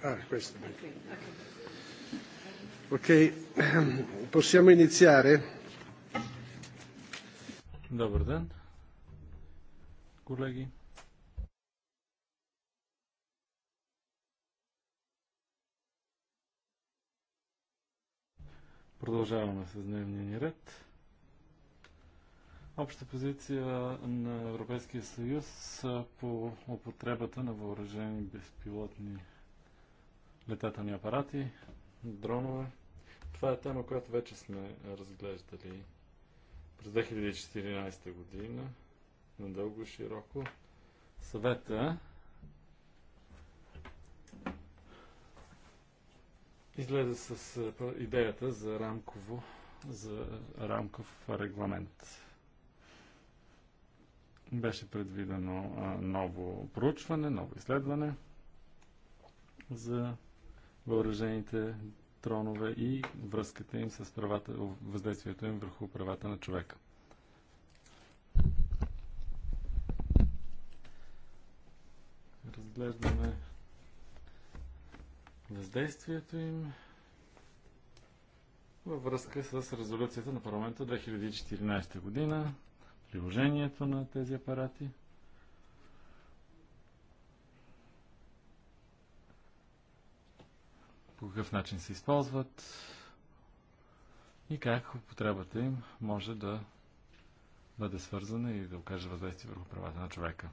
Ah, possiamo iniziare? Добър ден, колеги. Продължаваме с дневния ни ред. Обща позиция на Европейския съюз по употребата на въоръжени безпилотни летателни апарати, дронове. Това е тема, която вече сме разглеждали през 2014 година, надълго и широко. Съвета излезе с идеята за, рамково, за рамков регламент. Беше предвидено ново проучване, ново изследване за въоръжените тронове и връзката им с правата, въздействието им върху правата на човека. Разглеждаме въздействието им във връзка с резолюцията на парламента 2014 година, приложението на тези апарати – по какъв начин се използват и как употребата им може да бъде свързана и да окаже въздействие върху правата на човека.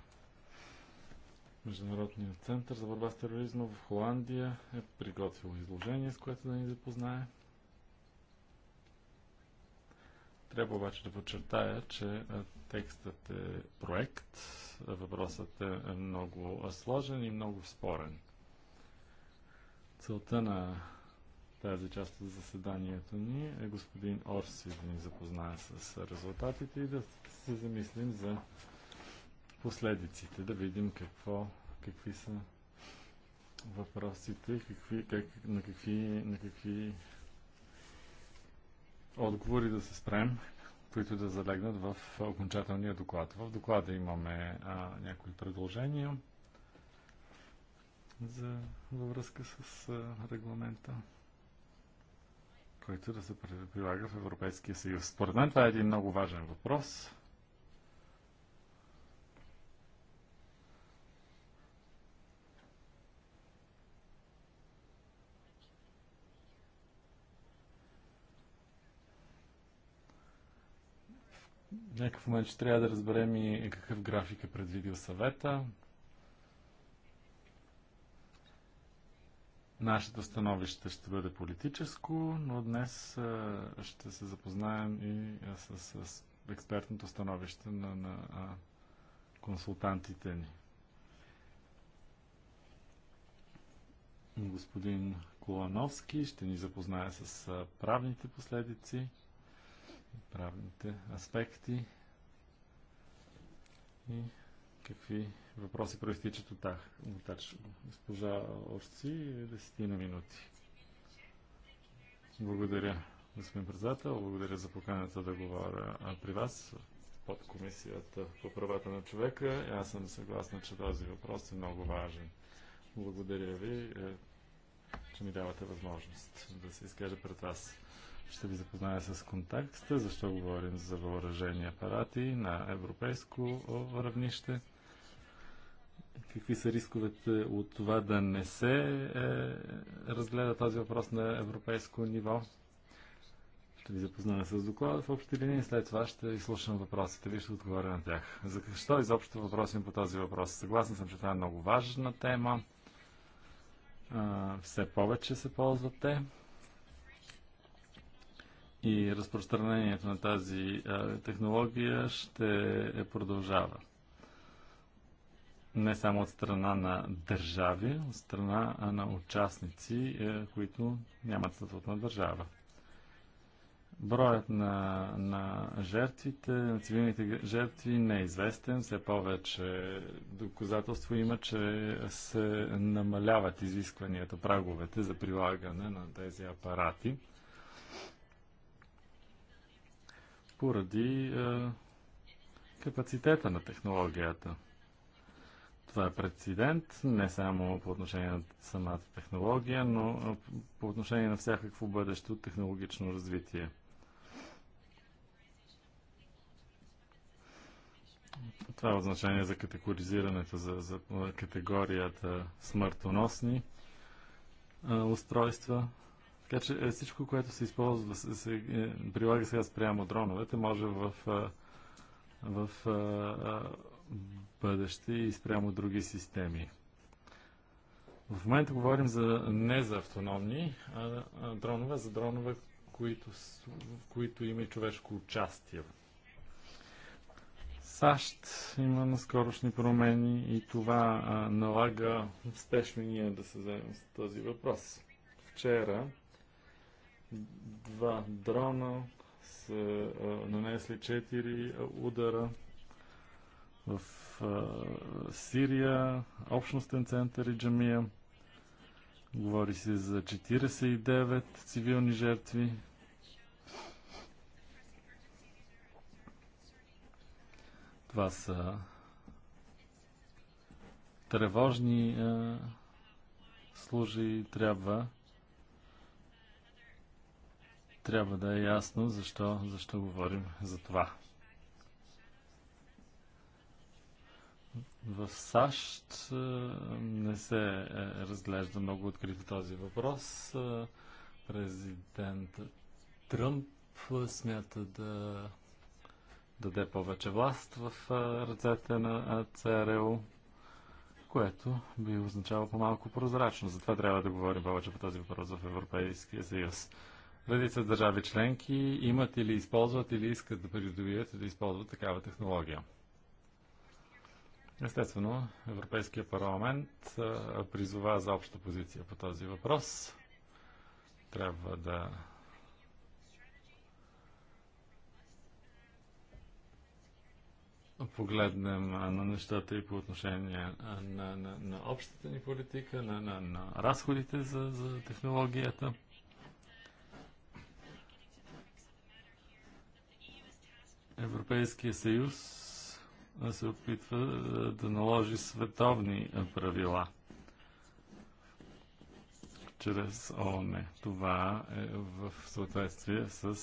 Международният център за борба с тероризма в Холандия е приготвил изложение, с което да ни запознае. Трябва обаче да подчертая, че текстът е проект, въпросът е много сложен и много спорен. Целта на тази част от заседанието ни е господин Орси да ни запознае с резултатите и да се замислим за последиците, да видим какво, какви са въпросите, какви, как, на, какви, на какви отговори да се спрем, които да залегнат в окончателния доклад. В доклада имаме а, някои предложения за, във връзка с регламента, който да се прилага в Европейския съюз. Според мен това е един много важен въпрос. някакъв момент ще трябва да разберем и какъв график е предвидил съвета, Нашето становище ще бъде политическо, но днес ще се запознаем и с, с експертното становище на, на консултантите ни. Господин Колановски ще ни запознае с правните последици, правните аспекти и какви въпроси проистичат от тях. мутач. госпожа Орци, 10 минути. Благодаря, господин председател. Благодаря за поканата да говоря при вас под Комисията по правата на човека. Аз съм съгласна, че този въпрос е много важен. Благодаря ви, е, че ми давате възможност да се изкажа пред вас. Ще ви запозная с контакта, защо говорим за въоръжени апарати на европейско равнище какви са рисковете от това да не се е, разгледа този въпрос на европейско ниво. Ще ви запознаем с доклада в общи линии, след това ще изслушам въпросите ви, ще отговоря на тях. За защо изобщо въпросим по този въпрос? Съгласен съм, че това е много важна тема. А, все повече се ползват те. И разпространението на тази а, технология ще е продължава не само от страна на държави, от страна на участници, е, които нямат статут на държава. Броят на, на жертвите, на цивилните жертви не е известен. Все повече доказателство има, че се намаляват изискванията, праговете за прилагане на тези апарати поради е, капацитета на технологията. Това е прецедент не само по отношение на самата технология, но по отношение на всякакво бъдещо технологично развитие. Това е означение за категоризирането, за, за категорията смъртоносни а, устройства. Така че е, всичко, което се използва, се, се е, прилага сега спрямо дроновете, може в, в, в бъдеще и спрямо други системи. В момента говорим за, не за автономни а, а, дронове, за дронове, които, в които има и човешко участие. САЩ има наскорошни промени и това а, налага спешно ние да се заемем с този въпрос. Вчера два дрона са а, нанесли 4 удара в Сирия, общностен център и джамия. Говори се за 49 цивилни жертви. Това са тревожни е, служи трябва трябва да е ясно защо, защо говорим за това. В САЩ не се е, разглежда много открито този въпрос. Президент Тръмп смята да даде повече власт в ръцете на ЦРУ, което би означало по-малко прозрачно. Затова трябва да говорим повече по този въпрос в Европейския съюз. Редица държави членки имат или използват или искат да придобият и да използват такава технология. Естествено, Европейския парламент призова за обща позиция по този въпрос. Трябва да погледнем на нещата и по отношение на, на, на общата ни политика, на, на, на разходите за, за технологията. Европейския съюз се опитва е, да наложи световни е, правила чрез ООН. Това е в съответствие с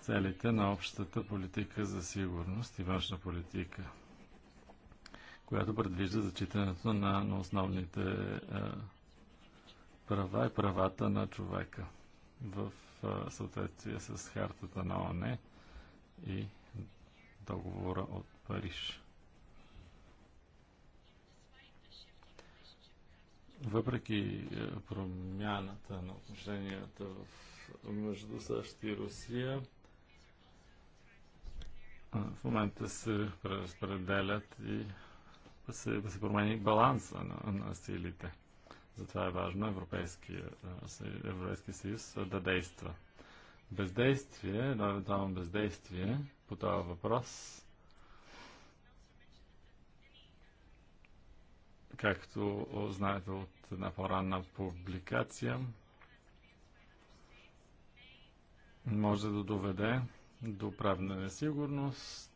целите на общата политика за сигурност и външна политика, която предвижда зачитането на, на основните е, права и правата на човека в е, съответствие с хартата на ООН и договора от Париж. Въпреки е, промяната на отношенията между САЩ и Русия, в момента се разпределят и се, се промени баланса на, на силите. Затова е важно Европейския, е, Европейския съюз да действа. Бездействие, едно евентуално бездействие по този въпрос Както знаете от една по-ранна публикация, може да доведе до правна несигурност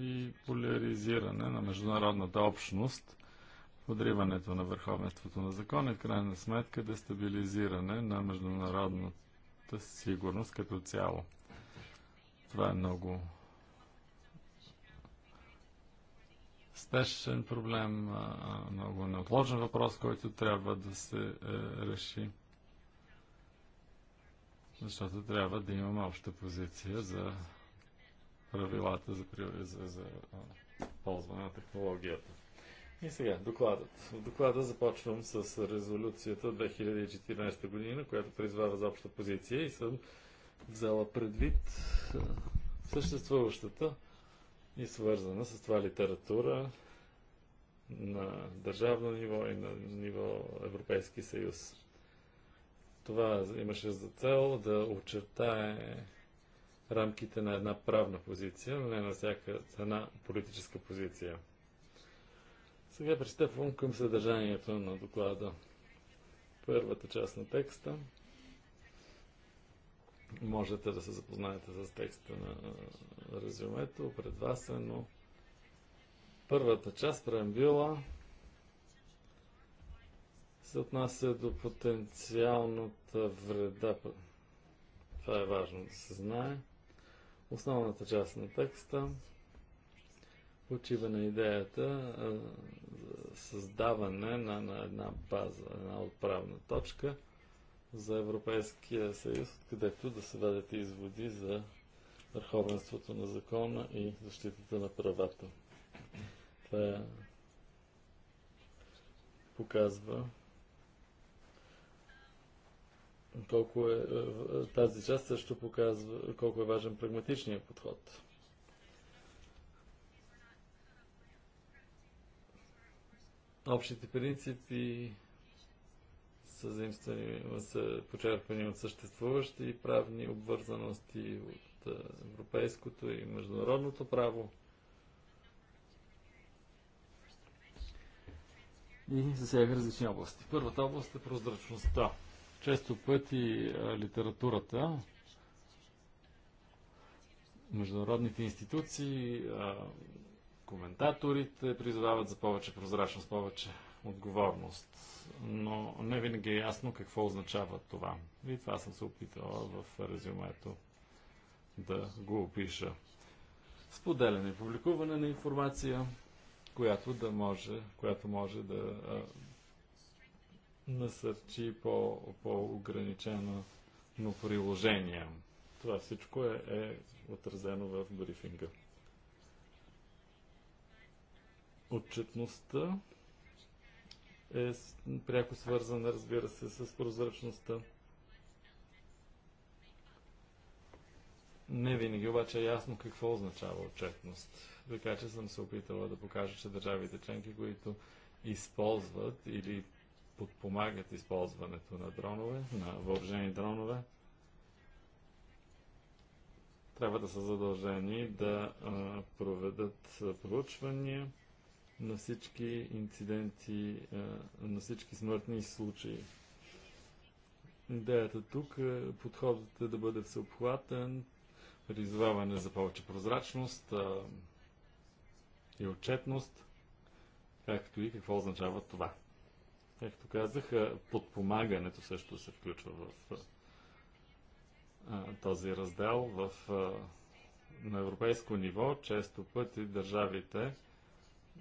и поляризиране на международната общност, подриването на върховенството на закон и в крайна сметка дестабилизиране на международната сигурност като цяло. Това е много спешен проблем, много неотложен въпрос, който трябва да се е, реши. Защото трябва да имаме обща позиция за правилата за, за, за ползване на технологията. И сега, докладът. В доклада започвам с резолюцията от 2014 година, която призвава за обща позиция и съм взела предвид съществуващата и свързана с това литература на държавно ниво и на ниво Европейски съюз. Това имаше за цел да очертае рамките на една правна позиция, но не на всяка една политическа позиция. Сега пристъпвам към съдържанието на доклада. Първата част на текста – Можете да се запознаете с текста на резюмето. Пред вас е, но първата част, преамбюла, се отнася до потенциалната вреда. Това е важно да се знае. Основната част на текста почива на идеята за създаване на, на една база, една отправна точка – за Европейския съюз, където да се дадете изводи за върховенството на закона и защитата на правата. Това е, показва колко е, е тази част също показва колко е важен прагматичният подход. Общите принципи са заимствани, са почерпани от съществуващи правни обвързаности от европейското и международното право. И засяга различни области. Първата област е прозрачността. Често пъти литературата, международните институции, коментаторите призовават за повече прозрачност, повече отговорност. Но не винаги е ясно какво означава това. И това съм се опитала в резюмето да го опиша. Споделяне и публикуване на информация, която да може, която може да а, насърчи по, по-ограничено приложение. Това всичко е, е отразено в брифинга. Отчетността е пряко свързана, разбира се, с прозрачността. Не винаги обаче е ясно какво означава отчетност. Така че съм се опитала да покажа, че държавите членки, които използват или подпомагат използването на дронове, на въоръжени дронове, трябва да са задължени да проведат проучвания на всички инциденти, на всички смъртни случаи. Идеята тук е подходът е да бъде всеобхватен, призваване за повече прозрачност и отчетност, както и какво означава това. Както казах, подпомагането също се включва в този раздел в на европейско ниво често пъти държавите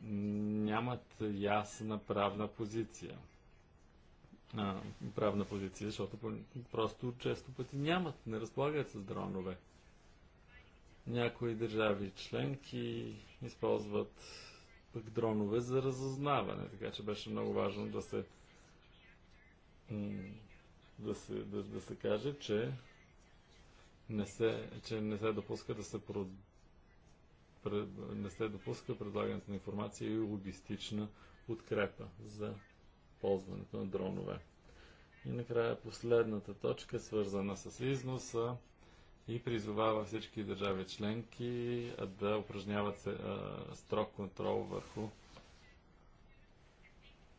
нямат ясна правна позиция. А, правна позиция, защото просто често пъти нямат, не разполагат с дронове. Някои държави членки използват пък дронове за разузнаване, така че беше много важно да се да се, да, да се каже, че не се, че не се допуска да се продава не се допуска предлагането на информация и логистична подкрепа за ползването на дронове. И накрая последната точка, свързана с износа и призовава всички държави членки да упражняват строг контрол върху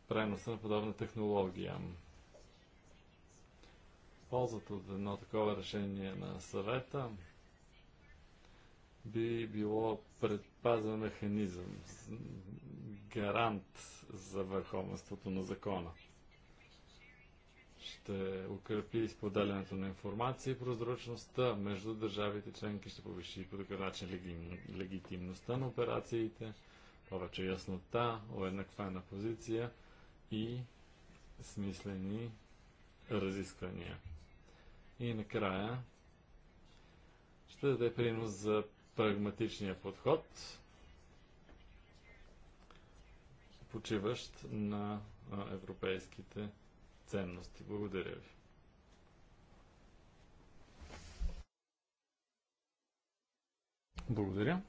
преноса на подобна технология. Ползата от едно такова решение на съвета би било предпазен механизъм, гарант за върховенството на закона. Ще укрепи изподелянето на информация и прозрачността между държавите членки, ще повиши по такъв начин легитимността на операциите, повече яснота, уеднаквена позиция и смислени разисквания. И накрая ще даде принос за прагматичния подход, почиващ на европейските ценности. Благодаря ви. Благодаря.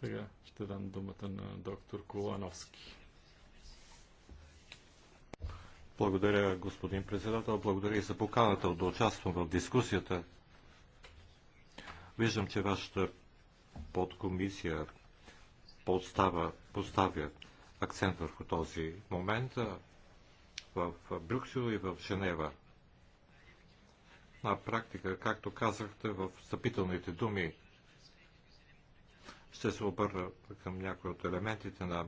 Сега ще дам думата на доктор Колановски. Благодаря, господин председател. Благодаря и за поканата да участвам в дискусията. Виждам, че вашата подкомисия подстава, поставя акцент върху този момент в Брюксел и в Женева. На практика, както казахте в стъпителните думи, ще се обърна към някои от елементите на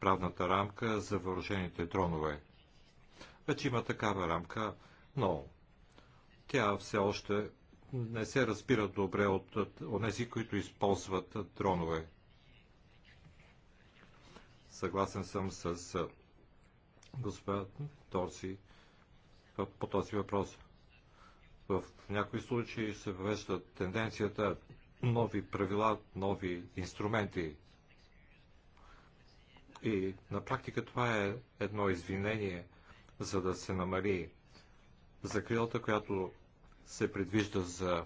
правната рамка за въоръжените дронове – вече има такава рамка, но тя все още не се разбира добре от, онези, тези, които използват дронове. Съгласен съм с господа Торси по този въпрос. В някои случаи се въвежда тенденцията нови правила, нови инструменти. И на практика това е едно извинение за да се намали закрилата, която се предвижда за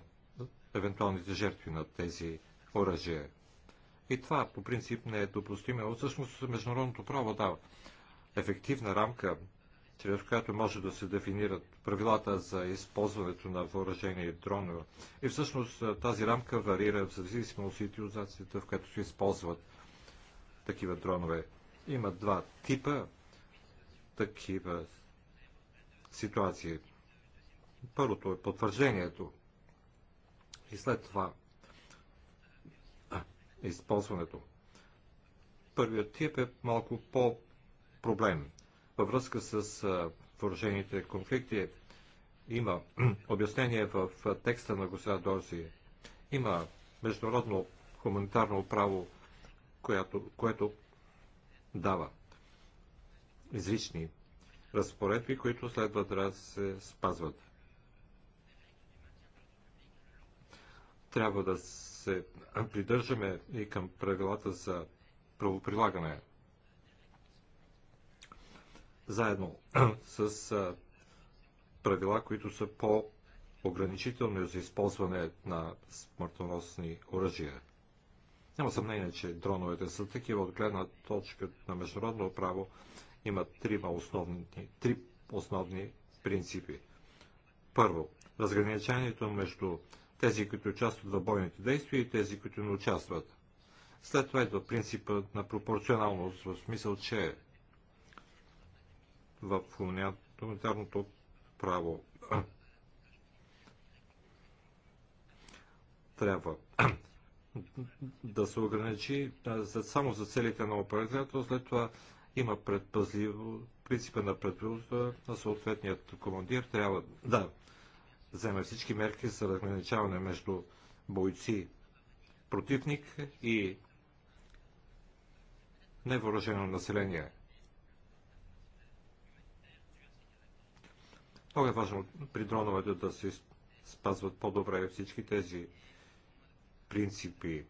евентуалните жертви на тези оръжия. И това по принцип не е допустимо. Всъщност международното право дава ефективна рамка, чрез която може да се дефинират правилата за използването на въоръжение и дронове. И всъщност тази рамка варира в зависимост от ситуацията, в която се използват такива дронове. Има два типа такива ситуации. Първото е потвърждението и след това а, използването. Първият тип е малко по-проблем. Във връзка с въоръжените конфликти има обяснение в текста на госпожа Дорси. Има международно хуманитарно право, което, което дава изрични разпоредби, които следва да се спазват. Трябва да се придържаме и към правилата за правоприлагане. Заедно с правила, които са по-ограничителни за използване на смъртоносни оръжия. Няма съмнение, че дроновете са такива от гледна точка на международно право има трима основни, три основни принципи. Първо, разграничението между тези, които участват в бойните действия и тези, които не участват. След това идва принципа на пропорционалност, в смисъл, че в хуманитарното право трябва да се ограничи да, само за целите на операцията, след това има предпазливо, принципа на предпазливо на съответният командир трябва да вземе всички мерки за разграничаване между бойци, противник и невъоръжено население. Много е важно при дроновете да се спазват по-добре всички тези принципи.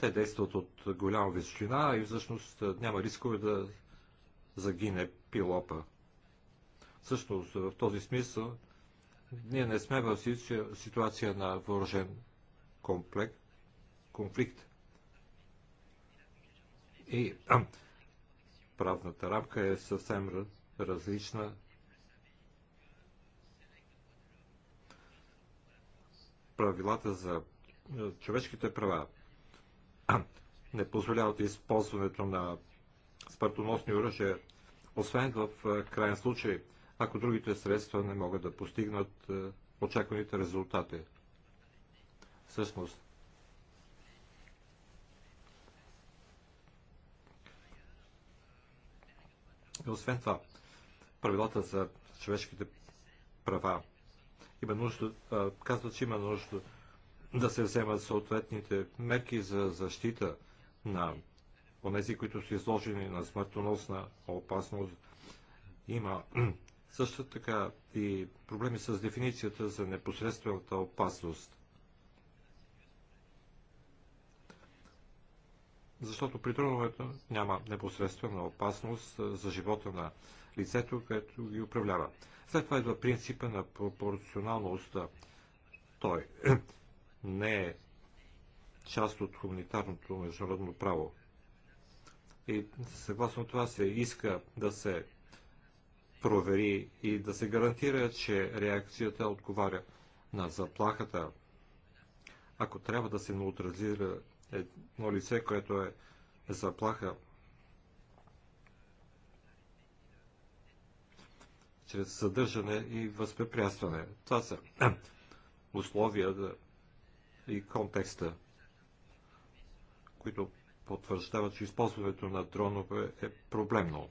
Те действат от голяма височина и всъщност няма рискове да загине пилопа. Всъщност, в този смисъл, ние не сме в ситуация на въоръжен комплект, конфликт. И а, правната рамка е съвсем различна. Правилата за човешките права не позволяват използването на смъртоносни оръжия, освен в крайен случай, ако другите средства не могат да постигнат очакваните резултати. Всъщност, И освен това, правилата за човешките права има нужда, казва, че има нужда да се вземат съответните мерки за защита на онези, които са изложени на смъртоносна опасност. Има също така и проблеми с дефиницията за непосредствената опасност. Защото при трудовете няма непосредствена опасност за живота на лицето, което ги управлява. След това идва принципа на пропорционалността. Той не е част от хуманитарното международно право. И съгласно това се иска да се провери и да се гарантира, че реакцията отговаря на заплахата. Ако трябва да се неутрализира едно лице, което е заплаха, чрез съдържане и възпрепятстване. Това са условия да и контекста, които потвърждават, че използването на дронове е проблемно.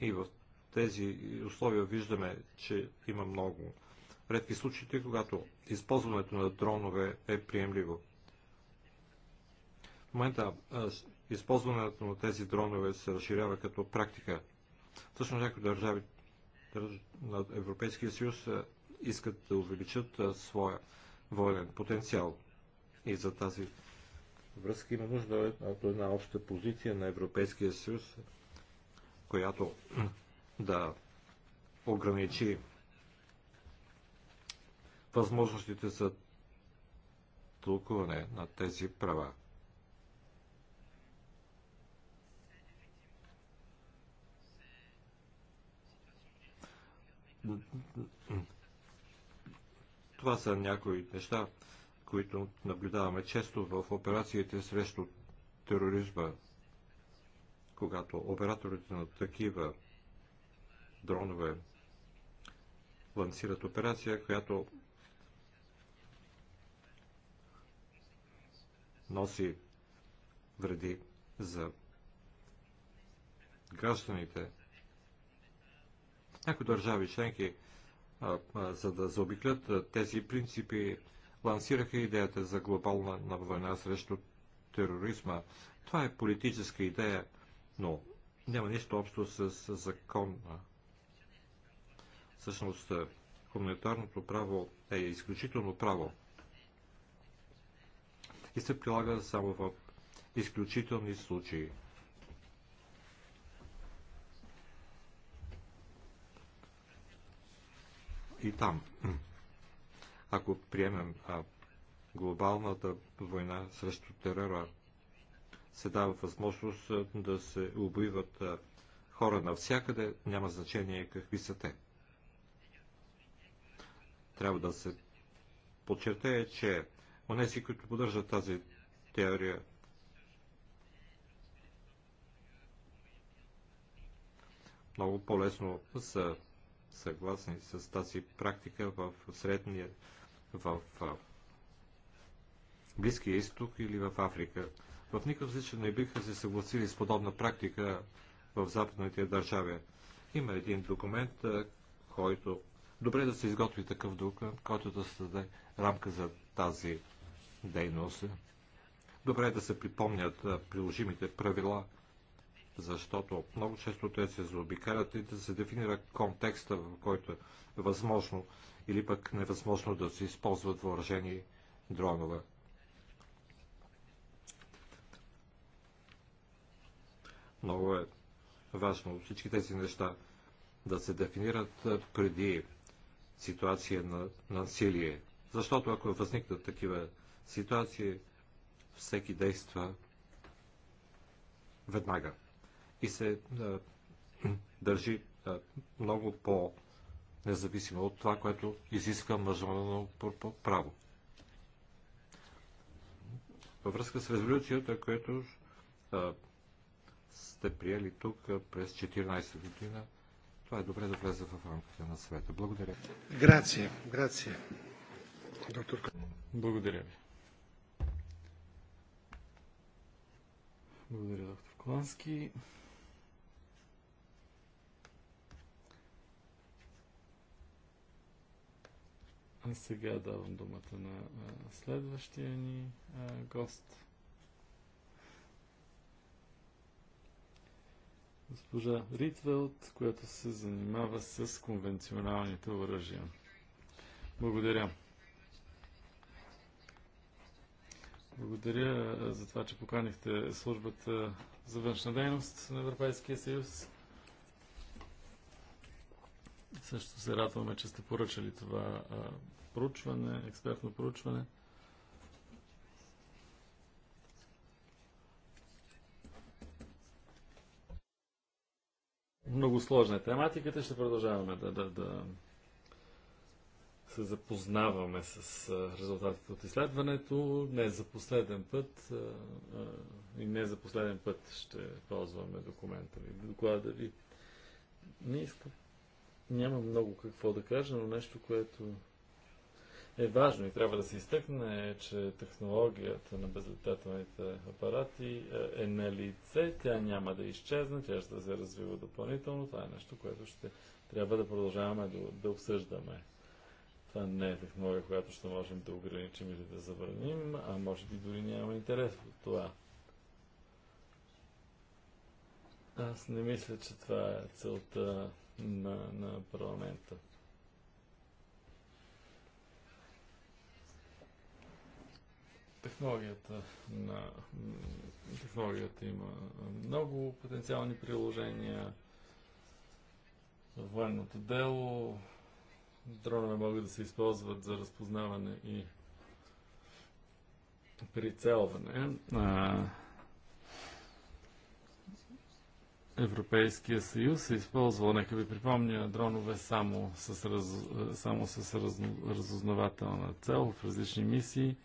И в тези условия виждаме, че има много редки случаите, когато използването на дронове е приемливо. В момента използването на тези дронове се разширява като практика. Всъщност някои държави на Европейския съюз искат да увеличат своя военен потенциал. И за тази връзка има нужда от една обща позиция на Европейския съюз, която да ограничи възможностите за тълкуване на тези права. Това са някои неща, които наблюдаваме често в операциите срещу тероризма, когато операторите на такива дронове лансират операция, която носи вреди за гражданите. Някои държави членки за да заобиклят тези принципи, лансираха идеята за глобална война срещу тероризма. Това е политическа идея, но няма нищо общо с закон. Всъщност, хуманитарното право е изключително право и се прилага само в изключителни случаи. и там. Ако приемем а, глобалната война срещу терора, се дава възможност да се убиват хора навсякъде, няма значение какви са те. Трябва да се подчертая, че онези, които поддържат тази теория, много по-лесно са съгласни с тази практика в средния, в Близкия изток или в Африка. В никакъв случай не биха се съгласили с подобна практика в западните държави. Има един документ, който добре да се изготви такъв документ, който да създаде рамка за тази дейност. Добре е да се припомнят приложимите правила защото много често те се заобикалят и да се дефинира контекста, в който е възможно или пък невъзможно да се използват въоръжени дронове. Много е важно всички тези неща да се дефинират преди ситуация на насилие. Защото ако възникнат такива ситуации, всеки действа веднага и се държи много по-независимо от това, което изисква международно право. Във връзка с резолюцията, която сте приели тук през 14 година, това е добре да влезе в рамките на света. Благодаря. Грация, грация. Доктор. Благодаря ви. Благодаря, доктор Клански. Сега давам думата на следващия ни гост. Госпожа Ритвелт, която се занимава с конвенционалните оръжия. Благодаря. Благодаря за това, че поканихте службата за външна дейност на Европейския съюз също се радваме, че сте поръчали това а, проучване, експертно проучване. Много сложна е тематиката. Ще продължаваме да, да, да се запознаваме с резултатите от изследването. Не за последен път а, а, и не за последен път ще ползваме документа ви, доклада ви. Не искам няма много какво да кажа, но нещо, което е важно и трябва да се изтъкне, е, че технологията на безлетателните апарати е, е на лице, тя няма да изчезне, тя ще се развива допълнително. Това е нещо, което ще трябва да продължаваме да, да обсъждаме. Това не е технология, която ще можем да ограничим или да забраним, а може би дори няма интерес от това. Аз не мисля, че това е целта на, на парламента. Технологията, на, технологията има много потенциални приложения. Военното дело, дронове могат да се използват за разпознаване и прицелване. А, Европейския съюз е използвал нека ви припомня, дронове само с, раз, само с раз, разузнавателна цел в различни мисии.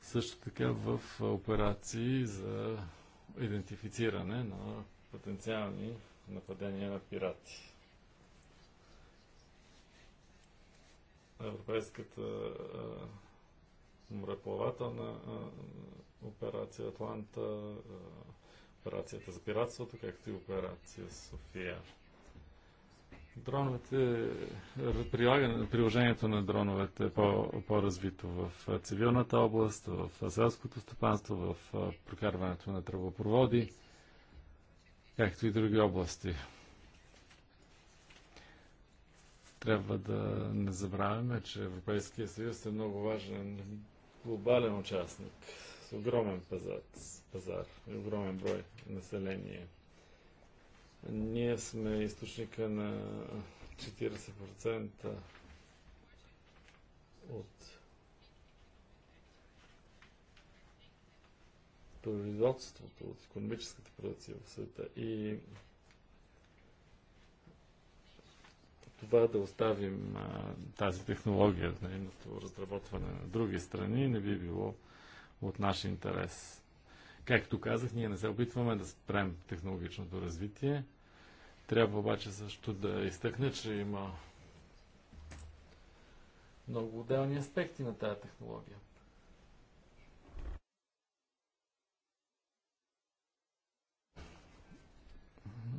Също така в операции за идентифициране на потенциални нападения на пирати. Европейската мореплавателна операция Атланта, а, операцията за пиратството, както и операция София. Дроновете, приложението на дроновете е по, по-развито в цивилната област, в селското стопанство, в прокарването на тръбопроводи, както и други области. Трябва да не забравяме, че Европейския съюз е много важен глобален участник огромен пазар, пазар огромен брой население. Ние сме източника на 40% от производството, от економическата продукция в света. И това да оставим а, тази технология на разработване на други страни не би било от наш интерес. Както казах, ние не се опитваме да спрем технологичното развитие. Трябва обаче също да изтъкне, че има много отделни аспекти на тази технология.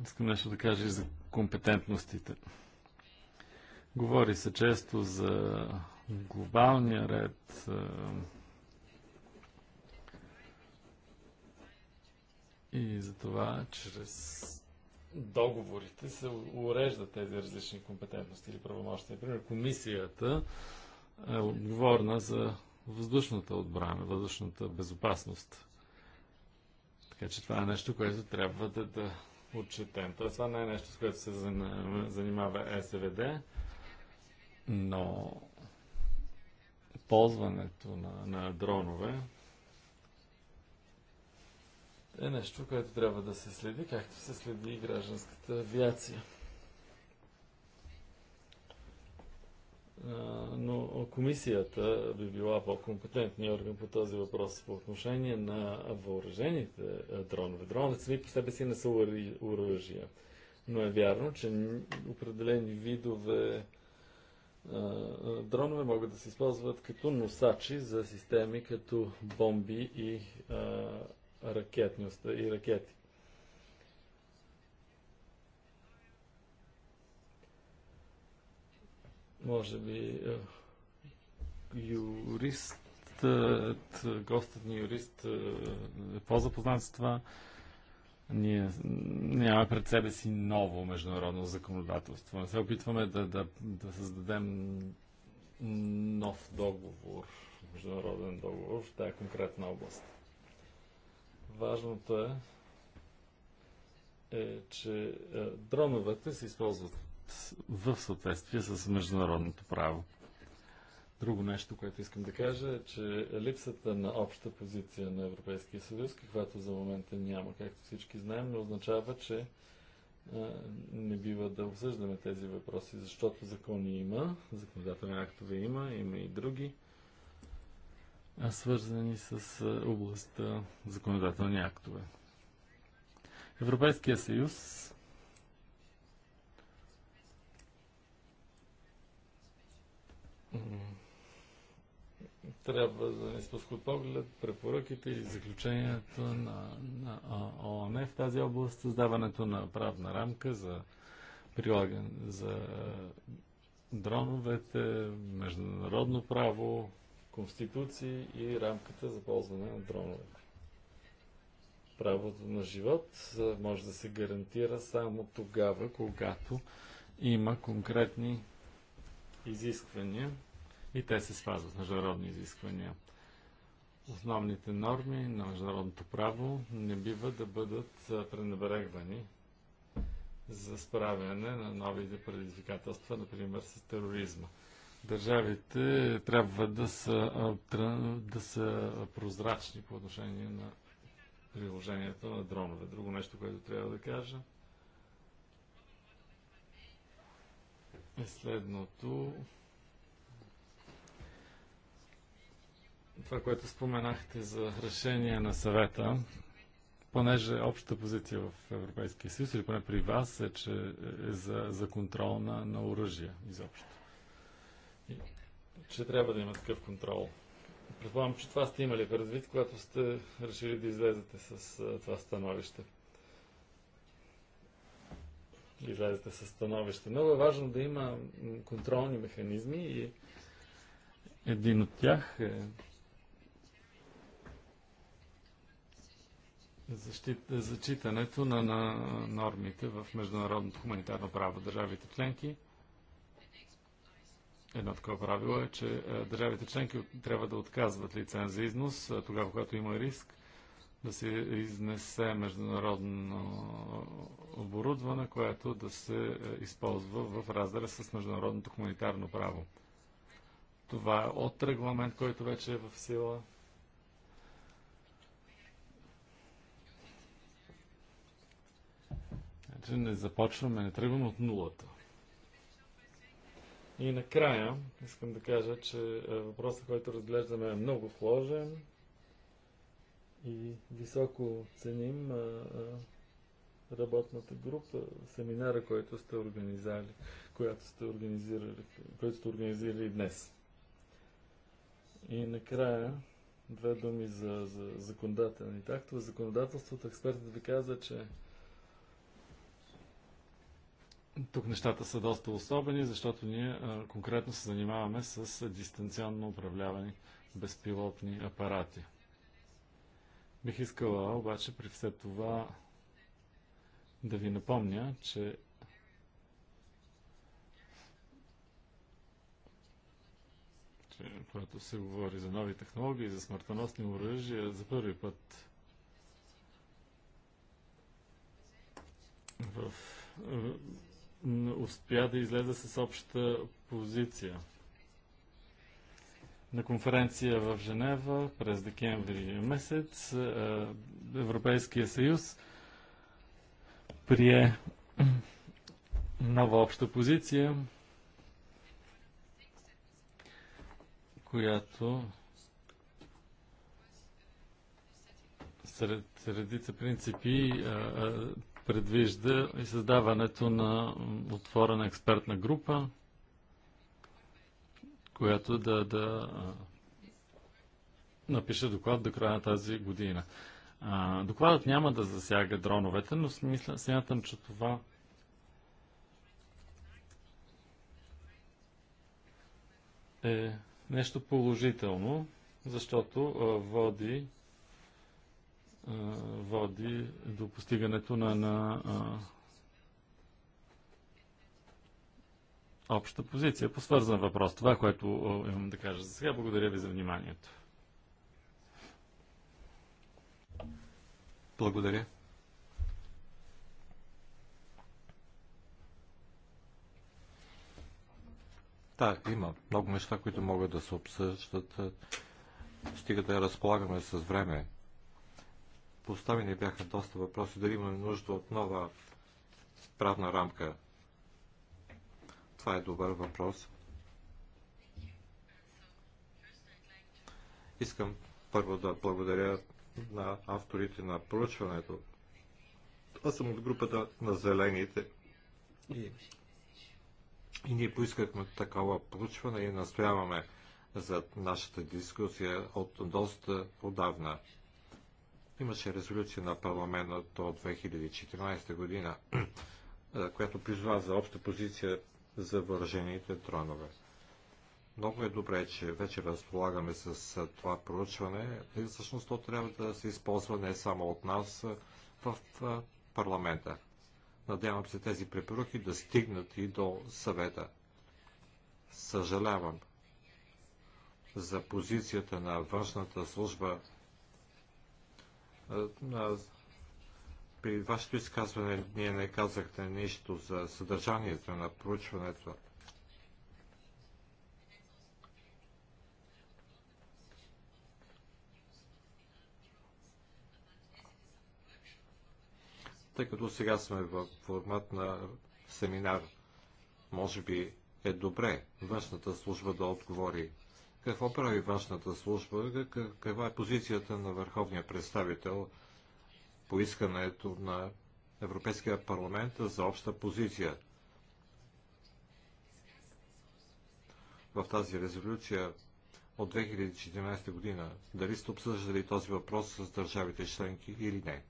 Искам нещо да кажа и за компетентностите. Говори се често за глобалния ред, И затова чрез договорите се уреждат тези различни компетентности или правомощия. Например, комисията е отговорна за въздушната отбрана, въздушната безопасност. Така че това е нещо, което трябва да, да отчетем. Тоест, това не е нещо, с което се занимава СВД, но ползването на, на дронове е нещо, което трябва да се следи, както се следи и гражданската авиация. но комисията би била по-компетентния орган по този въпрос по отношение на въоръжените дронове. Дронове сами по себе си не са оръжия. Но е вярно, че определени видове дронове могат да се използват като носачи за системи като бомби и ракетни и ракети. Може би е, юрист, е, гостът ни юрист е, е по-запознат с това. Ние нямаме пред себе си ново международно законодателство. Не се опитваме да, да, да създадем нов договор, международен договор в тази конкретна област. Важното е, е че е, дроновете се използват в съответствие с международното право. Друго нещо, което искам да кажа е, че липсата на обща позиция на Европейския съюз, каквато за момента няма, както всички знаем, не означава, че е, не бива да обсъждаме тези въпроси, защото закони има, законодателни актове има, има и други свързани с областта законодателни актове. Европейския съюз трябва да не спускат поглед препоръките и заключението на, на ООН в тази област, създаването на правна рамка за прилагане за дроновете, международно право, конституции и рамката за ползване на дронове. Правото на живот може да се гарантира само тогава, когато има конкретни изисквания и те се спазват, международни изисквания. Основните норми на международното право не бива да бъдат пренебрегвани за справяне на новите предизвикателства, например с тероризма държавите трябва да са, да са прозрачни по отношение на приложението на дронове. Друго нещо, което трябва да кажа е следното. Това, което споменахте за решение на съвета, понеже общата позиция в Европейския съюз, или поне при вас, е, че е за, за контрол на, на оръжия изобщо че трябва да има такъв контрол. Предполагам, че това сте имали предвид, когато сте решили да излезете с това становище. Излезете с становище. Много е важно да има контролни механизми и един от тях е зачитането на, на нормите в международното хуманитарно право. Държавите членки – Едно такова правило е, че е, държавите членки трябва да отказват лиценз за износ е, тогава, когато има риск да се изнесе международно оборудване, което да се е, използва в разрез с международното хуманитарно право. Това е от регламент, който вече е в сила. Значи не започваме, не тръгваме от нулата. И накрая искам да кажа, че е, въпросът, който разглеждаме е много сложен и високо ценим е, е, работната група, семинара, който сте организирали, която сте организирали, който сте организирали днес. И накрая две думи за, за законодателни тактове. Законодателството експертът ви каза, че тук нещата са доста особени, защото ние а, конкретно се занимаваме с дистанционно управлявани безпилотни апарати. Бих искала обаче при все това да ви напомня, че че когато се говори за нови технологии, за смъртоносни оръжия, за първи път в успя да излезе с обща позиция. На конференция в Женева през декември месец е, Европейския съюз прие нова обща позиция, която сред редица принципи а, е, а, е, предвижда и създаването на отворена експертна група, която да, да напише доклад до края на тази година. докладът няма да засяга дроновете, но смятам, че това е нещо положително, защото води води до постигането на, на а, обща позиция по свързан въпрос. Това, е което имам да кажа за сега. Благодаря ви за вниманието. Благодаря. Да, има много неща, които могат да се обсъждат. Стига да разполагаме с време. Поставени бяха доста въпроси дали имаме нужда от нова правна рамка. Това е добър въпрос. Искам първо да благодаря на авторите на проучването. Аз съм от групата на зелените и, и ние поискахме такова проучване и настояваме за нашата дискусия от доста отдавна. Имаше резолюция на парламента от 2014 година, която призва за обща позиция за въоръжените тронове. Много е добре, че вече разполагаме с това проучване и всъщност то трябва да се използва не само от нас в парламента. Надявам се тези препоръки да стигнат и до съвета. Съжалявам за позицията на външната служба при вашето изказване ние не казахте нищо за съдържанието на проучването. Тъй като сега сме в формат на семинар, може би е добре външната служба да отговори какво прави вашата служба? Каква е позицията на върховния представител по искането на Европейския парламент за обща позиция? В тази резолюция от 2014 година, дали сте обсъждали този въпрос с държавите членки или не?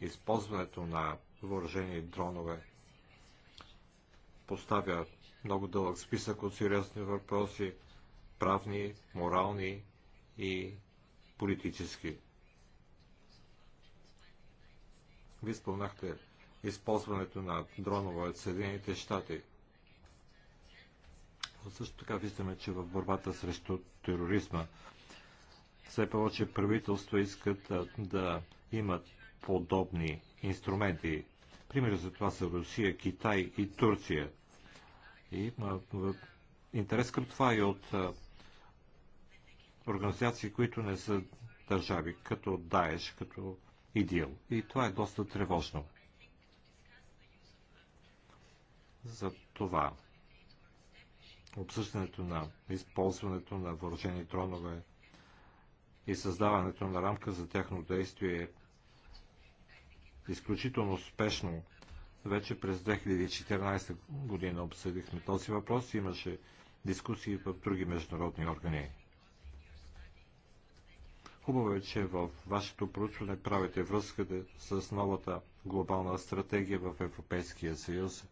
Използването на въоръжени дронове поставя много дълъг списък от сериозни въпроси, правни, морални и политически. Вие спомнахте използването на дронове от Съединените щати. Също така виждаме, че в борбата срещу тероризма все повече правителства искат да имат подобни инструменти. Пример за това са Русия, Китай и Турция – има интерес към това и е от организации, които не са държави, като Даеш, като ИДИЛ. И това е доста тревожно. За това обсъждането на използването на въоръжени тронове и създаването на рамка за тяхно действие е изключително успешно вече през 2014 година обсъдихме този въпрос. Имаше дискусии в други международни органи. Хубаво е, че в вашето проучване правите връзката с новата глобална стратегия в Европейския съюз.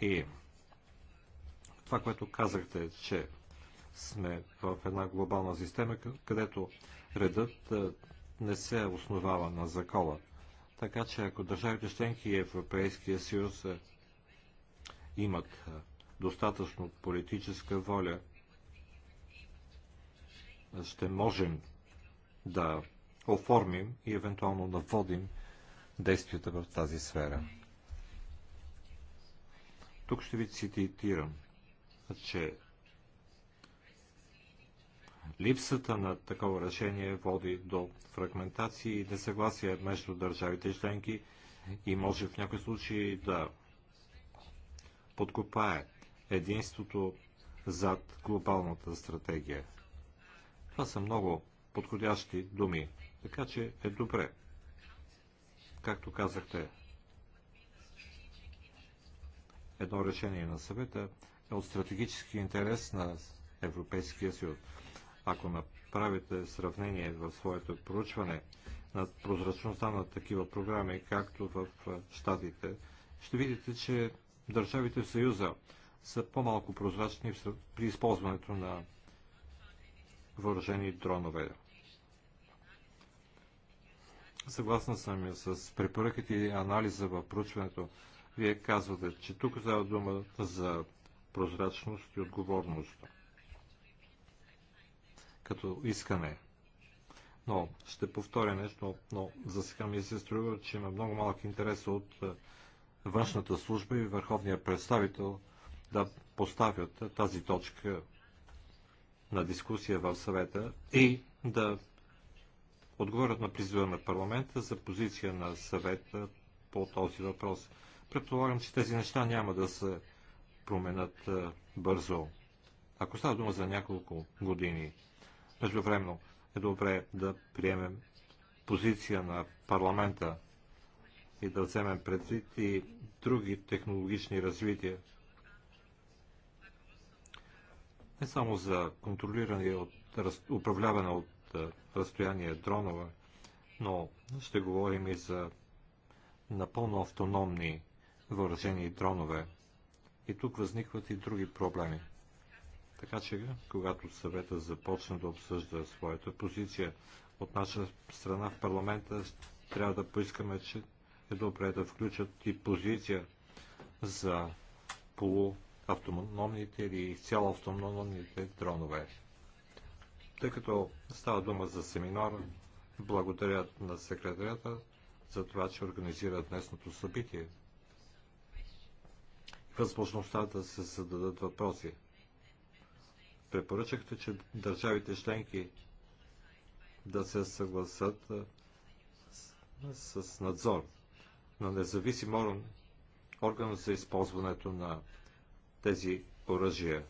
И това, което казахте, е, че сме в една глобална система, където редът не се основава на закона. Така че ако държавите членки и Европейския съюз е, имат е, достатъчно политическа воля, ще можем да оформим и евентуално да водим действията в тази сфера. Тук ще ви цитирам, че Липсата на такова решение води до фрагментация и несъгласие между държавите членки и може в някои случаи да подкопае единството зад глобалната стратегия. Това са много подходящи думи, така че е добре. Както казахте, едно решение на съвета е от стратегически интерес на Европейския съюз. Ако направите сравнение в своето проучване на прозрачността на такива програми, както в Штатите, ще видите, че държавите в Съюза са по-малко прозрачни при използването на въоръжени дронове. Съгласна съм с препоръките и анализа в проучването. Вие казвате, че тук става дума за прозрачност и отговорност като искане. Но ще повторя нещо, но за сега ми се струва, че има много малък интерес от е, външната служба и върховния представител да поставят тази точка на дискусия в съвета и да отговорят на призива на парламента за позиция на съвета по този въпрос. Предполагам, че тези неща няма да се променят е, бързо. Ако става дума за няколко години, Междувременно е добре да приемем позиция на парламента и да вземем предвид и други технологични развития. Не само за контролиране от управляване от разстояние дронове, но ще говорим и за напълно автономни въоръжени дронове. И тук възникват и други проблеми. Така че, когато съвета започне да обсъжда своята позиция от наша страна в парламента, трябва да поискаме, че е добре да включат и позиция за полуавтономните или изцяло автономните дронове. Тъй като става дума за семинар, благодаря на секретарята за това, че организира днесното събитие. Възможността да се зададат въпроси препоръчахте, че държавите членки да се съгласат с, с надзор на независим орган, орган за използването на тези оръжия.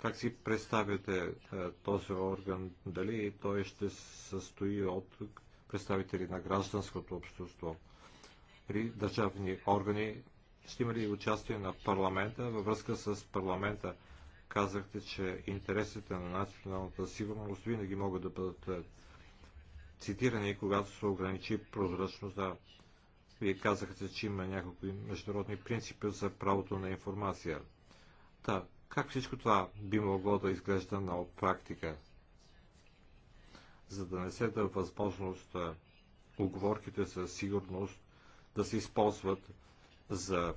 Как си представяте този орган? Дали той ще състои от представители на гражданското общество или държавни органи? Ще има ли участие на парламента във връзка с парламента? казахте, че интересите на националната сигурност винаги могат да бъдат е, цитирани, когато се ограничи прозрачността. Вие казахте, че има някакви международни принципи за правото на информация. Да, как всичко това би могло да изглежда на практика, за да не се да възможност оговорките е, за сигурност да се използват за,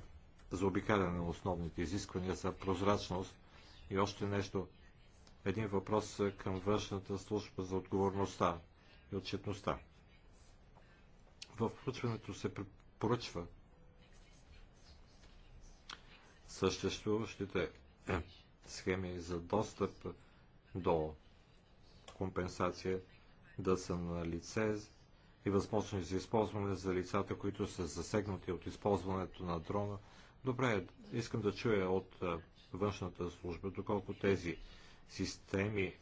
за обикаляне на основните изисквания за прозрачност и още нещо. Един въпрос е, към външната служба за отговорността и отчетността. В включването се поръчва съществуващите е, схеми за достъп до компенсация да са на лице и възможност за използване за лицата, които са засегнати от използването на дрона. Добре, искам да чуя от е, външната служба, доколко тези системи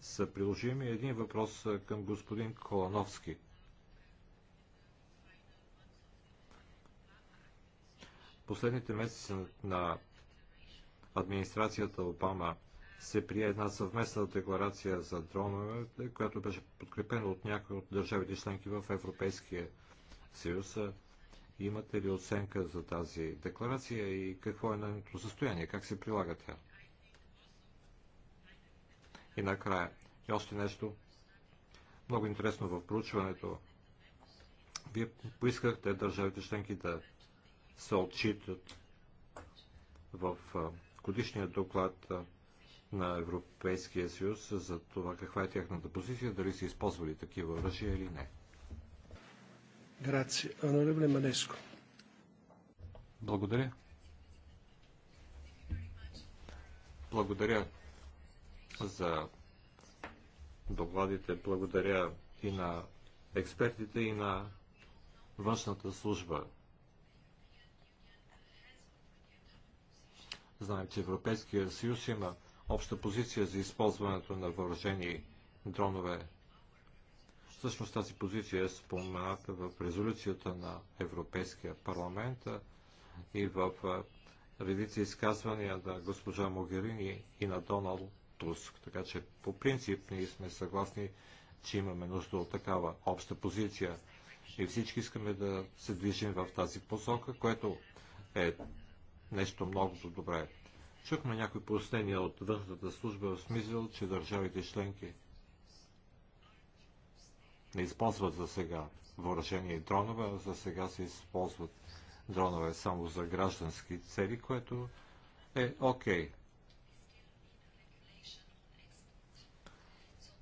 са приложими. Един въпрос към господин Колановски. Последните месеци на администрацията Обама се прие една съвместна декларация за дроновете, която беше подкрепена от някои от държавите членки в Европейския съюз. Имате ли оценка за тази декларация и какво е нейното състояние? Как се прилага тя? И накрая, и още нещо много интересно в проучването. Вие поискахте държавите членки да се отчитат в годишния доклад на Европейския съюз за това каква е тяхната позиция, дали са използвали такива оръжия или не. Благодаря. Благодаря за докладите. Благодаря и на експертите, и на външната служба. Знаем, че Европейския съюз има обща позиция за използването на въоръжени дронове Всъщност тази позиция е спомената в резолюцията на Европейския парламент и в редица изказвания на госпожа Могерини и на Доналд Туск. Така че по принцип ние сме съгласни, че имаме нужда от такава обща позиция и всички искаме да се движим в тази посока, което е нещо много добре. Чухме някои пояснения от външната служба в смисъл, че държавите членки не използват за сега въоръжени дронове, а за сега се използват дронове само за граждански цели, което е окей. Okay.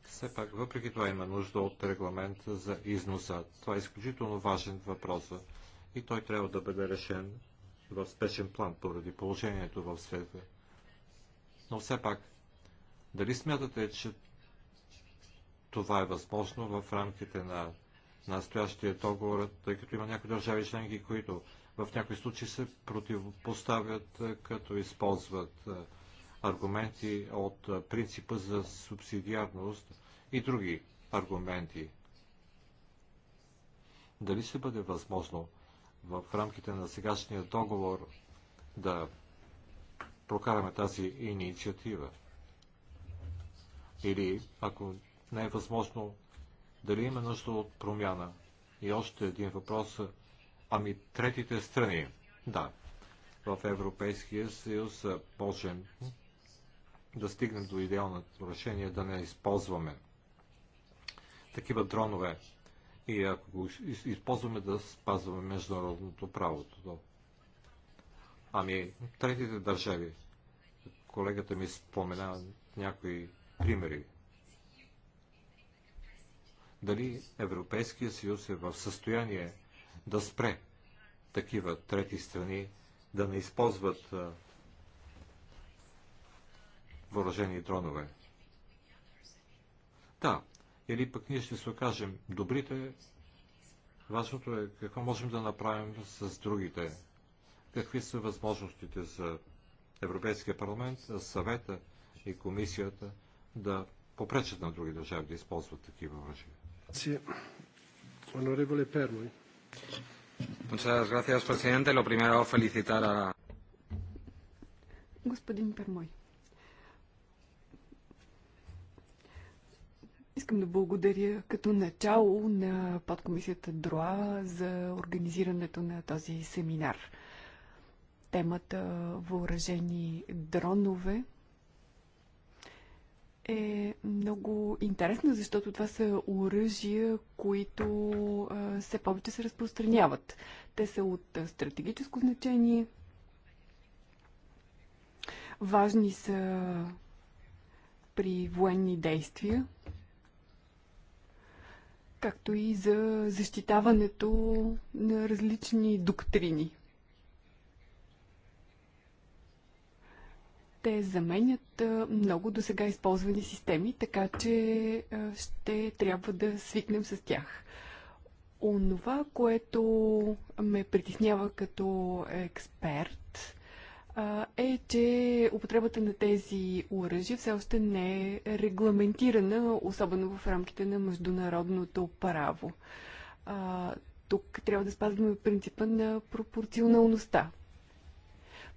Все пак, въпреки това има нужда от регламент за износа. Това е изключително важен въпрос и той трябва да бъде решен в спешен план поради положението в света. Но все пак, дали смятате, че това е възможно в рамките на настоящия договор, тъй като има някои държави членки, които в някои случаи се противопоставят, е, като използват е, аргументи от е, принципа за субсидиарност и други аргументи. Дали ще бъде възможно в рамките на сегашния договор да прокараме тази инициатива? Или ако не е възможно. Дали има нужда от промяна? И още един въпрос. Ами третите страни? Да. В Европейския съюз можем да стигнем до идеалното решение да не използваме такива дронове. И ако го използваме да спазваме международното правото. Ами, третите държави. Колегата ми спомена някои примери дали Европейския съюз е в състояние да спре такива трети страни да не използват въоръжени дронове. Да, или пък ние ще се окажем добрите. Важното е какво можем да направим с другите. Какви са възможностите за Европейския парламент, съвета и комисията да попречат на други държави да използват такива оръжия. Господин Пермой. Искам да благодаря като начало на подкомисията ДРОА за организирането на този семинар. Темата въоръжени дронове е много интересна, защото това са оръжия, които все повече се разпространяват. Те са от стратегическо значение. Важни са при военни действия, както и за защитаването на различни доктрини. Те заменят много до сега използвани системи, така че ще трябва да свикнем с тях. Онова, което ме притеснява като експерт, е, че употребата на тези оръжия все още не е регламентирана, особено в рамките на международното право. Тук трябва да спазваме принципа на пропорционалността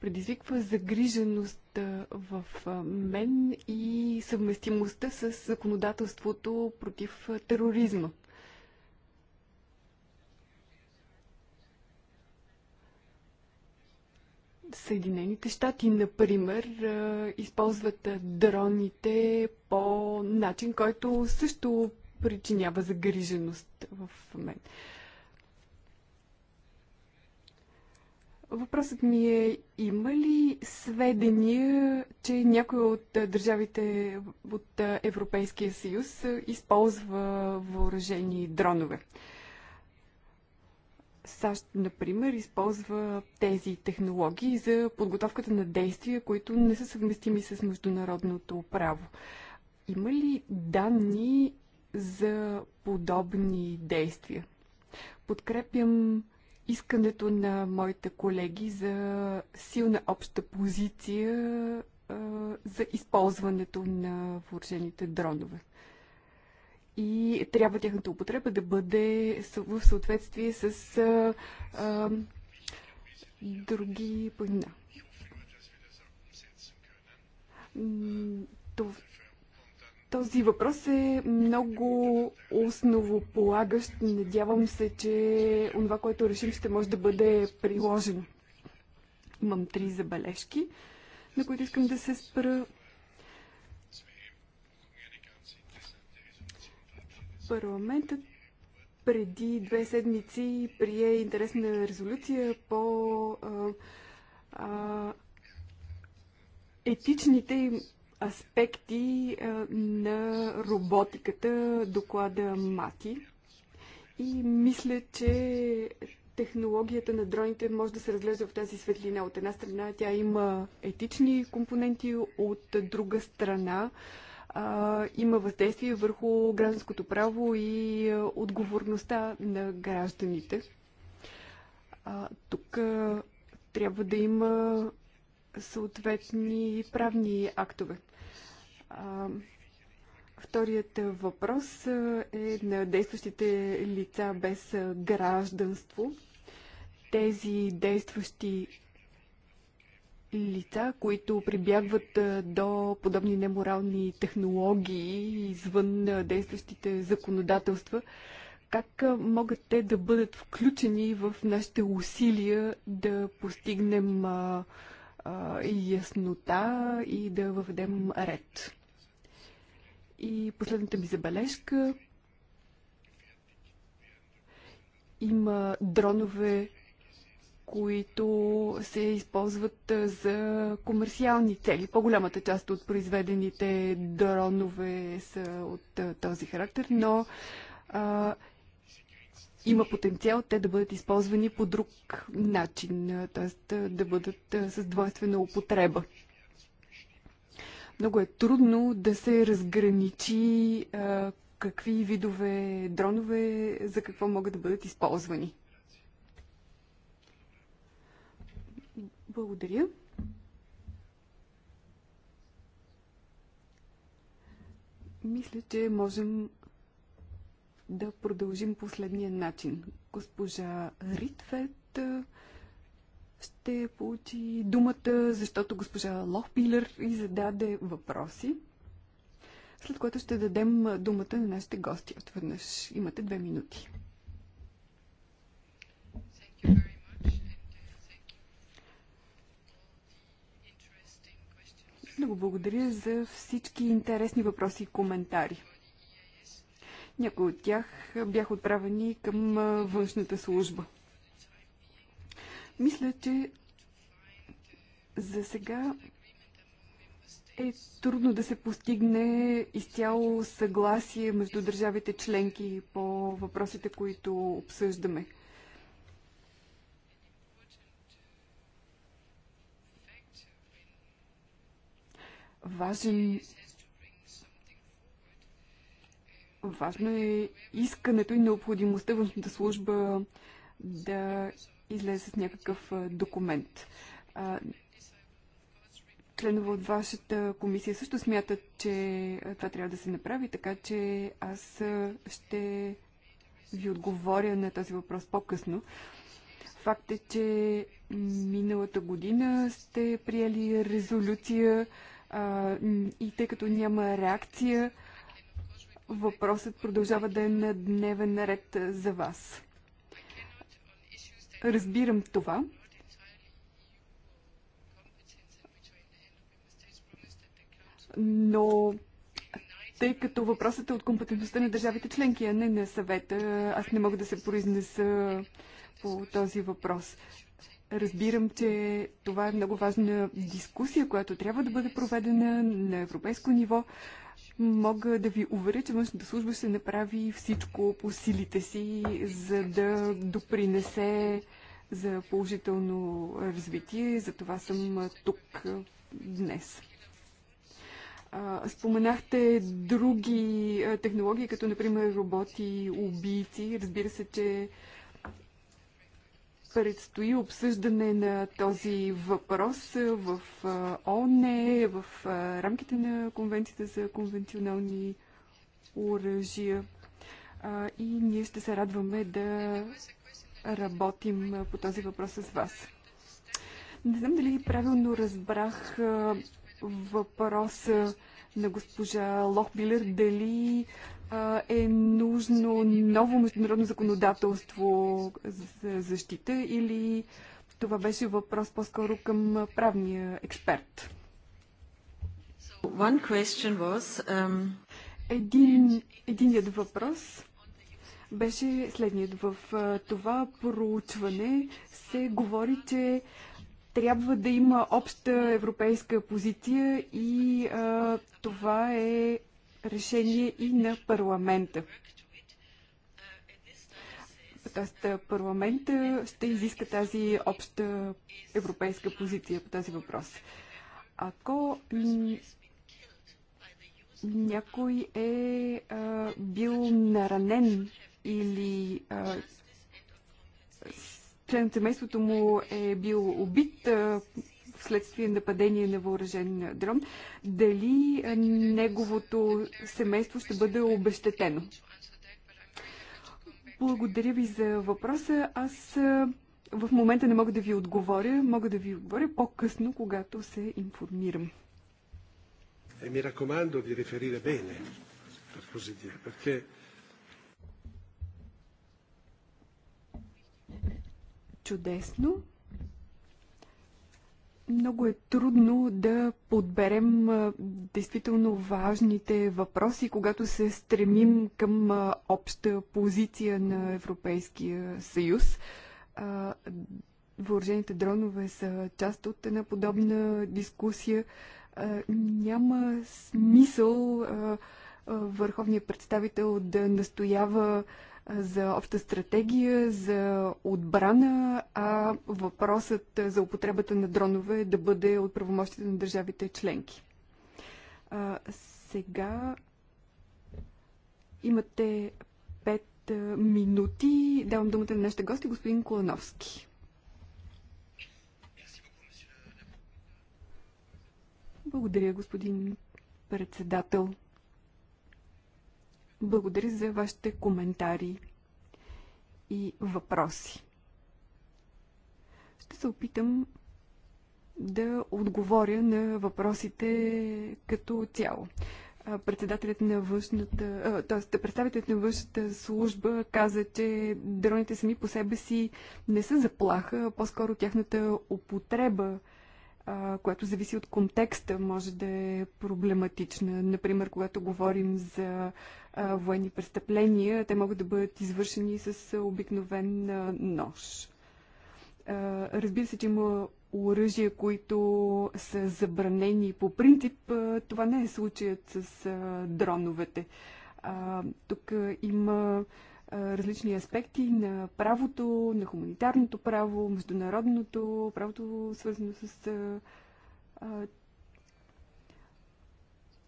предизвиква загриженост в мен и съвместимостта с законодателството против тероризма. Съединените щати, например, използват дроните по начин, който също причинява загриженост в мен. Въпросът ми е, има ли сведения, че някой от държавите от Европейския съюз използва въоръжени дронове? САЩ, например, използва тези технологии за подготовката на действия, които не са съвместими с международното право. Има ли данни за подобни действия? Подкрепям искането на моите колеги за силна обща позиция за използването на въоръжените дронове. И трябва тяхната употреба да бъде в съответствие с а, а, други планина. Този въпрос е много основополагащ. Надявам се, че това, което решим, ще може да бъде приложено. Имам три забележки, на които искам да се спра. Парламентът преди две седмици прие интересна резолюция по а, а, етичните аспекти на роботиката доклада МАТИ. И мисля, че технологията на дроните може да се разглежда в тази светлина. От една страна тя има етични компоненти, от друга страна а, има въздействие върху гражданското право и а, отговорността на гражданите. А, тук а, трябва да има съответни правни актове вторият въпрос е на действащите лица без гражданство. Тези действащи лица, които прибягват до подобни неморални технологии извън действащите законодателства, как могат те да бъдат включени в нашите усилия да постигнем и яснота и да въведем ред. И последната ми забележка. Има дронове, които се използват за комерциални цели. По-голямата част от произведените дронове са от този характер, но а, има потенциал те да бъдат използвани по друг начин, т.е. да бъдат с двойствена употреба. Много е трудно да се разграничи какви видове дронове за какво могат да бъдат използвани. Благодаря. Мисля, че можем да продължим последния начин. Госпожа Ритфет ще получи думата, защото госпожа Лохпилер и зададе въпроси, след което ще дадем думата на нашите гости. Отведнъж имате две минути. Много благодаря за всички интересни въпроси и коментари. Някои от тях бяха отправени към външната служба. Мисля, че за сега е трудно да се постигне изцяло съгласие между държавите членки по въпросите, които обсъждаме. Важен Важно е искането и необходимостта външната служба да излезе с някакъв документ. Членове от вашата комисия също смятат, че това трябва да се направи, така че аз ще ви отговоря на този въпрос по-късно. Факт е, че миналата година сте приели резолюция а, и тъй като няма реакция, въпросът продължава да е на дневен наред за вас. Разбирам това. Но тъй като въпросът е от компетентността на държавите членки, а не на съвета, аз не мога да се произнеса по този въпрос. Разбирам, че това е много важна дискусия, която трябва да бъде проведена на европейско ниво, Мога да ви уверя, че външната служба ще направи всичко по силите си, за да допринесе за положително развитие. За това съм тук днес. Споменахте други технологии, като например роботи, убийци. Разбира се, че предстои обсъждане на този въпрос в ООН, в рамките на Конвенцията за конвенционални оръжия. И ние ще се радваме да работим по този въпрос с вас. Не знам дали правилно разбрах въпроса на госпожа Лохбилер, дали е нужно ново международно законодателство за защита или това беше въпрос по-скоро към правния експерт? Um, Един, единият въпрос беше следният. В това проучване се говори, че трябва да има обща европейска позиция и а, това е решение и на парламента. Тоест парламента ще изиска тази обща европейска позиция по този въпрос. Ако някой е а, бил наранен или а, член на семейството му е бил убит а, вследствие нападение на въоръжен дрон, дали неговото семейство ще бъде обещетено? Благодаря ви за въпроса. Аз в момента не мога да ви отговоря. Мога да ви отговоря по-късно, когато се информирам. E mi raccomando di riferire bene, per così dire, perché чудесно. Много е трудно да подберем действително важните въпроси, когато се стремим към обща позиция на Европейския съюз. Въоръжените дронове са част от една подобна дискусия. Няма смисъл върховният представител да настоява за обща стратегия, за отбрана, а въпросът за употребата на дронове да бъде от правомощите на държавите членки. А, сега имате 5 минути. Давам думата на нашите гости, господин Колановски. Благодаря, господин председател. Благодаря за вашите коментари и въпроси. Ще се опитам да отговоря на въпросите като цяло. Председателят на външната, т.е. представителят на външната служба каза, че дроните сами по себе си не са заплаха, по-скоро тяхната употреба която зависи от контекста, може да е проблематична. Например, когато говорим за военни престъпления, те могат да бъдат извършени с обикновен нож. Разбира се, че има оръжия, които са забранени по принцип. Това не е случаят с дроновете. Тук има различни аспекти на правото, на хуманитарното право, международното, правото свързано с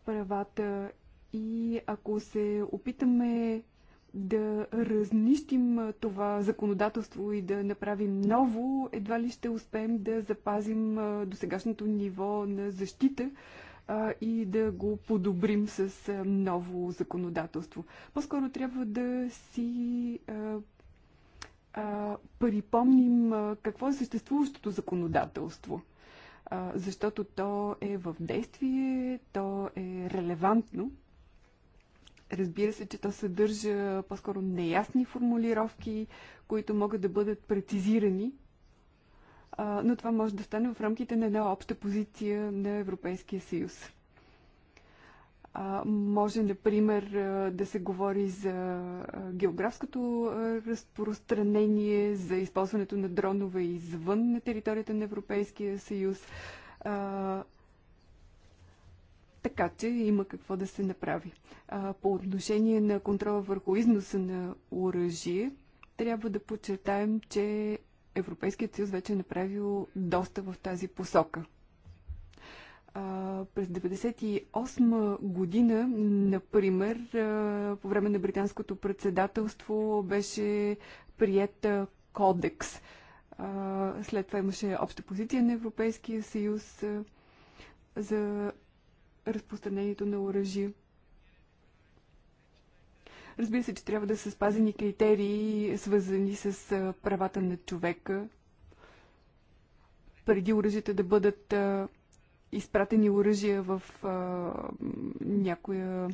правата и ако се опитаме да разнищим това законодателство и да направим ново, едва ли ще успеем да запазим досегашното ниво на защита, а, и да го подобрим с а, ново законодателство. По-скоро трябва да си а, а, припомним а, какво е съществуващото законодателство, а, защото то е в действие, то е релевантно. Разбира се, че то съдържа по-скоро неясни формулировки, които могат да бъдат прецизирани но това може да стане в рамките на една обща позиция на Европейския съюз. Може, например, да се говори за географското разпространение, за използването на дронове извън на територията на Европейския съюз. Така че има какво да се направи. По отношение на контрола върху износа на оръжие, трябва да подчертаем, че Европейският съюз вече е направил доста в тази посока. А, през 1998 година, например, а, по време на британското председателство беше прият кодекс. А, след това имаше обща позиция на Европейския съюз за разпространението на оръжие. Разбира се, че трябва да са спазени критерии, свързани с правата на човека, преди оръжията да бъдат а, изпратени оръжия в а, някоя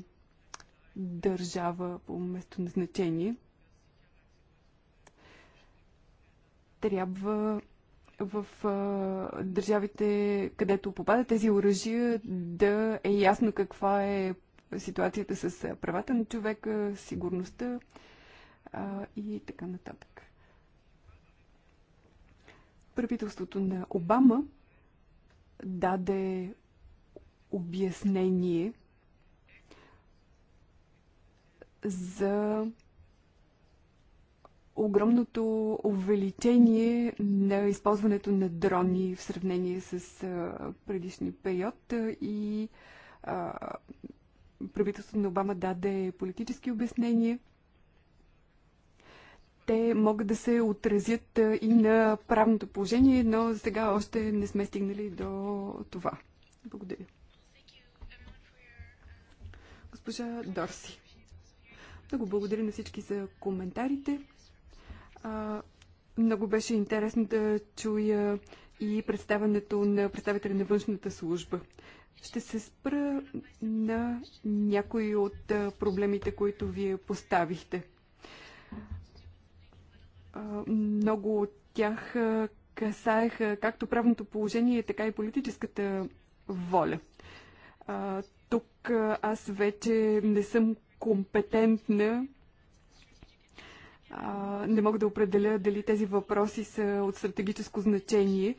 държава по местоназначение. Трябва в а, държавите, където попадат тези оръжия, да е ясно каква е ситуацията с правата на човека, сигурността а, и така нататък. Правителството на Обама даде обяснение за огромното увеличение на използването на дрони в сравнение с предишния период и правителството на Обама даде политически обяснения. Те могат да се отразят и на правното положение, но за сега още не сме стигнали до това. Благодаря. Госпожа Дорси. Много благодаря на всички за коментарите. А, много беше интересно да чуя и представането на представителя на външната служба. Ще се спра на някои от проблемите, които вие поставихте. Много от тях касаеха както правното положение, така и политическата воля. Тук аз вече не съм компетентна не мога да определя дали тези въпроси са от стратегическо значение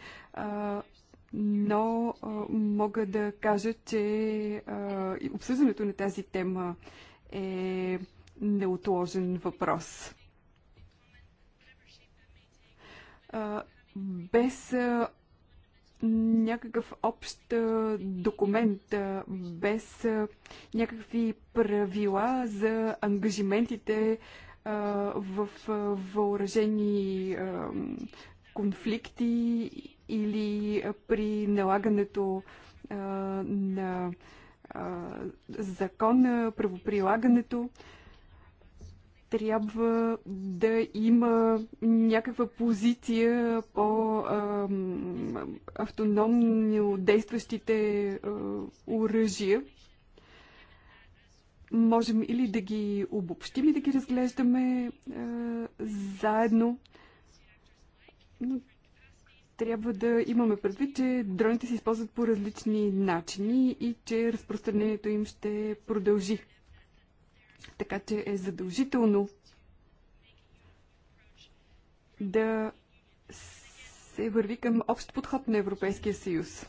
но а, мога да кажа, че а, обсъждането на тази тема е неотложен въпрос. А, без а, някакъв общ а, документ, а, без а, някакви правила за ангажиментите а, в а, въоръжени а, конфликти или при налагането а, на а, правоприлагането трябва да има някаква позиция по а, автономно действащите оръжия. Можем или да ги обобщим и да ги разглеждаме а, заедно. Но трябва да имаме предвид, че дроните се използват по различни начини и че разпространението им ще продължи. Така че е задължително да се върви към общ подход на Европейския съюз.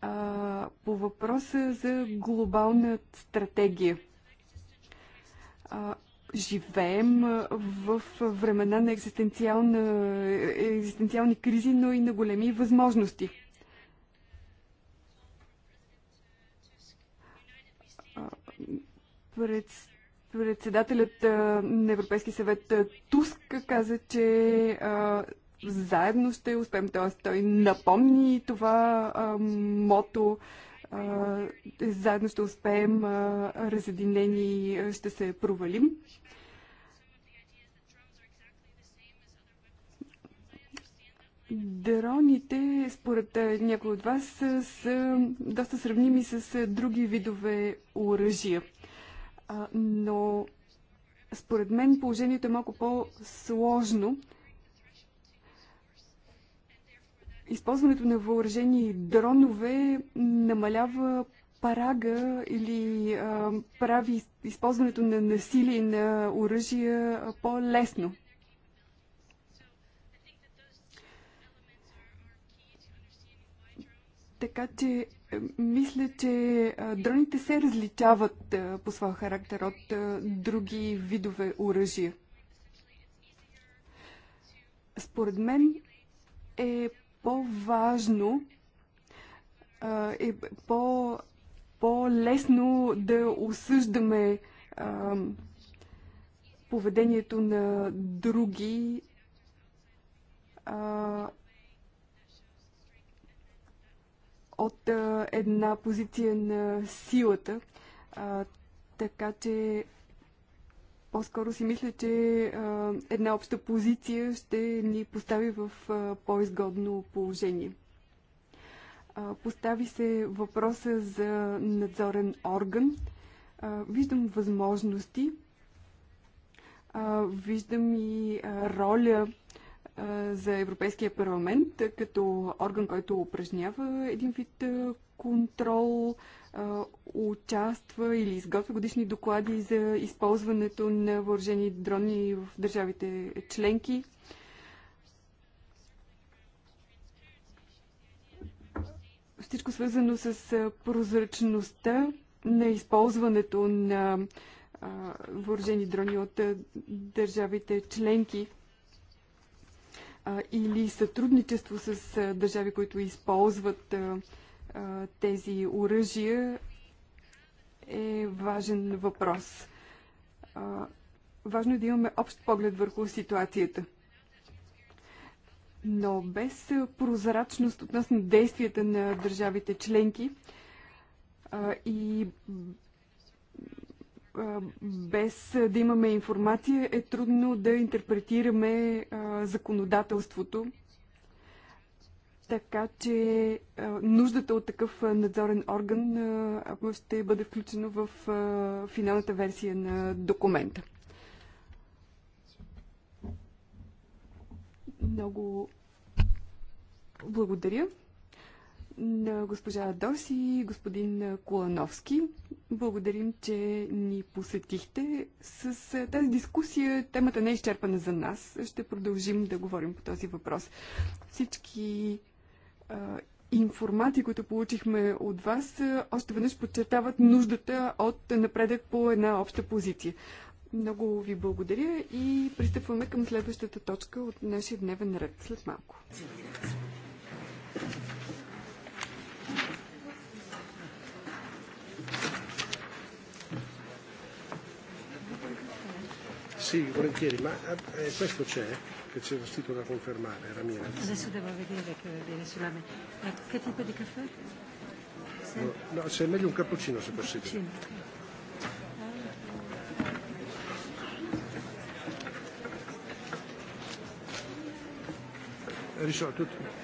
А, по въпроса за глобална стратегия. А, живеем в времена на екзистенциални кризи, но и на големи възможности. председателят на Европейския съвет Туск каза, че заедно ще успеем. Т.е. той напомни това мото заедно ще успеем, разединени ще се провалим. Дроните, според някои от вас, са доста сравними с други видове оръжия. Но според мен положението е малко по-сложно. Използването на въоръжени дронове намалява парага или а, прави използването на насилие на оръжия по-лесно. Така че е, мисля, че дроните се различават по своя характер от други видове оръжия. Според мен е по-важно е по, по-лесно да осъждаме а, поведението на други. А, от а, една позиция на силата. А, така че по-скоро си мисля, че а, една обща позиция ще ни постави в по-изгодно положение. А, постави се въпроса за надзорен орган. А, виждам възможности, а, виждам и а, роля за Европейския парламент като орган, който упражнява един вид контрол, участва или изготвя годишни доклади за използването на въоръжени дрони в държавите членки. Всичко свързано с прозрачността на използването на въоръжени дрони от държавите членки или сътрудничество с държави, които използват тези оръжия, е важен въпрос. Важно е да имаме общ поглед върху ситуацията. Но без прозрачност относно действията на държавите членки и без да имаме информация е трудно да интерпретираме законодателството. Така че нуждата от такъв надзорен орган ще бъде включено в финалната версия на документа. Много благодаря на госпожа Доси и господин Кулановски. Благодарим, че ни посетихте. С тази дискусия темата не е изчерпана за нас. Ще продължим да говорим по този въпрос. Всички а, информации, които получихме от вас, още веднъж подчертават нуждата от напредък по една обща позиция. Много ви благодаря и пристъпваме към следващата точка от нашия дневен ред след малко. Sì, volentieri, ma eh, questo c'è, che c'è lo scritto da confermare, era mia. Adesso devo vedere che viene sulla me. Eh, che tipo di caffè? No, no, se è meglio un cappuccino se possibile. Cappuccino, Risolto tutto.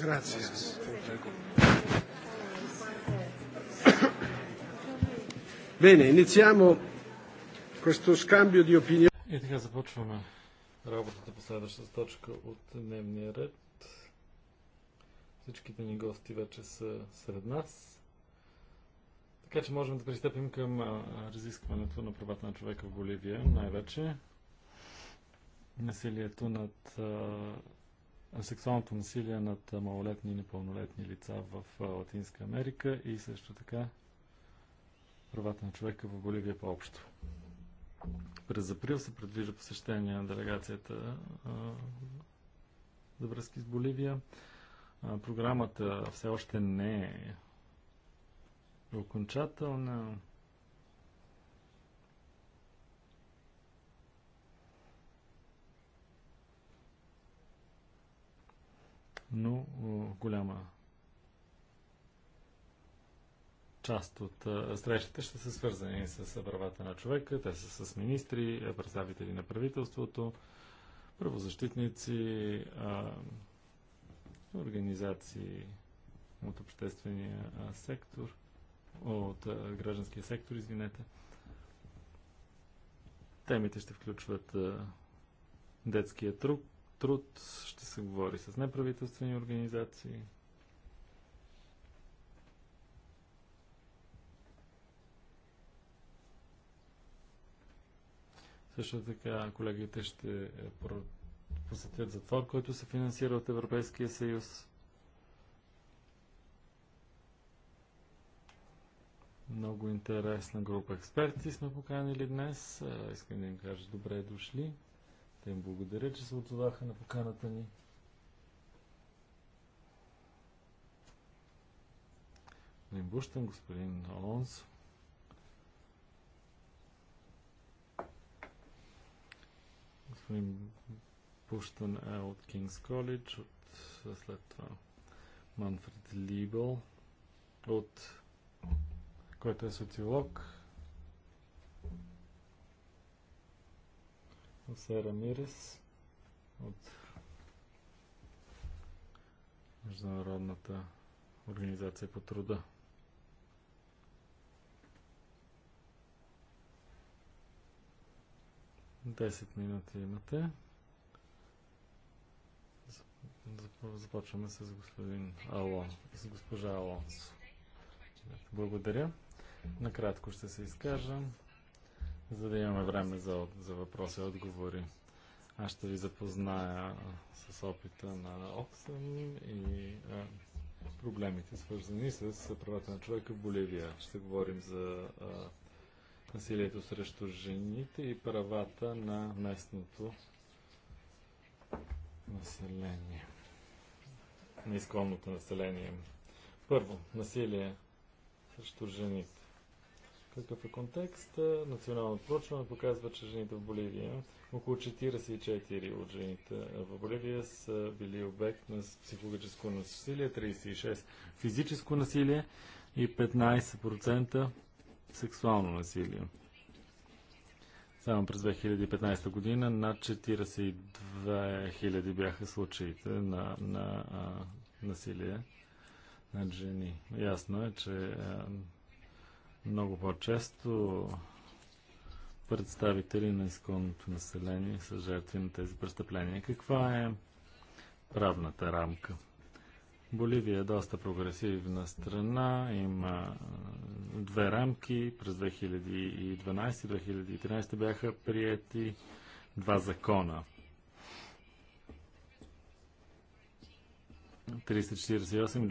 Grazie. Bene, iniziamo questo scambio di opinioni. И така започваме работата по следващата точка от дневния ред. Всичките ни гости вече са сред нас. Така че можем да пристъпим към разискването на правата на човека в Боливия, най-вече. Насилието над сексуалното насилие над малолетни и непълнолетни лица в Латинска Америка и също така правата на човека в Боливия по-общо. През април се предвижда посещение на делегацията за връзки с Боливия. програмата все още не е окончателна. но голяма част от срещите ще са свързани с правата на човека. Те са с министри, представители на правителството, правозащитници, организации от обществения сектор, от гражданския сектор, извинете. Темите ще включват детския труд, труд, ще се говори с неправителствени организации. Също така колегите ще е, посетят затвор, който се финансира от Европейския съюз. Много интересна група експерти сме поканили днес. Е, искам да им кажа добре дошли. Те им благодаря, че се отзоваха на поканата ни. Господин бущам, господин Алонс. Господин Буштен е от Кингс Колледж, от, след това Манфред Либел, от, който е социолог, Хосе Рамирес от Международната организация по труда. Десет минути имате. Започваме с господин Алон, с госпожа Алонсо. Благодаря. Накратко ще се изкажа за да имаме време за, за въпроси и отговори. Аз ще ви запозная с опита на Оксъм и а, проблемите, свързани с правата на човека в Боливия. Ще говорим за а, насилието срещу жените и правата на местното население. На изконното население. Първо, насилие срещу жените какъв е контекст. Е, Националното проучване показва, че жените в Боливия, около 44 от жените в Боливия са били обект на психологическо насилие, 36 физическо насилие и 15% сексуално насилие. Само през 2015 година над 42 000 бяха случаите на, на а, насилие над жени. Ясно е, че а, много по-често представители на изконното население са жертви на тези престъпления. Каква е правната рамка? Боливия е доста прогресивна страна, има две рамки. През 2012-2013 бяха приети два закона. 348 и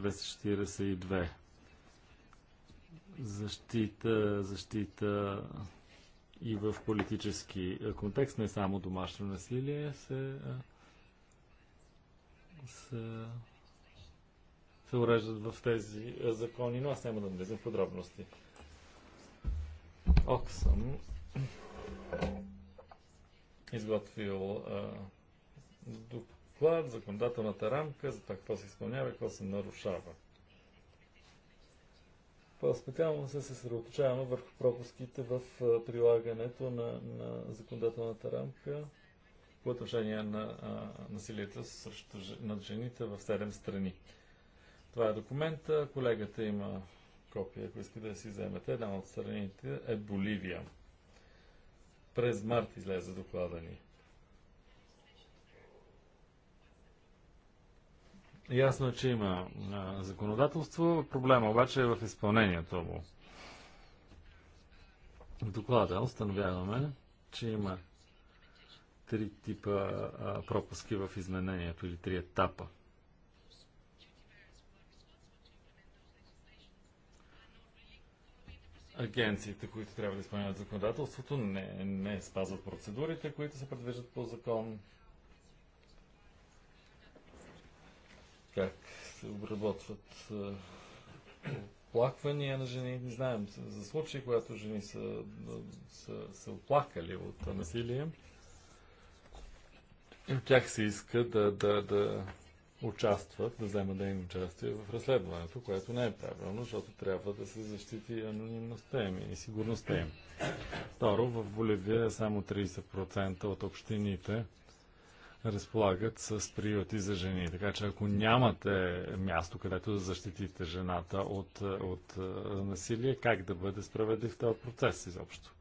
242 защита, защита и в политически контекст, не само домашно насилие, се, се, се уреждат в тези закони, но аз няма да влизам в подробности. Ок съм изготвил доклад, законодателната рамка за това какво се изпълнява и какво се нарушава. По-специално се съсредоточаваме върху пропуските в прилагането на, на законодателната рамка по отношение на а, насилието срещу над жените в 7 страни. Това е документа. Колегата има копия, ако иска да си вземете. Една от страните е Боливия. През март излезе доклада ни. Ясно е, че има а, законодателство. Проблема обаче е в изпълнението му. В доклада установяваме, че има три типа а, пропуски в изменението или три етапа. Агенциите, които трябва да изпълняват законодателството, не, не спазват процедурите, които се предвиждат по закон. как се обработват оплаквания на жени. Не знаем за случаи, когато жени са, са се оплакали от насилие. И от тях се иска да, да, да участват, да вземат им участие в разследването, което не е правилно, защото трябва да се защити анонимността им и сигурността им. Второ, в Боливия само 30% от общините разполагат с приюти за жени. Така че ако нямате място, където да защитите жената от, от насилие, как да бъде справедлив този процес изобщо?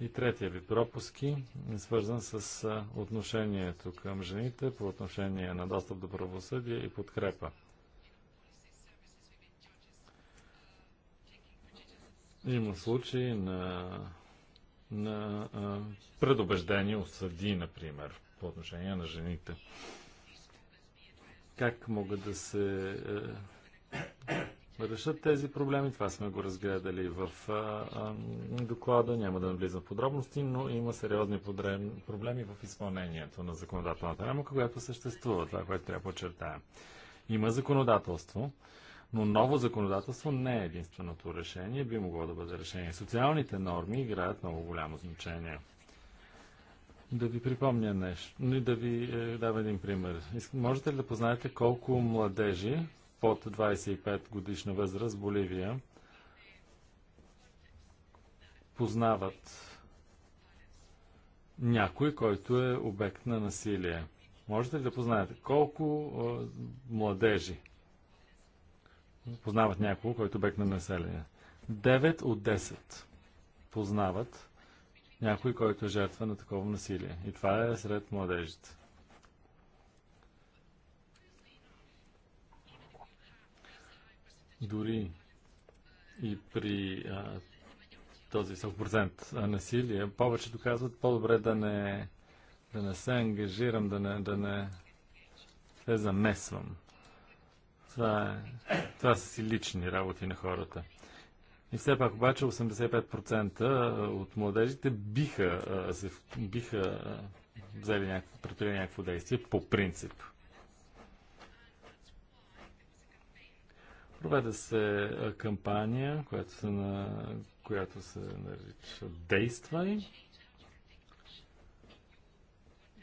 И третия ви пропуски е свързан с отношението към жените по отношение на достъп до правосъдие и подкрепа. Има случаи на, на а, предубеждение от съди, например по отношение на жените. Как могат да се е, решат тези проблеми. Това сме го разгледали в е, е, доклада, няма да навлизам в подробности, но има сериозни подрем... проблеми в изпълнението на законодателната рамка, която съществува, това, което трябва да подчертаем. Има законодателство, но ново законодателство не е единственото решение, би могло да бъде решение. Социалните норми играят много голямо значение. Да ви припомня нещо, нали, да ви е, дам един пример. Можете ли да познаете колко младежи под 25 годишна възраст в Боливия познават някой, който е обект на насилие? Можете ли да познаете колко е, младежи познават някого, който е обект на насилие? 9 от 10 познават някой, който е жертва на такова насилие. И това е сред младежите. Дори и при а, този процент насилие, повечето казват по-добре да не, да не се ангажирам, да не, да не се замесвам. Това, е, това са си лични работи на хората. И все пак обаче 85% от младежите биха, се, биха взели някакво, някакво действие по принцип. Проведе се кампания, която се, на, която се нарича Действай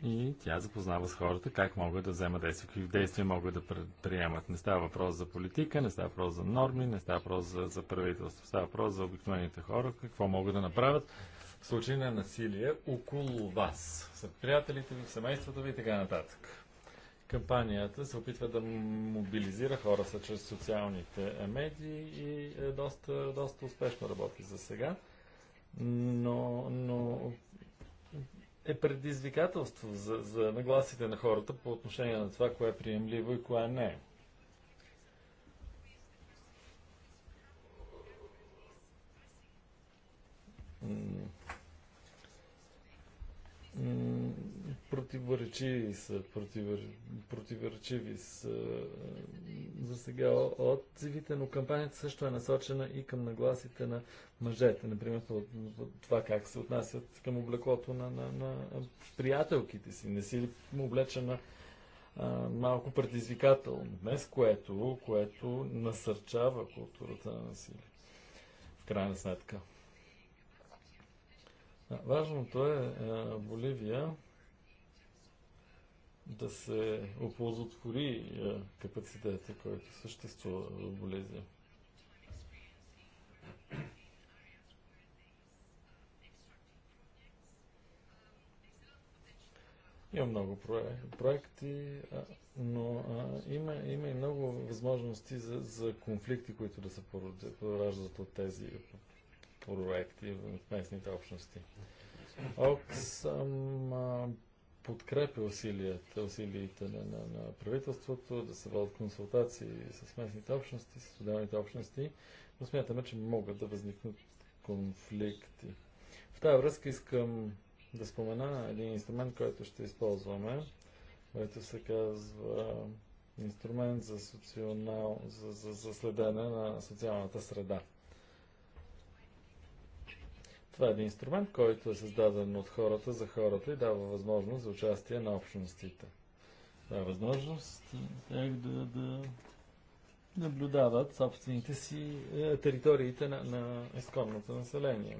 и тя запознава с хората как могат да вземат действия, какви действия могат да предприемат. Не става въпрос за политика, не става въпрос за норми, не става въпрос за, за правителство, става въпрос за обикновените хора, какво могат да направят в случай на насилие около вас, сред приятелите ви, семейството ви и така нататък. Кампанията се опитва да мобилизира хората чрез социалните медии и е доста, доста успешно работи за сега но, но е предизвикателство за, за нагласите на хората по отношение на това, кое е приемливо и кое не е противоречиви са, противоречиви за сега отзивите, но кампанията също е насочена и към нагласите на мъжете. Например, това как се отнасят към облеклото на, на, на приятелките си. Не си му облечена а, малко предизвикателно. Днес, което, което насърчава културата на насилие. В крайна сметка. Важното е, е Боливия да се оползотвори е, капацитета, който съществува в болезни. Има много проекти, но има, има и много възможности за, за конфликти, които да се пораждат от тези проекти в местните общности. Оксам подкрепя усилията, усилиите на, на, на правителството да се водят консултации с местните общности, с отделните общности, но смятаме, че могат да възникнат конфликти. В тази връзка искам да спомена един инструмент, който ще използваме, който се казва инструмент за, соционал, за, за, за следене на социалната среда. Това е един инструмент, който е създаден от хората за хората и дава възможност за участие на общностите. Дава възможност е, тях да, да наблюдават собствените си е, териториите на, на изконното население.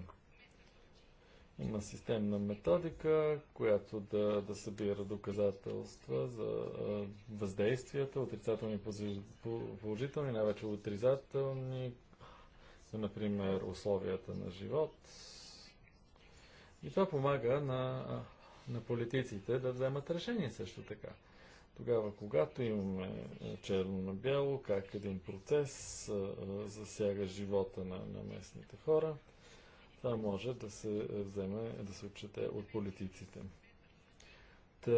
Има системна методика, която да, да събира доказателства за е, въздействията, отрицателни, положителни, най-вече отрицателни, например условията на живот, и това помага на, на политиците да вземат решение също така. Тогава, когато имаме черно на бяло, как един процес засяга живота на, на местните хора, това може да се вземе, да се отчете от политиците. Та,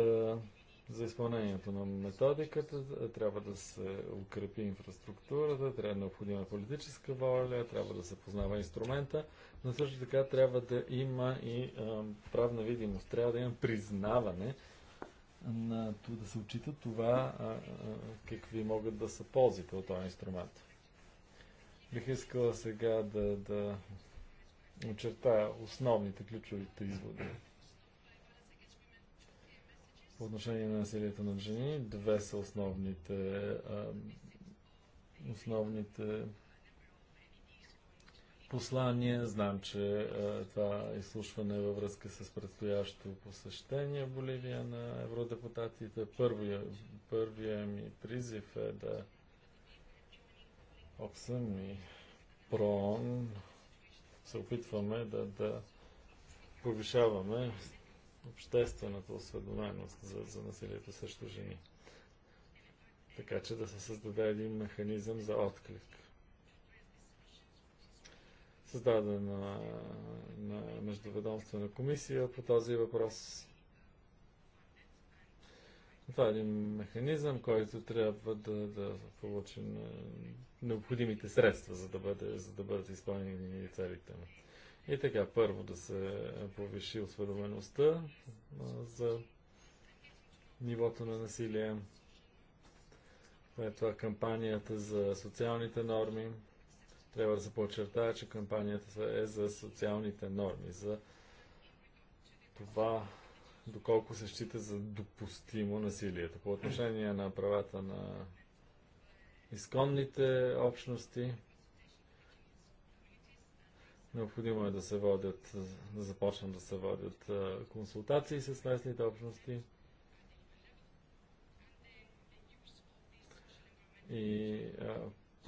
за изпълнението на методиката трябва да се укрепи инфраструктурата, трябва да е необходима политическа воля, трябва да се познава инструмента но също така трябва да има и а, правна видимост, трябва да има признаване на да се отчита това а, а, какви могат да са ползите от този инструмент. Бих искала сега да, да очертая основните ключовите изводи по отношение на насилието над жени. Две са основните, а, основните послание. Знам, че е, това изслушване е във връзка с предстоящото посещение в Боливия на евродепутатите. Първия, първия ми призив е да обсъм и прон се опитваме да, да повишаваме обществената осведоменост за, за насилието срещу жени. Така че да се създаде един механизъм за отклик създадена на междуведомствена комисия по този въпрос. Това е един механизъм, който трябва да, да получи е, необходимите средства, за да, бъде, за да бъдат изпълнени целите му. И така, първо да се повиши осведомеността е, за нивото на насилие. е това кампанията за социалните норми. Трябва да се подчертая, че кампанията е за социалните норми, за това доколко се счита за допустимо насилието. По отношение на правата на изконните общности, необходимо е да се водят, да започнат да се водят консултации с местните общности. И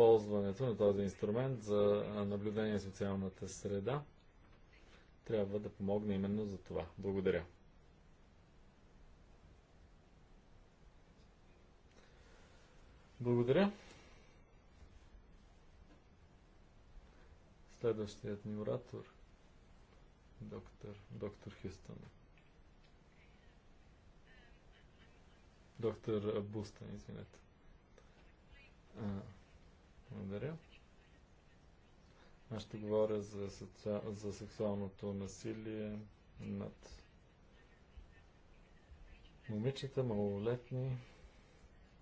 използването на този инструмент за наблюдение на социалната среда трябва да помогне именно за това. Благодаря. Благодаря. Следващият ни оратор доктор, доктор Хюстън. Доктор Бустън, извинете. А, благодаря. Аз ще говоря за, социал... за сексуалното насилие над момичета, малолетни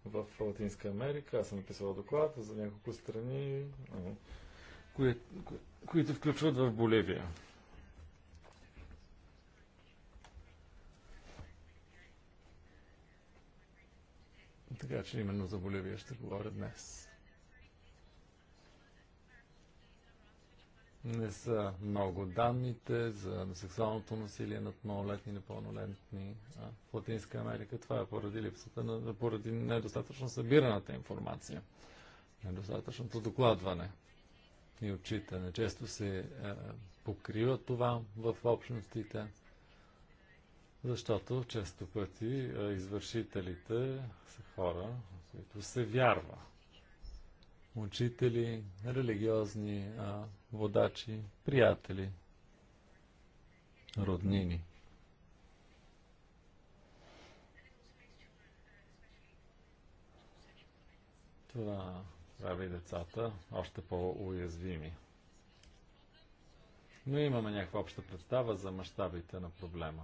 в Латинска Америка. Аз съм написал доклад за няколко страни, кои... които включват в Боливия. Така че именно за Боливия ще говоря днес. Не са много данните за сексуалното насилие над малолетни и непълнолетни в Латинска Америка. Това е поради липсата на, поради недостатъчно събираната информация, недостатъчното докладване и отчитане. Често се е, покрива това в общностите, защото често пъти е, извършителите са хора, които се вярва учители, религиозни а, водачи, приятели, роднини. Това прави децата още по-уязвими. Но имаме някаква обща представа за мащабите на проблема.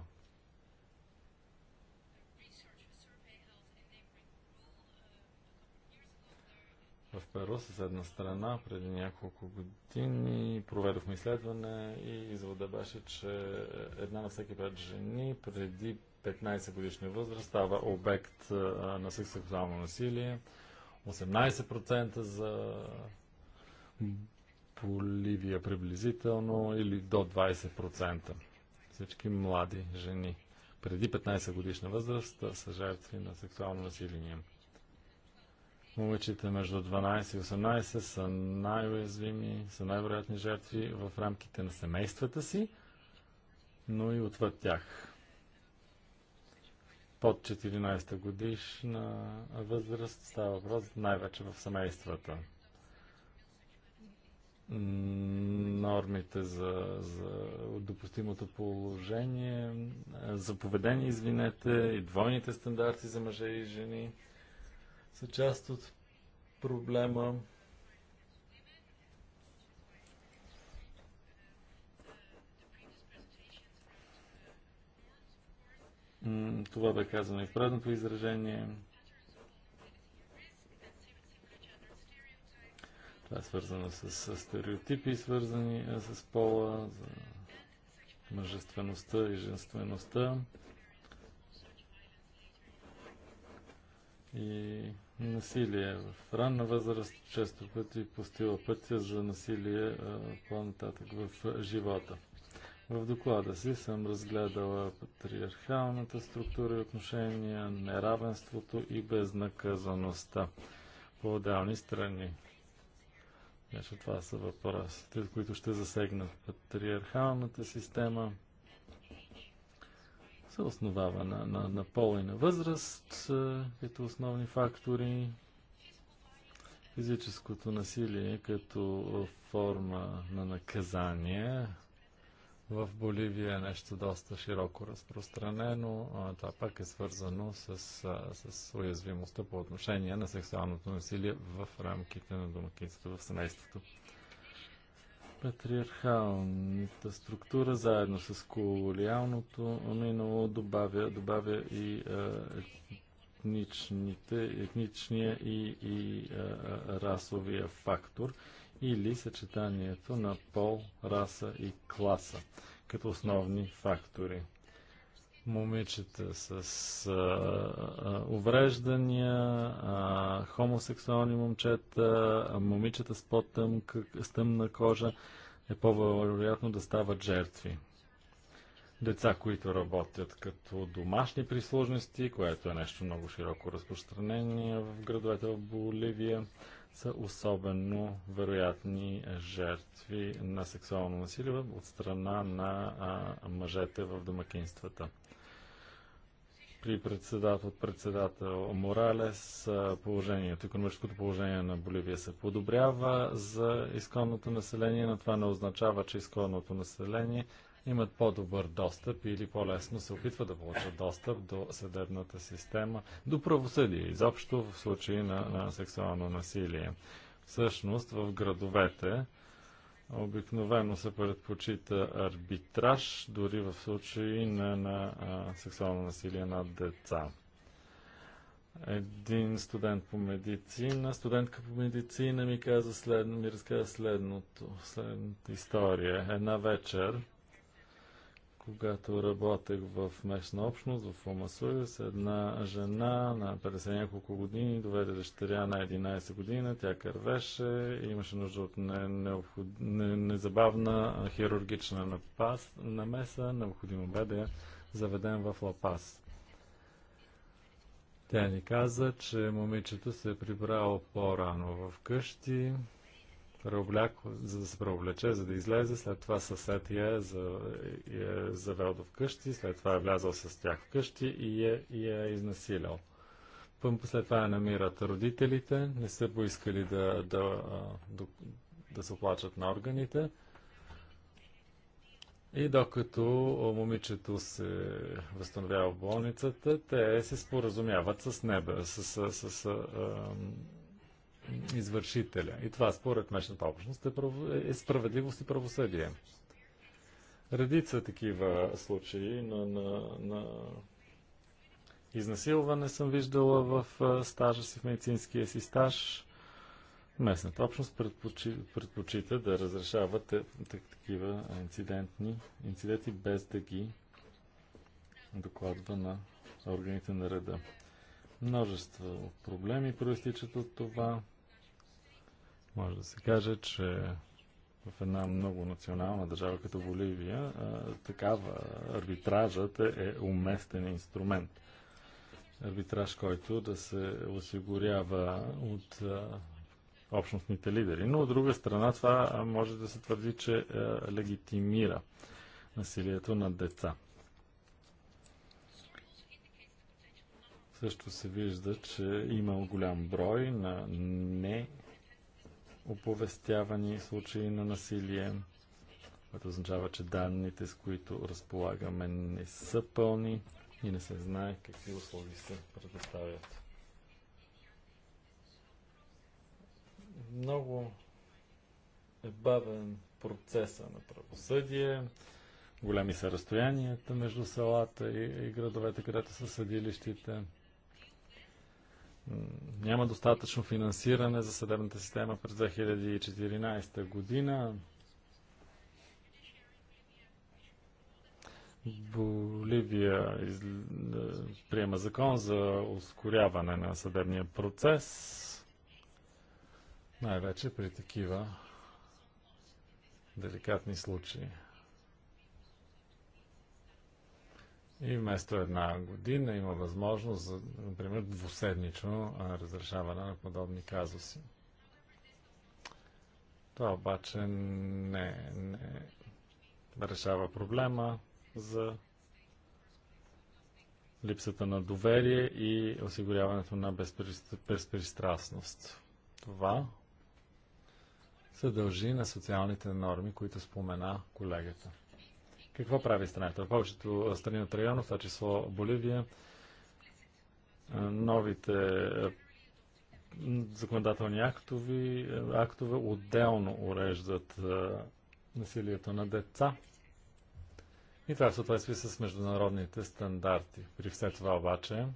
в Перу, една страна, преди няколко години. Проведохме изследване и извода беше, че една на всеки пет жени преди 15 годишна възраст става обект на сексуално насилие. 18% за Боливия приблизително или до 20%. Всички млади жени преди 15 годишна възраст са жертви на сексуално насилие. Момичите между 12 и 18 са най-уязвими, са най-вероятни жертви в рамките на семействата си, но и отвъд тях. Под 14 годишна възраст става въпрос най-вече в семействата. Нормите за, за допустимото положение, за поведение, извинете, и двойните стандарти за мъже и жени – са част от проблема. Това бе казано и в предното изражение. Това е свързано с, с стереотипи, свързани с пола, за мъжествеността и женствеността. и насилие в ранна възраст, често пъти постила пътя за насилие по-нататък в живота. В доклада си съм разгледала патриархалната структура и отношения, неравенството и безнаказаността по отделни страни. това са въпросите, които ще засегнат патриархалната система – се основава на, на, на пол и на възраст е, като основни фактори. Физическото насилие е като форма на наказание в Боливия е нещо доста широко разпространено. Това пак е свързано с, с уязвимостта по отношение на сексуалното насилие в рамките на домакинството, в семейството. Патриархалната структура заедно с колониалното минало добавя, добавя и етничните, етничния и, и а, расовия фактор или съчетанието на пол, раса и класа като основни фактори момичета с а, а, увреждания, а, хомосексуални момчета, а момичета с по-тъмна тъмна кожа е по-вероятно да стават жертви. Деца, които работят като домашни прислужности, което е нещо много широко разпространение в градовете в Боливия, са особено вероятни жертви на сексуално насилие от страна на а, мъжете в домакинствата при председател, председател Моралес положението, економическото положение на Боливия се подобрява за изконното население, но това не означава, че изконното население имат по-добър достъп или по-лесно се опитва да получат достъп до съдебната система, до правосъдие, изобщо в случаи на, на сексуално насилие. Всъщност в градовете Обикновено се предпочита арбитраж, дори в случаи на, на а, сексуално насилие над деца. Един студент по медицина, студентка по медицина ми каза следно, ми разказа следното, следната история. Една вечер когато работех в местна общност в с една жена на 50 няколко години доведе дъщеря на 11 година, тя кървеше и имаше нужда от не, необход... не, незабавна хирургична напас, намеса, необходимо бе да я заведем в Лапас. Тя ни каза, че момичето се е прибрало по-рано в къщи, преобляко, за да се преоблече, за да излезе. След това съсед я е, за, е завел до вкъщи, след това е влязал с тях вкъщи и е, и е изнасилял. След това я намират родителите, не са поискали да, да, да, да се оплачат на органите. И докато момичето се възстановява в болницата, те се споразумяват с небе, с, с, с, с извършителя. И това според местната общност е, прав... е справедливост и правосъдие. Редица такива случаи на, на, на изнасилване съм виждала в стажа си, в медицинския си стаж. Местната общност предпочи, предпочита да разрешава такива инцидентни инциденти без да ги докладва на органите на реда. Множество проблеми проистичат от това. Може да се каже, че в една много национална държава като Боливия, такава арбитражът е, е уместен инструмент. Арбитраж, който да се осигурява от общностните лидери. Но от друга страна това може да се твърди, че легитимира насилието на деца. Също се вижда, че има голям брой на не оповестявани случаи на насилие, което означава, че данните, с които разполагаме, не са пълни и не се знае какви услуги се предоставят. Много е бавен процеса на правосъдие, големи са разстоянията между селата и, и градовете, където са съдилищите няма достатъчно финансиране за съдебната система през 2014 година. Боливия из... Е, приема закон за ускоряване на съдебния процес, най-вече при такива деликатни случаи. И вместо една година има възможност за, например, двуседмично разрешаване на подобни казуси. Това обаче не, не решава проблема за липсата на доверие и осигуряването на безпристрастност. Това се дължи на социалните норми, които спомена колегата. Какво прави страната? В повечето страни от района, в това число Боливия, новите законодателни актови, актове отделно уреждат насилието на деца. И това е в съответствие с международните стандарти. При все това обаче,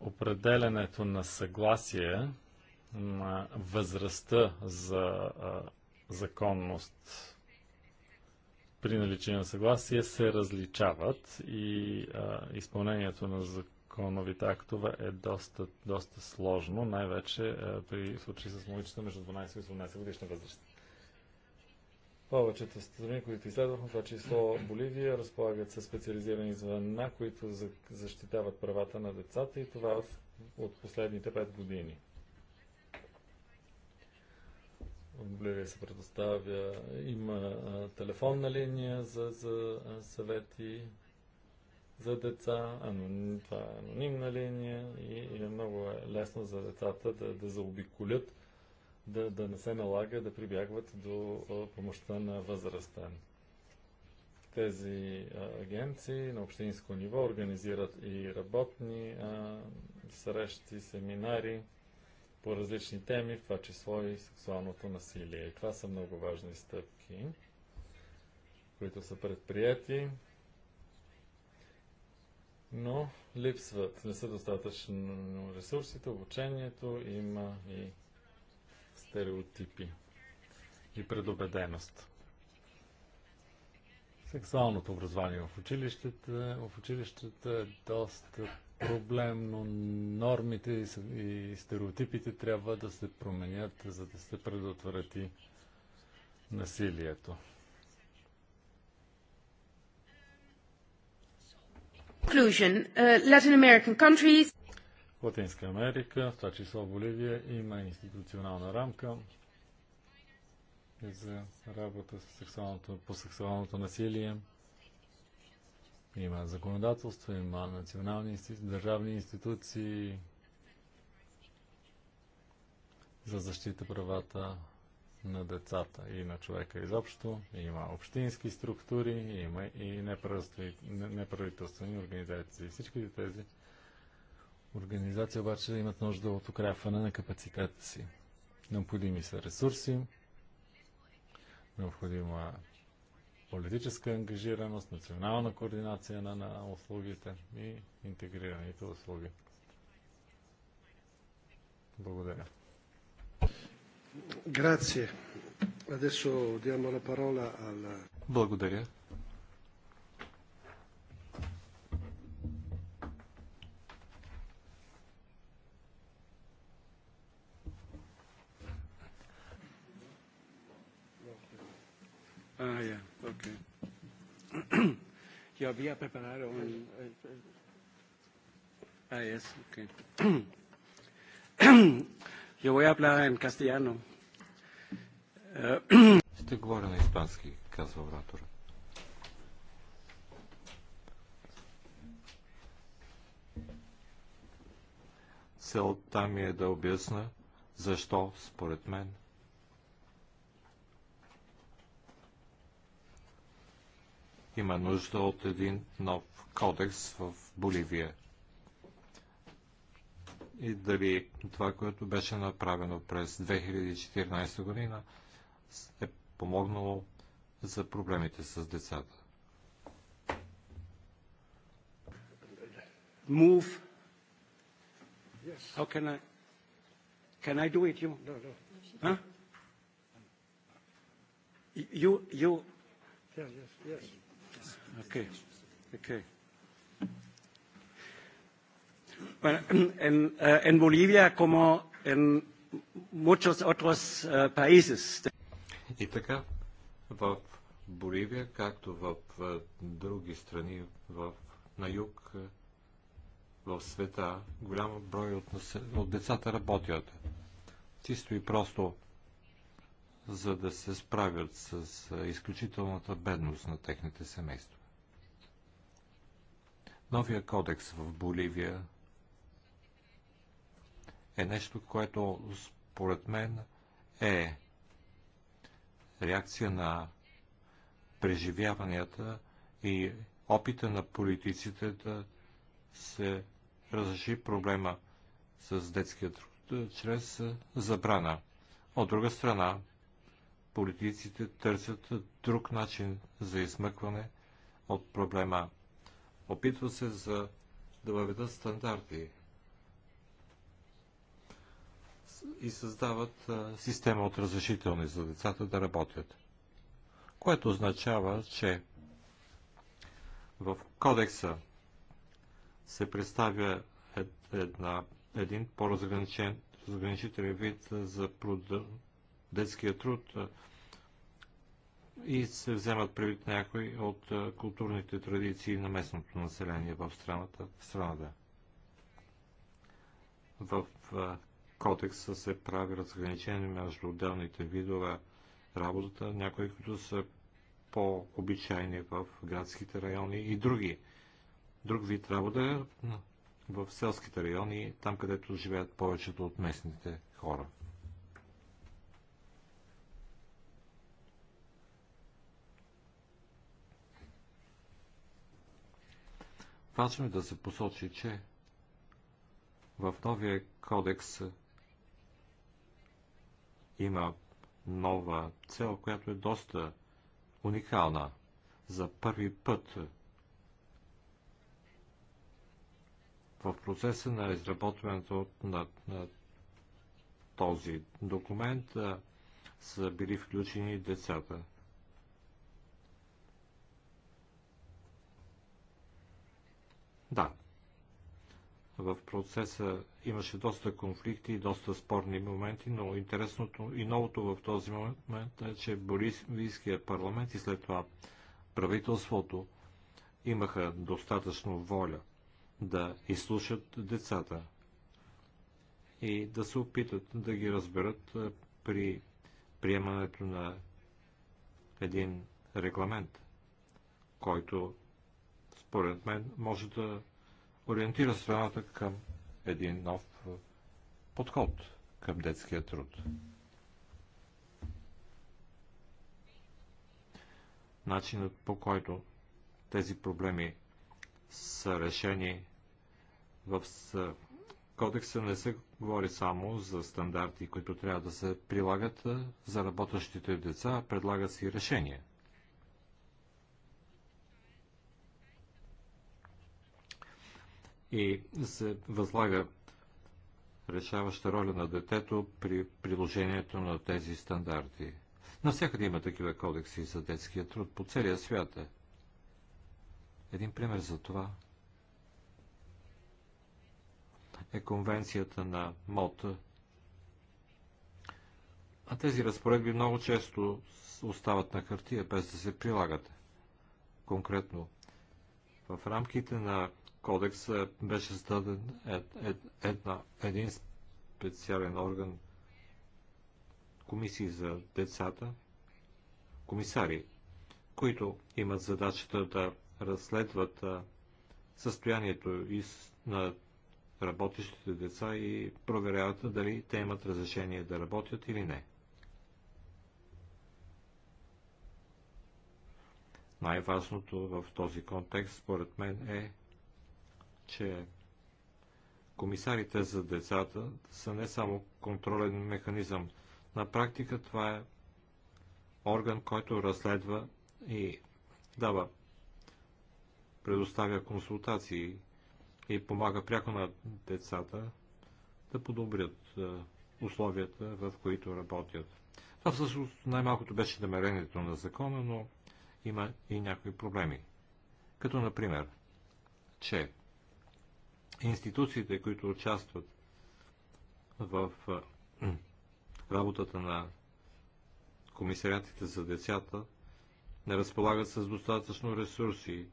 определенето на съгласие на възрастта за законност при наличие на съгласие се различават и а, изпълнението на законовите актове е доста, доста сложно, най-вече при случаи с момичета между 12 и 18 годишна възраст. Повечето страни, които изследвахме, това число Боливия, разполагат със специализирани звена, които защитават правата на децата и това от последните 5 години. В се предоставя, има а, телефонна линия за, за а, съвети за деца, аноним, това е анонимна линия и, и е много е лесно за децата да, да заобиколят, да, да не се налага да прибягват до а, помощта на възрастен. Тези а, агенции на общинско ниво организират и работни а, срещи, семинари, по различни теми, в това число и сексуалното насилие. И това са много важни стъпки, които са предприяти, но липсват. Не са достатъчно ресурсите, обучението, има и стереотипи и предобеденост. Сексуалното образование в училищата, в училищата е доста проблем, но нормите и стереотипите трябва да се променят, за да се предотврати насилието. Uh, Латинска Америка, в това число Боливия, има институционална рамка за работа с сексуалното, по сексуалното насилие. Има законодателство, има национални институции, държавни институции за защита правата на децата и на човека изобщо. Има общински структури, има и неправителствени организации. Всички тези организации обаче имат нужда от укрепване на капацитета си. Необходими са ресурси, необходима политическа ангажираност, национална координация на, на услугите и интегрираните услуги. Благодаря. Grazie. Adesso diamo la parola alla... Благодаря. Ah, yeah. Okay. Yo había preparado un... Ah, es, ok. Yo voy a hablar en castellano. Estoy eh, говоря на испански, казва оратора. Целта ми е да обясна защо, според мен, има нужда от един нов кодекс в Боливия. И дали това, което беше направено през 2014 година, е помогнало за проблемите с децата. Move. Yes. How can I? Can I do it? You? No, no. Huh? You, you. Yes, yes, yes. Okay. Okay. Bueno, en, eh, en Bolivia, como en muchos otros uh, países. И така, в Боливия, както в други страни в, на юг е, в света, голям брой от, от децата работят. Чисто и просто за да се справят с е, изключителната бедност на техните семейства новия кодекс в Боливия е нещо, което според мен е реакция на преживяванията и опита на политиците да се разреши проблема с детския труд чрез забрана. От друга страна, политиците търсят друг начин за измъкване от проблема Опитва се за да въведат стандарти и създават система от разрешителни за децата да работят. Което означава, че в кодекса се представя една, един по-разграничителен вид за детския труд, и се вземат предвид някои от културните традиции на местното население в страната. В, страната. в кодекса се прави разграничение между отделните видове работата, някои, които са по-обичайни в градските райони и други. Друг вид работа е в селските райони, там където живеят повечето от местните хора. Важно е да се посочи, че в новия кодекс има нова цел, която е доста уникална. За първи път в процеса на изработването на, на този документ са били включени децата. Да, в процеса имаше доста конфликти и доста спорни моменти, но интересното и новото в този момент е, че Борисовийския парламент и след това правителството имаха достатъчно воля да изслушат децата и да се опитат да ги разберат е, при приемането на един регламент, който според мен, може да ориентира страната към един нов подход към детския труд. Начинът по който тези проблеми са решени в кодекса не се говори само за стандарти, които трябва да се прилагат за работещите деца, предлагат си решения – и се възлага решаваща роля на детето при приложението на тези стандарти. Навсякъде има такива кодекси за детския труд по целия свят. Е. Един пример за това е конвенцията на МОТ. А тези разпоредби много често остават на хартия, без да се прилагат. Конкретно, в рамките на кодекс беше създаден ед, ед, една, един специален орган комисии за децата, комисари, които имат задачата да разследват състоянието и на работещите деца и проверяват дали те имат разрешение да работят или не. Най-важното в този контекст, според мен, е че комисарите за децата са не само контролен механизъм. На практика това е орган, който разследва и дава, предоставя консултации и помага пряко на децата да подобрят е, условията, в които работят. Това всъщност най-малкото беше намерението на закона, но има и някои проблеми. Като например, че институциите, които участват в работата на комисариатите за децата, не разполагат с достатъчно ресурси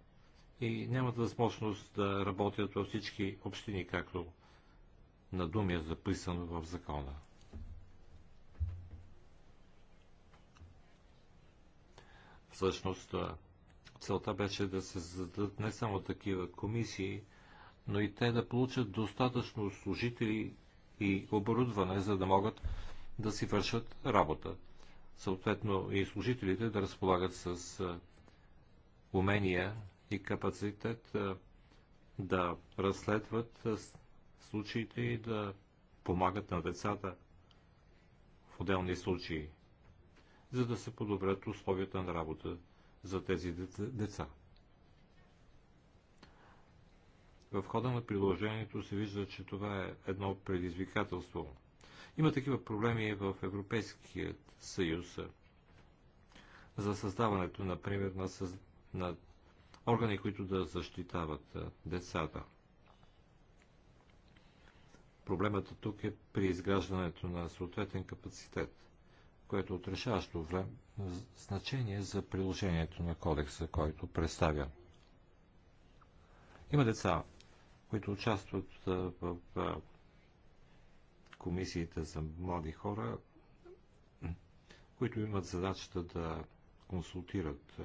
и нямат възможност да работят във всички общини, както на думи е записано в закона. Всъщност, целта беше да се създадат не само такива комисии, но и те да получат достатъчно служители и оборудване, за да могат да си вършат работа. Съответно и служителите да разполагат с умения и капацитет да разследват случаите и да помагат на децата в отделни случаи, за да се подобрят условията на работа за тези деца. В хода на приложението се вижда, че това е едно предизвикателство. Има такива проблеми в Европейският съюз за създаването, например, на, съз... на органи, които да защитават децата. Проблемът тук е при изграждането на съответен капацитет, което е от решаващо време значение за приложението на кодекса, който представя. Има деца, които участват в комисиите за млади хора, които имат задачата да консултират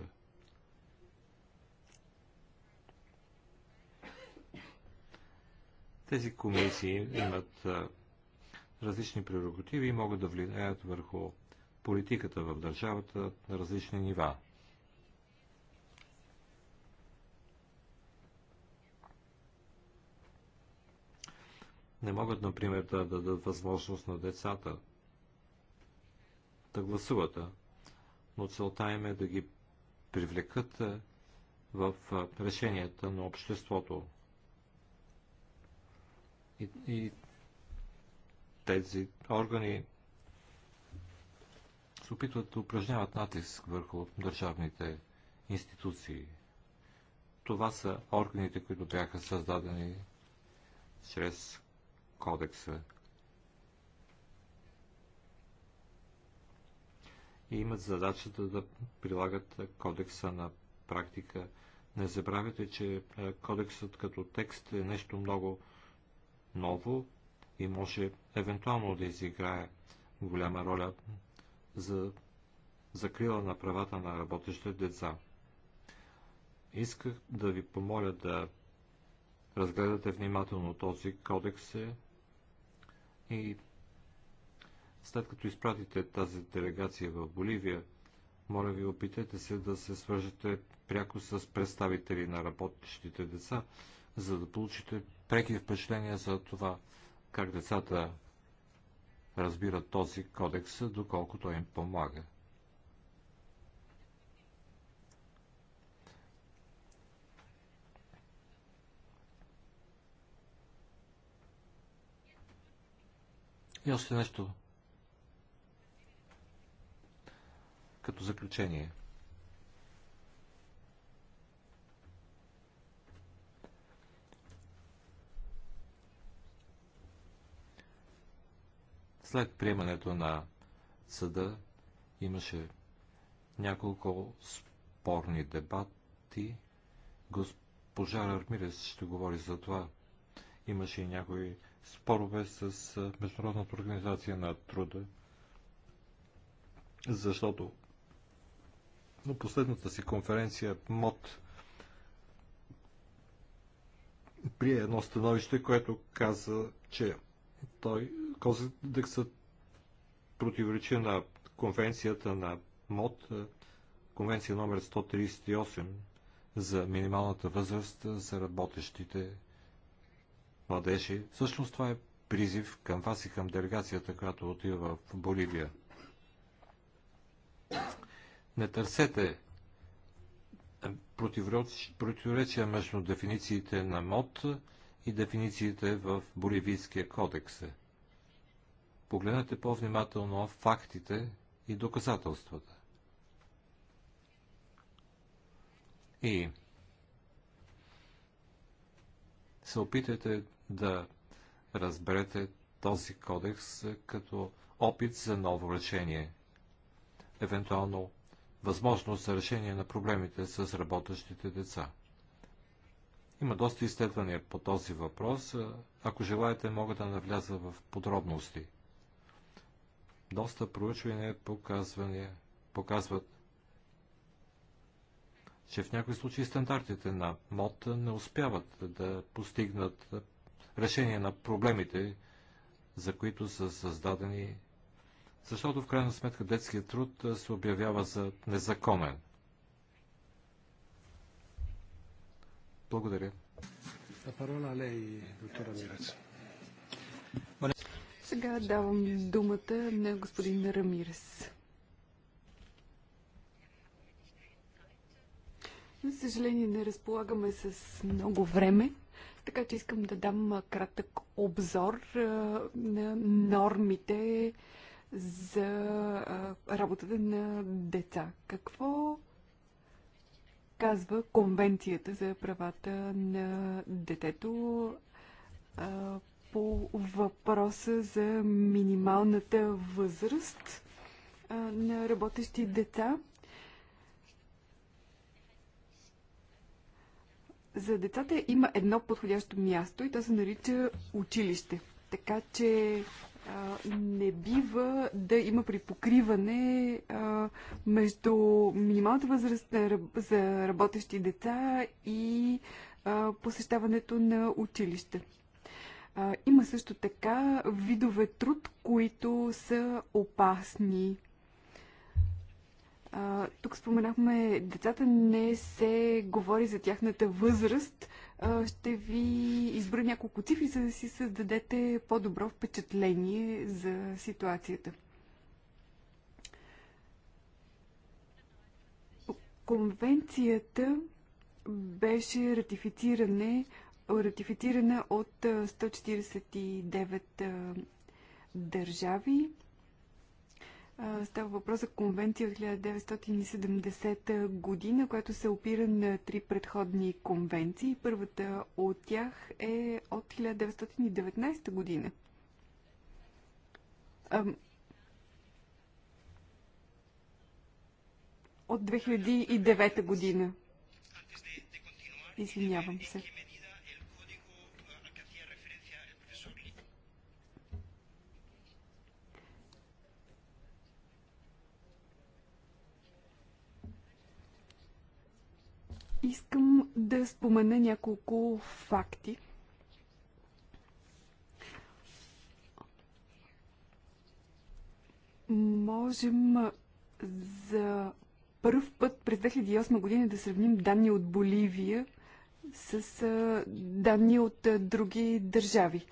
Тези комисии имат различни прерогативи и могат да влияят върху политиката в държавата на различни нива. не могат, например, да дадат възможност на децата да гласуват, но целта им е да ги привлекат в решенията на обществото. И, и тези органи се опитват да упражняват натиск върху държавните институции. Това са органите, които бяха създадени чрез кодекса. И имат задачата да прилагат кодекса на практика. Не забравяйте, че е, кодексът като текст е нещо много ново и може евентуално да изиграе голяма роля за закрила на правата на работещите деца. Исках да ви помоля да разгледате внимателно този кодекс, е, и след като изпратите тази делегация в Боливия, моля ви, опитайте се да се свържете пряко с представители на работещите деца, за да получите преки впечатления за това, как децата разбират този кодекс, доколко той им помага. И още нещо. Като заключение. След приемането на съда имаше няколко спорни дебати. Госпожа Армирес ще говори за това. Имаше и някои спорове с Международната организация на труда, защото на последната си конференция МОД прие едно становище, което каза, че той кодексът противоречи на конвенцията на МОД, конвенция номер 138 за минималната възраст за работещите младежи. Всъщност това е призив към вас и към делегацията, която отива в Боливия. Не търсете противоречия между дефинициите на МОД и дефинициите в Боливийския кодекс. Погледнете по-внимателно фактите и доказателствата. И се опитайте да разберете този кодекс като опит за ново решение. Евентуално възможност за решение на проблемите с работещите деца. Има доста изследвания по този въпрос. Ако желаете, мога да навляза в подробности. Доста проучвания показвания, показват, че в някои случаи стандартите на МОД не успяват да постигнат решение на проблемите, за които са създадени, защото в крайна сметка детският труд се обявява за незаконен. Благодаря. Сега давам думата на господин Рамирес. За съжаление не разполагаме с много време така че искам да дам кратък обзор на нормите за работата на деца. Какво казва Конвенцията за правата на детето по въпроса за минималната възраст на работещи деца? За децата има едно подходящо място и то се нарича училище. Така че а, не бива да има припокриване а, между минималната възраст за работещи деца и а, посещаването на училище. А, има също така видове труд, които са опасни а, тук споменахме, децата не се говори за тяхната възраст. А, ще ви избра няколко цифри, за да си създадете по-добро впечатление за ситуацията. Конвенцията беше ратифициране, ратифицирана от 149 държави. Става въпрос за конвенция от 1970 година, която се опира на три предходни конвенции. Първата от тях е от 1919 година. От 2009 година. Извинявам се. Искам да спомена няколко факти. Можем за първ път през 2008 година да сравним данни от Боливия с данни от други държави.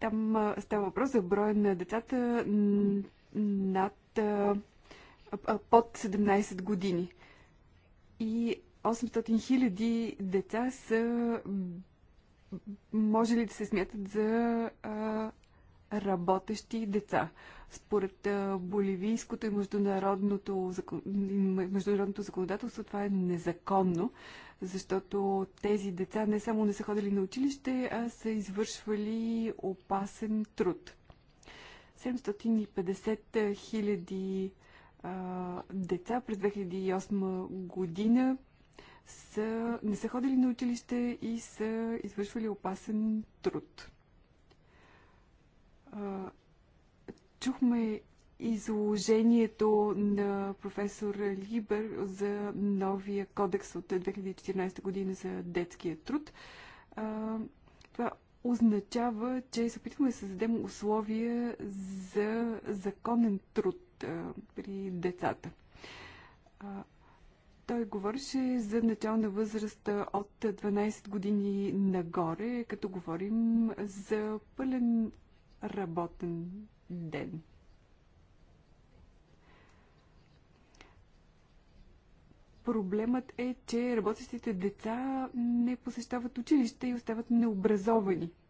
Там става въпрос за броя на децата над под 17 години. И 800 хиляди деца са може ли да се смятат за а, работещи деца. Според а, боливийското и международното, закон... международното законодателство това е незаконно, защото тези деца не само не са ходили на училище, а са извършвали опасен труд. 750 хиляди деца през 2008 година са, не са ходили на училище и са извършвали опасен труд. Чухме изложението на професор Либер за новия кодекс от 2014 година за детския труд. Това означава, че се опитваме да създадем условия за законен труд при децата. Той говореше за начална възраст от 12 години нагоре, като говорим за пълен работен ден. Проблемът е, че работещите деца не посещават училище и остават необразовани –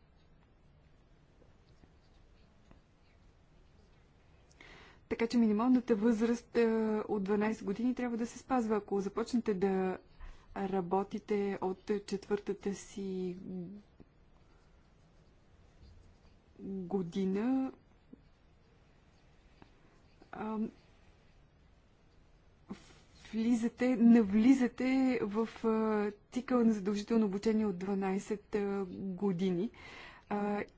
Така че минималната възраст е, от 12 години трябва да се спазва. Ако започнете да работите от четвъртата си година, влизате, навлизате в цикъл на задължително обучение от 12 години.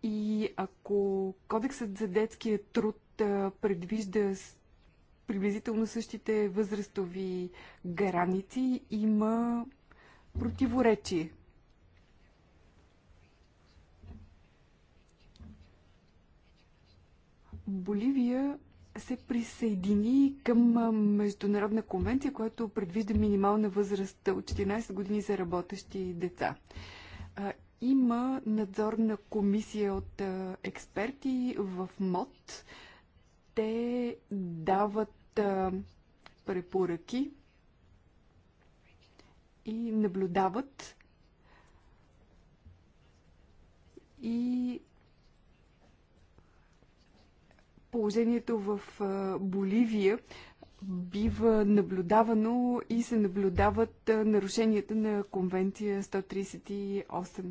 И ако кодексът за детския труд предвижда приблизително същите възрастови граници, има противоречие. Боливия се присъедини към Международна конвенция, която предвижда минимална възраст от 14 години за работещи деца. Има надзорна комисия от експерти в МОД, те дават препоръки и наблюдават и положението в Боливия бива наблюдавано и се наблюдават нарушенията на конвенция 138.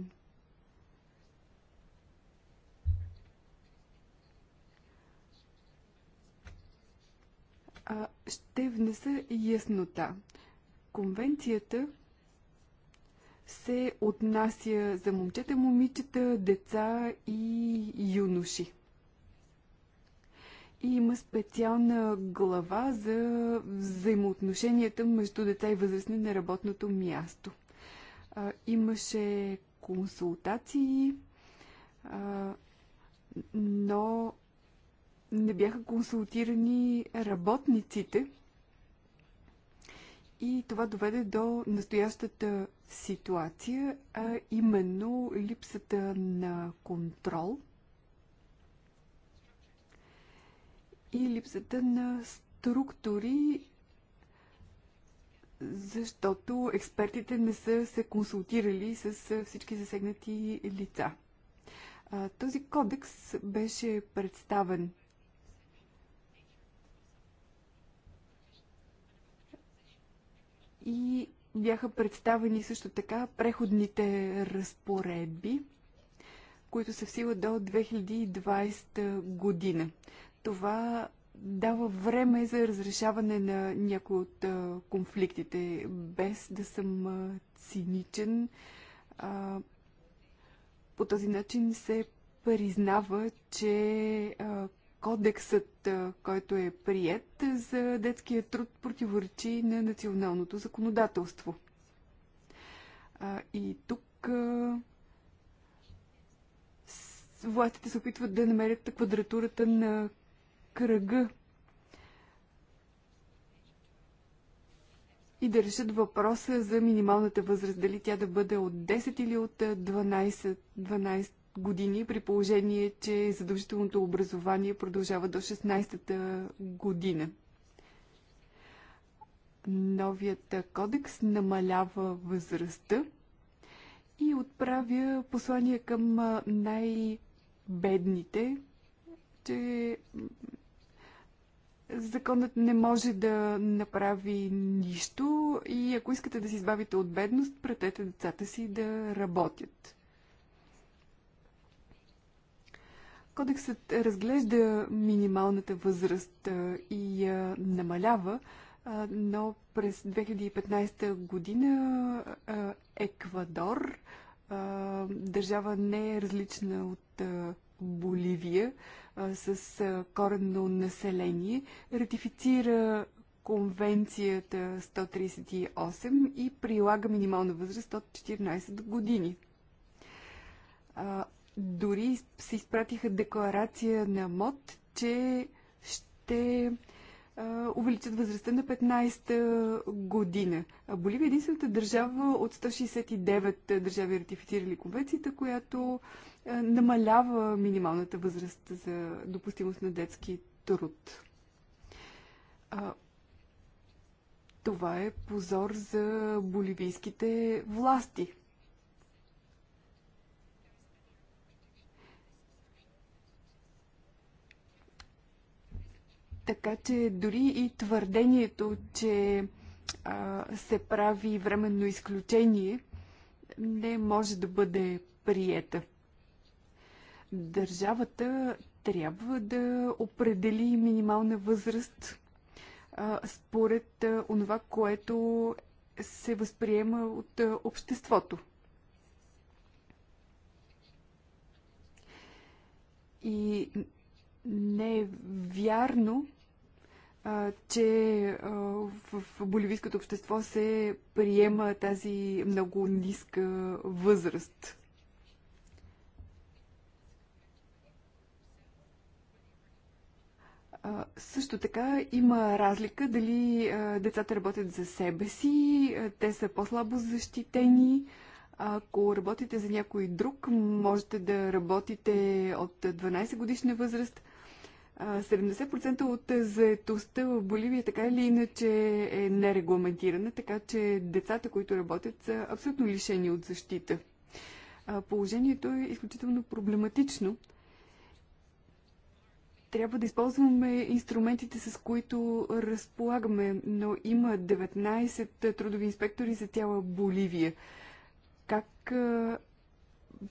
ще внеса яснота. Конвенцията се отнася за момчета, момичета, деца и юноши. И има специална глава за взаимоотношенията между деца и възрастни на работното място. А, имаше консултации, а, но не бяха консултирани работниците и това доведе до настоящата ситуация, а именно липсата на контрол и липсата на структури, защото експертите не са се консултирали с всички засегнати лица. Този кодекс беше представен и бяха представени също така преходните разпоредби, които са в сила до 2020 година. Това дава време за разрешаване на някои от конфликтите, без да съм циничен. По този начин се признава, че кодексът, който е прият за детския труд, противоречи на националното законодателство. И тук властите се опитват да намерят квадратурата на кръга и да решат въпроса за минималната възраст, дали тя да бъде от 10 или от 12, 12 години, при положение, че задължителното образование продължава до 16-та година. Новият кодекс намалява възрастта и отправя послание към най-бедните, че законът не може да направи нищо и ако искате да се избавите от бедност, пратете децата си да работят. Кодексът разглежда минималната възраст и я намалява, но през 2015 година Еквадор, държава не е различна от Боливия, с коренно население, ратифицира конвенцията 138 и прилага минимална възраст от 14 години. Дори се изпратиха декларация на МОД, че ще увеличат възрастта на 15-та година. Боливия е единствената държава от 169 държави ратифицирали конвенцията, която намалява минималната възраст за допустимост на детски труд. Това е позор за боливийските власти. Така че дори и твърдението, че а, се прави временно изключение, не може да бъде приета. Държавата трябва да определи минимална възраст а, според а, онова, което се възприема от а, обществото. И не е вярно, че в боливийското общество се приема тази много ниска възраст. Също така има разлика дали децата работят за себе си, те са по-слабо защитени. Ако работите за някой друг, можете да работите от 12 годишна възраст – 70% от заетостта в Боливия така или иначе е нерегламентирана, така че децата, които работят, са абсолютно лишени от защита. Положението е изключително проблематично. Трябва да използваме инструментите, с които разполагаме, но има 19 трудови инспектори за цяла Боливия. Как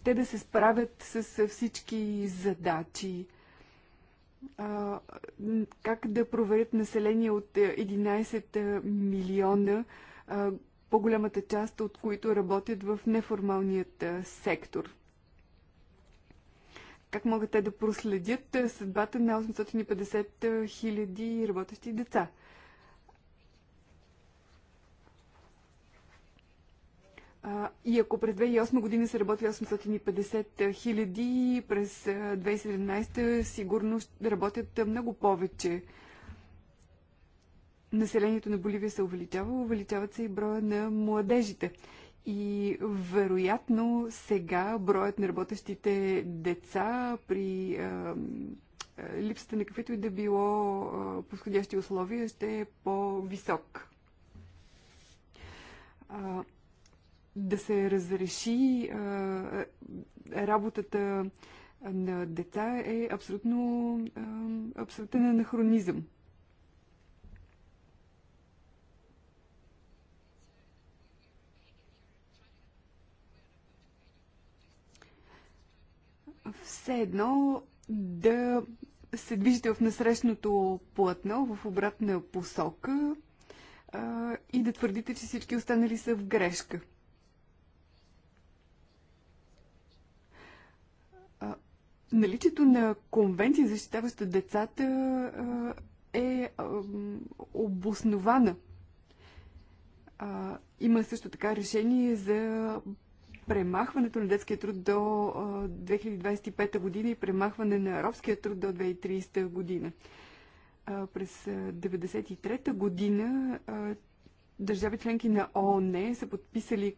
те да се справят с всички задачи? а, как да проверят население от 11 е, е, милиона, а, по-голямата част от които работят в неформалният а, е, сектор. Как могат те да проследят съдбата на 850 хиляди работещи деца? А, и ако през 2008 година са работили 850 хиляди, през 2017 сигурно работят много повече. Населението на Боливия се увеличава, увеличават се и броя на младежите. И вероятно сега броят на работещите деца при а, липсата на каквито и да било а, подходящи условия ще е по-висок да се разреши работата на деца е абсолютно абсолютен анахронизъм. Все едно да се движите в насрещното платно, в обратна посока и да твърдите, че всички останали са в грешка. Наличието на конвенция, защитаваща децата, е обоснована. Има също така решение за премахването на детския труд до 2025 година и премахване на робския труд до 2030 година. През 1993 година държави членки на ООН са подписали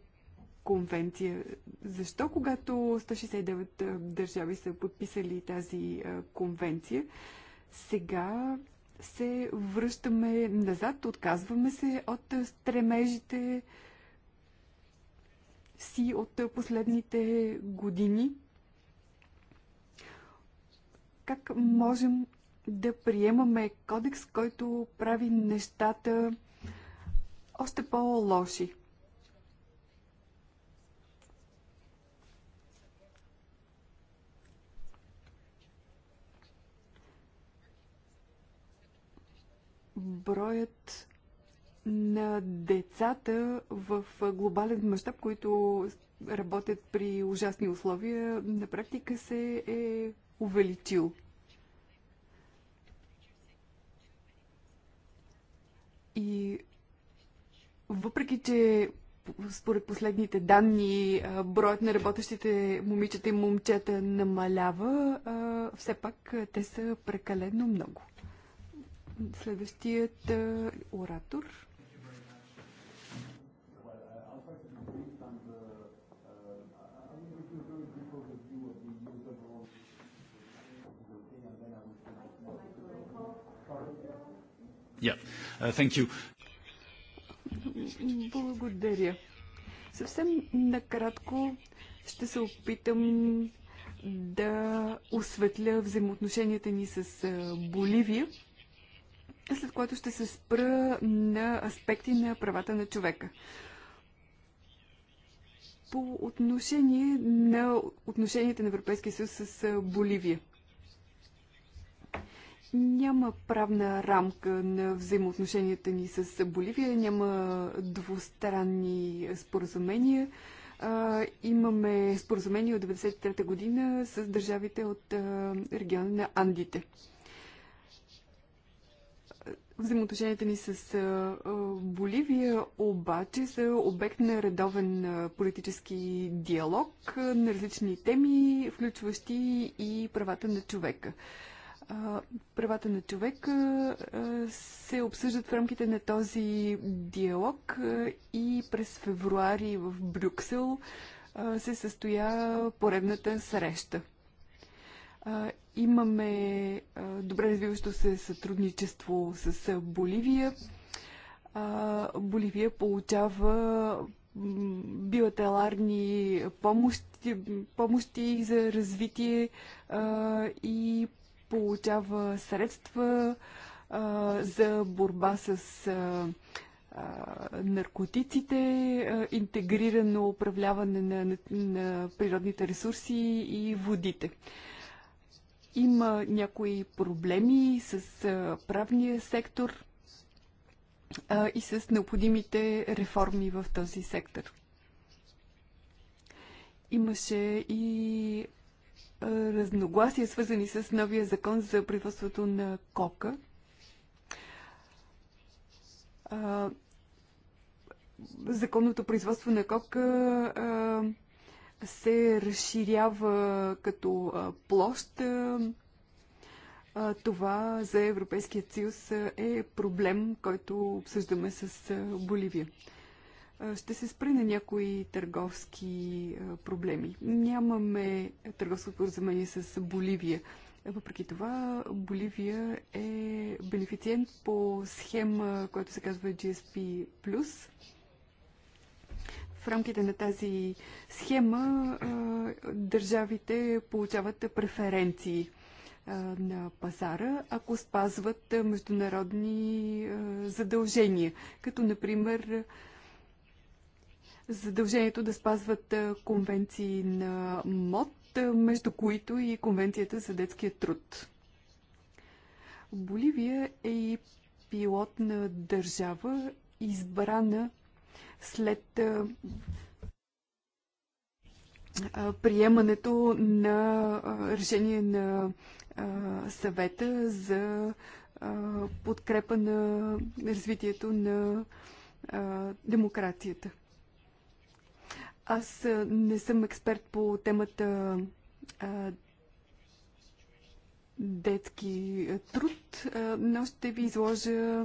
конвенция. Защо, когато 169 държави са подписали тази конвенция, сега се връщаме назад, отказваме се от стремежите си от последните години? Как можем да приемаме кодекс, който прави нещата още по-лоши? броят на децата в глобален мащаб, които работят при ужасни условия, на практика се е увеличил. И въпреки, че според последните данни броят на работещите момичета и момчета намалява, все пак те са прекалено много. Следващият е, оратор. Uh, Благодаря. Съвсем накратко ще се опитам да осветля взаимоотношенията ни с е, Боливия след което ще се спра на аспекти на правата на човека. По отношение на отношенията на Европейския съюз с Боливия. Няма правна рамка на взаимоотношенията ни с Боливия, няма двустранни споразумения. имаме споразумение от 1993 година с държавите от региона на Андите. Взаимоотношенията ни с Боливия обаче са обект на редовен политически диалог на различни теми, включващи и правата на човека. Правата на човека се обсъждат в рамките на този диалог и през февруари в Брюксел се състоя поредната среща. Имаме добре развиващо се сътрудничество с Боливия. Боливия получава билателарни помощи, помощи за развитие и получава средства за борба с наркотиците, интегрирано управляване на, на природните ресурси и водите. Има някои проблеми с а, правния сектор а, и с необходимите реформи в този сектор. Имаше и а, разногласия, свързани с новия закон за производството на кока. А, законното производство на кока а, се разширява като площ. Това за Европейския съюз е проблем, който обсъждаме с Боливия. Ще се спра на някои търговски проблеми. Нямаме търговско споразумение с Боливия. Въпреки това, Боливия е бенефициент по схема, която се казва GSP+ в рамките на тази схема държавите получават преференции на пазара, ако спазват международни задължения, като например задължението да спазват конвенции на МОД, между които и конвенцията за детския труд. Боливия е и пилотна държава, избрана след приемането на решение на съвета за подкрепа на развитието на демокрацията. Аз не съм експерт по темата детски труд, но ще ви изложа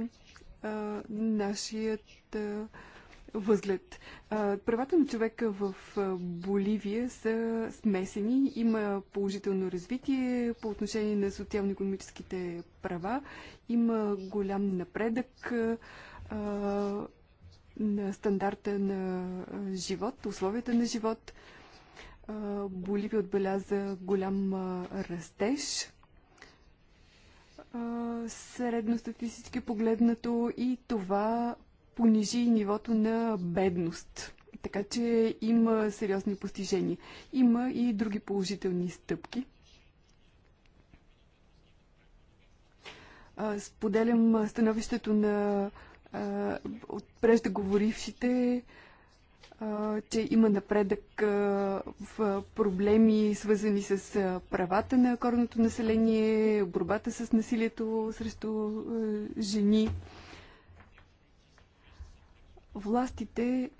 нашият възглед. Правата на човека в Боливия са смесени. Има положително развитие по отношение на социално-економическите права. Има голям напредък на стандарта на живот, условията на живот. Боливия отбеляза голям растеж средностатистически погледнато и това понижи нивото на бедност. Така че има сериозни постижения. Има и други положителни стъпки. Споделям становището на от преждеговорившите, че има напредък в проблеми, свързани с правата на корното население, борбата с насилието срещу жени. Властите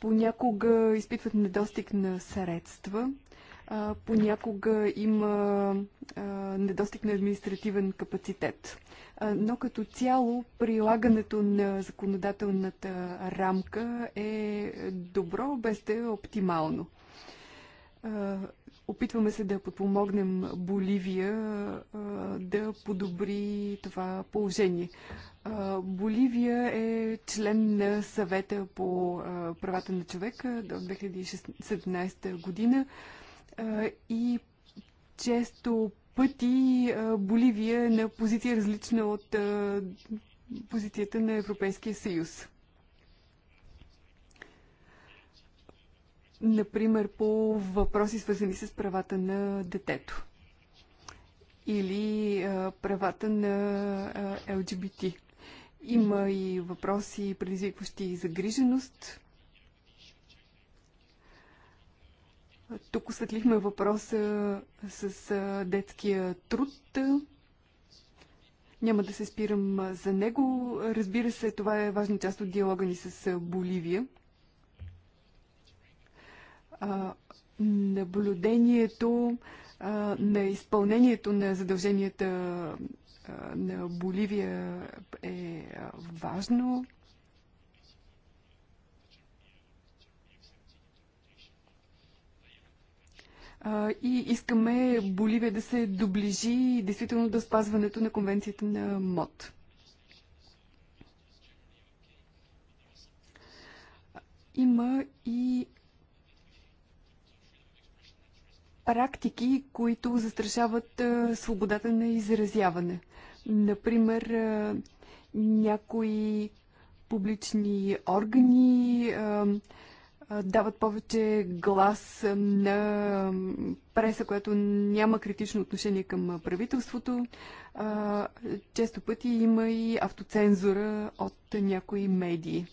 понякога изпитват недостиг на средства, понякога има недостиг на административен капацитет. Но като цяло прилагането на законодателната рамка е добро, без да е оптимално. Опитваме се да подпомогнем Боливия да подобри това положение. Боливия е член на съвета по правата на човека до 2017 година и често пъти Боливия е на позиция различна от позицията на Европейския съюз. например по въпроси свързани с правата на детето или а, правата на а, ЛГБТ. Има и въпроси, предизвикващи загриженост. Тук осветлихме въпроса с а, детския труд. Няма да се спирам за него. Разбира се, това е важна част от диалога ни с Боливия а, наблюдението а, на изпълнението на задълженията а, на Боливия е важно. и искаме Боливия да се доближи и действително до спазването на конвенцията на МОД. Има и практики, които застрашават е, свободата на изразяване. Например, е, някои публични органи е, дават повече глас на преса, която няма критично отношение към правителството. Често пъти има и автоцензура от някои медии.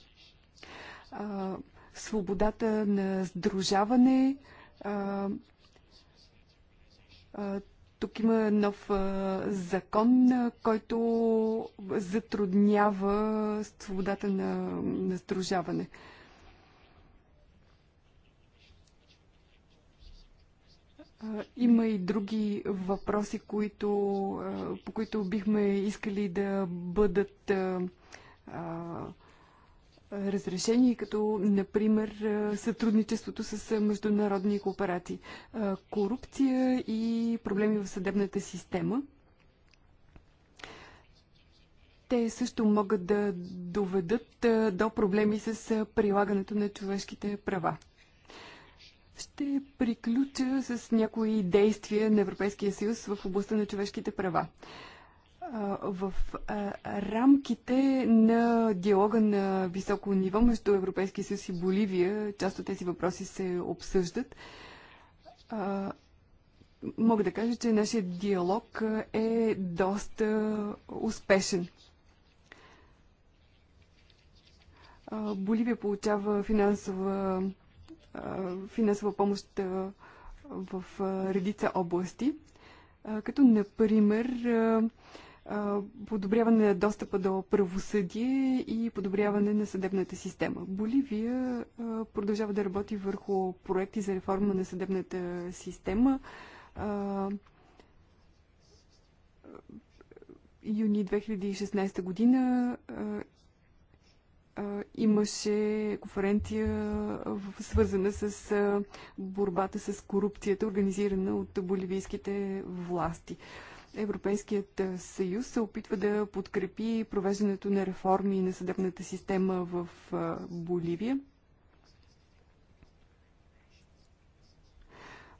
Свободата на сдружаване тук има нов закон, който затруднява свободата на, на сдружаване. Има и други въпроси, които, по които бихме искали да бъдат разрешения, като например сътрудничеството с международни кооперации, корупция и проблеми в съдебната система. Те също могат да доведат до проблеми с прилагането на човешките права. Ще приключа с някои действия на Европейския съюз в областта на човешките права в рамките на диалога на високо ниво между Европейския съюз и Боливия, част от тези въпроси се обсъждат. Мога да кажа, че нашия диалог е доста успешен. Боливия получава финансова, финансова помощ в редица области, като например подобряване на достъпа до правосъдие и подобряване на съдебната система. Боливия продължава да работи върху проекти за реформа на съдебната система. Юни 2016 година имаше конференция свързана с борбата с корупцията, организирана от боливийските власти. Европейският е, съюз се опитва да подкрепи провеждането на реформи на съдебната система в е, Боливия.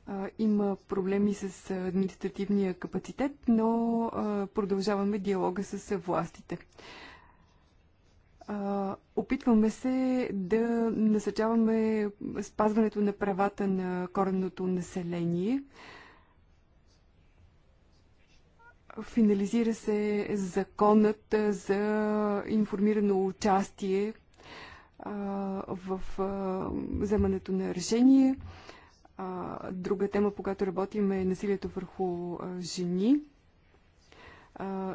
Е, има проблеми с административния капацитет, но продължаваме диалога с властите. Опитваме се да насъчаваме спазването на правата на коренното население. Финализира се законът за информирано участие в вземането на решение. Друга тема, по която работим е насилието върху жени,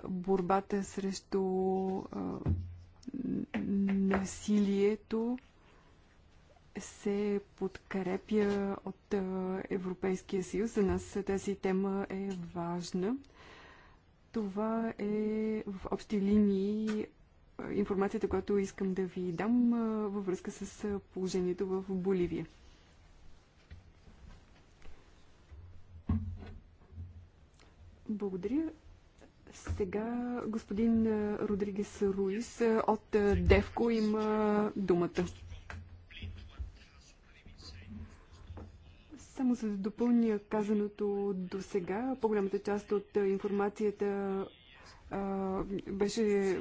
борбата срещу насилието се подкрепя от Европейския съюз. За нас тази тема е важна. Това е в общи линии информацията, която искам да ви дам във връзка с положението в Боливия. Благодаря. Сега господин Родригес Руис от Девко има думата. Само за да допълня казаното до сега, по-голямата част от информацията а, беше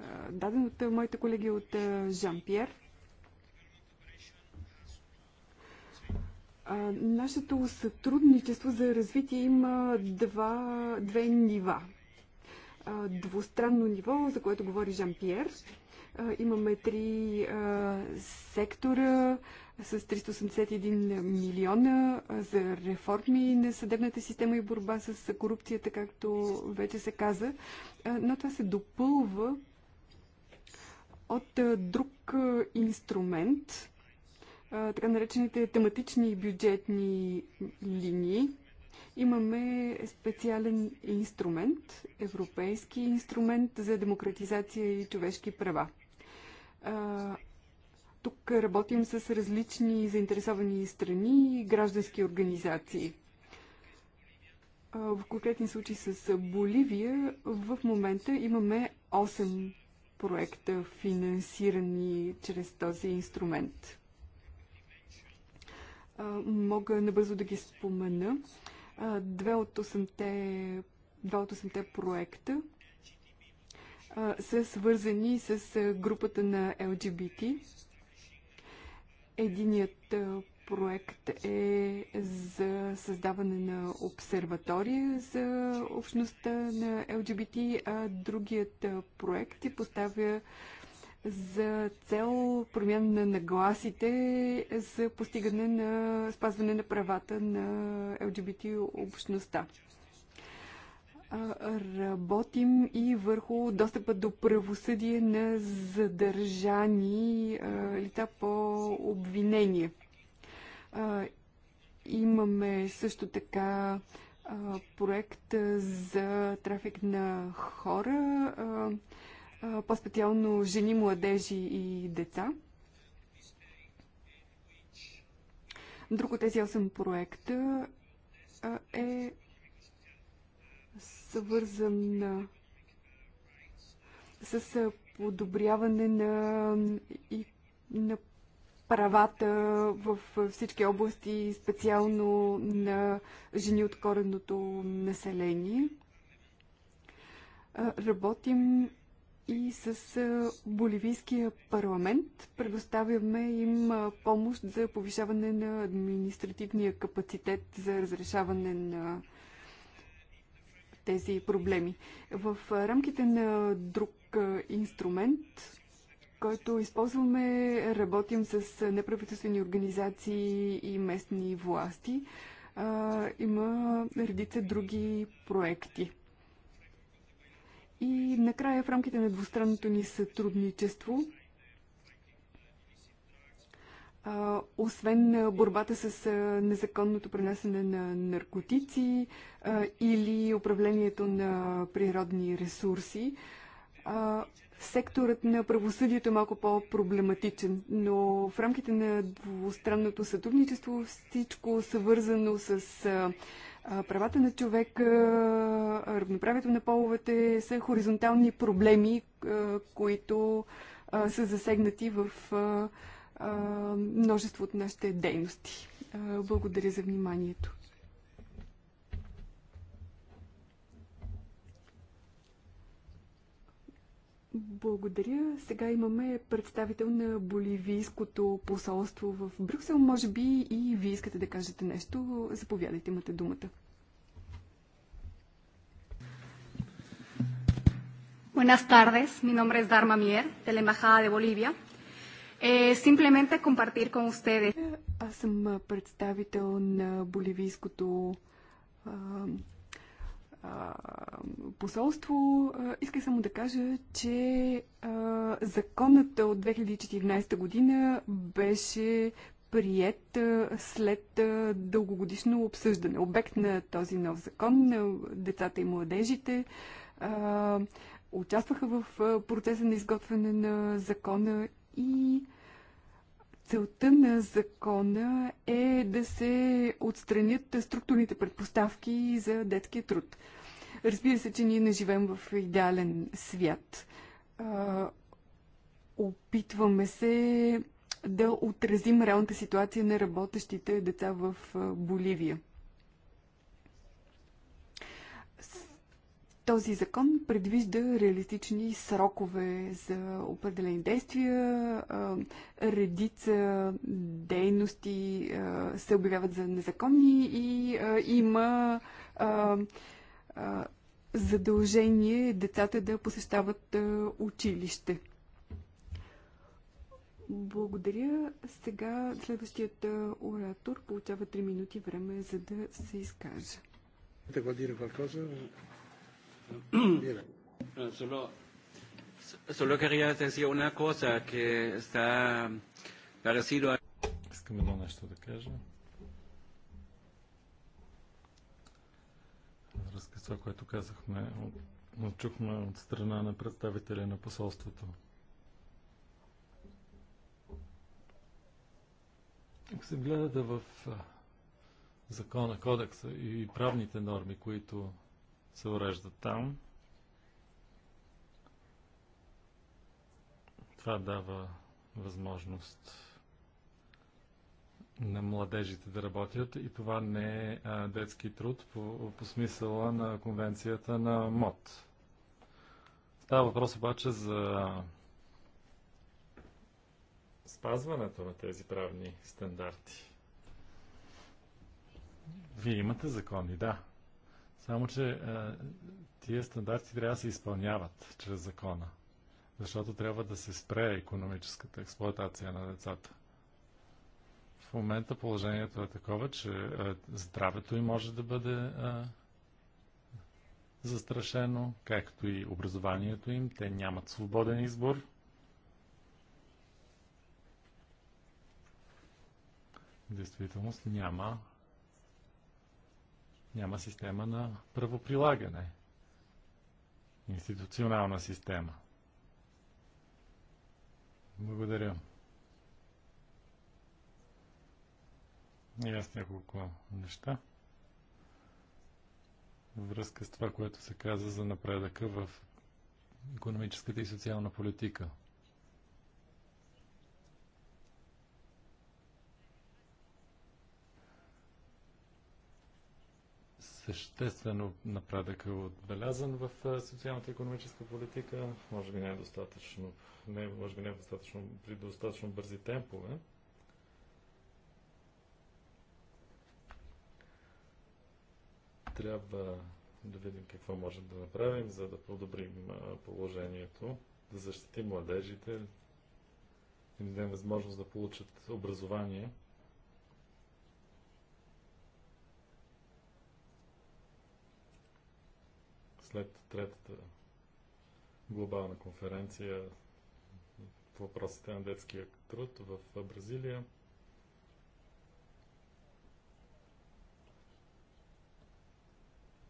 а, дадена от моите колеги от Жан-Пьер. Нашето сътрудничество за развитие има два, две нива. А, двустранно ниво, за което говори Жан-Пьер – Имаме три сектора с 381 милиона за реформи на съдебната система и борба с корупцията, както вече се каза. Но това се допълва от друг инструмент, така наречените тематични бюджетни линии. Имаме специален инструмент, европейски инструмент за демократизация и човешки права. Тук работим с различни заинтересовани страни и граждански организации. В конкретни случаи с Боливия в момента имаме 8 проекта, финансирани чрез този инструмент. Мога набързо да ги спомена. Две от 8-те, два от 8 проекта са свързани с групата на LGBT. Единият проект е за създаване на обсерватория за общността на LGBT, а другият проект е поставя за цел промяна на нагласите за постигане на спазване на правата на LGBT общността. Работим и върху достъпа до правосъдие на задържани лица по обвинение. Имаме също така проект за трафик на хора, по-специално жени, младежи и деца. Друг от тези 8 проекта е свързан с подобряване на, и, на правата в всички области, специално на жени от коренното население. Работим и с Боливийския парламент. Предоставяме им помощ за повишаване на административния капацитет за разрешаване на тези проблеми. В рамките на друг инструмент, който използваме, работим с неправителствени организации и местни власти. Има редица други проекти. И накрая в рамките на двустранното ни сътрудничество а, освен борбата с а, незаконното пренасене на наркотици а, или управлението на природни ресурси, а, секторът на правосъдието е малко по-проблематичен, но в рамките на двустранното сътрудничество всичко съвързано с а, правата на човека, равноправието на половете са хоризонтални проблеми, а, които а, са засегнати в а, множество от нашите дейности. Благодаря за вниманието. Благодаря. Сега имаме представител на Боливийското посолство в Брюксел. Може би и вие искате да кажете нещо. Заповядайте, имате думата. Buenas tardes, mi nombre es Dharma Mier, de la Embajada de Bolivia е симплемента компартир кон устеде. Аз съм представител на боливийското а, а, посолство. Иска само да кажа, че а, законът от 2014 година беше прият след дългогодишно обсъждане. Обект на този нов закон на децата и младежите участваха в процеса на изготвяне на закона и целта на закона е да се отстранят структурните предпоставки за детския труд. Разбира се, че ние не живеем в идеален свят. Опитваме се да отразим реалната ситуация на работещите деца в Боливия. Този закон предвижда реалистични срокове за определени действия. Редица дейности се обявяват за незаконни и има задължение децата да посещават училище. Благодаря. Сега следващият оратор получава 3 минути време, за да се изкаже. Да Solo, solo quería decir una cosa que está parecido a... Искам едно нещо да кажа. Връзка с това, което казахме, чухме от страна на представителя на посолството. Ако се гледате в закона, кодекса и правните норми, които се уреждат там. Това дава възможност на младежите да работят и това не е а, детски труд по, по смисъла на конвенцията на МОД. Става въпрос обаче за спазването на тези правни стандарти. Вие имате закони, да. Само, че а, е, тия стандарти трябва да се изпълняват чрез закона, защото трябва да се спре економическата експлоатация на децата. В момента положението е такова, че а, е, здравето им може да бъде а, е, застрашено, както и образованието им. Те нямат свободен избор. В действителност няма няма система на правоприлагане. Институционална система. Благодаря. И аз няколко неща. Връзка с това, което се каза за напредъка в економическата и социална политика – съществено напредък е отбелязан в социалната и економическа политика, може би не е достатъчно, не, може би не е достатъчно, при достатъчно бързи темпове. Трябва да видим какво можем да направим, за да подобрим положението, да защитим младежите, им дадем възможност да получат образование – след третата глобална конференция по въпросите на детския труд в Бразилия.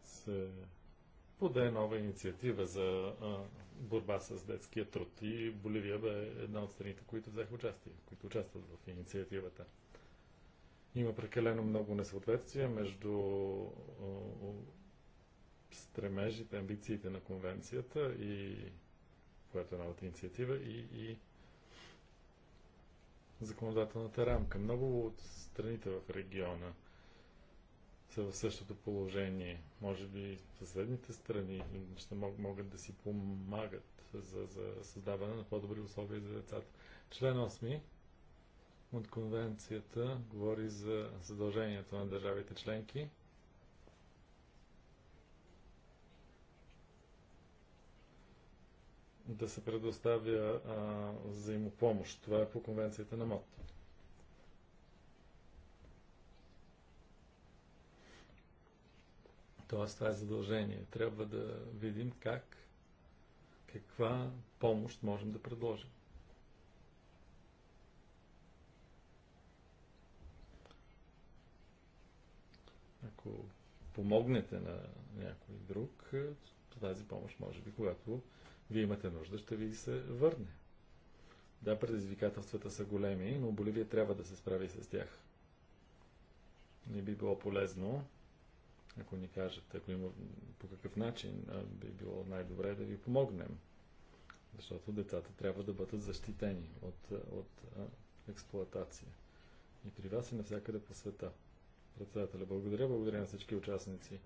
Се поде нова инициатива за а, борба с детския труд и Боливия бе една от страните, които взеха участие, които участват в инициативата. Има прекалено много несъответствие между стремежите, амбициите на конвенцията и която е новата инициатива и, и законодателната рамка. Много от страните в региона са в същото положение. Може би съседните страни ще могат да си помагат за, за създаване на по-добри условия за децата. Член 8 от конвенцията говори за задължението на държавите членки да се предоставя а, взаимопомощ. Това е по конвенцията на МОД. Тоест, това е задължение. Трябва да видим как, каква помощ можем да предложим. Ако помогнете на някой друг, е, тази помощ може би, когато вие имате нужда, ще ви се върне. Да, предизвикателствата са големи, но Боливия трябва да се справи с тях. Не би било полезно, ако ни кажете, ако има по какъв начин, би било най-добре да ви помогнем. Защото децата трябва да бъдат защитени от, от експлоатация. И при вас и навсякъде по света. Председателя, благодаря, благодаря на всички участници,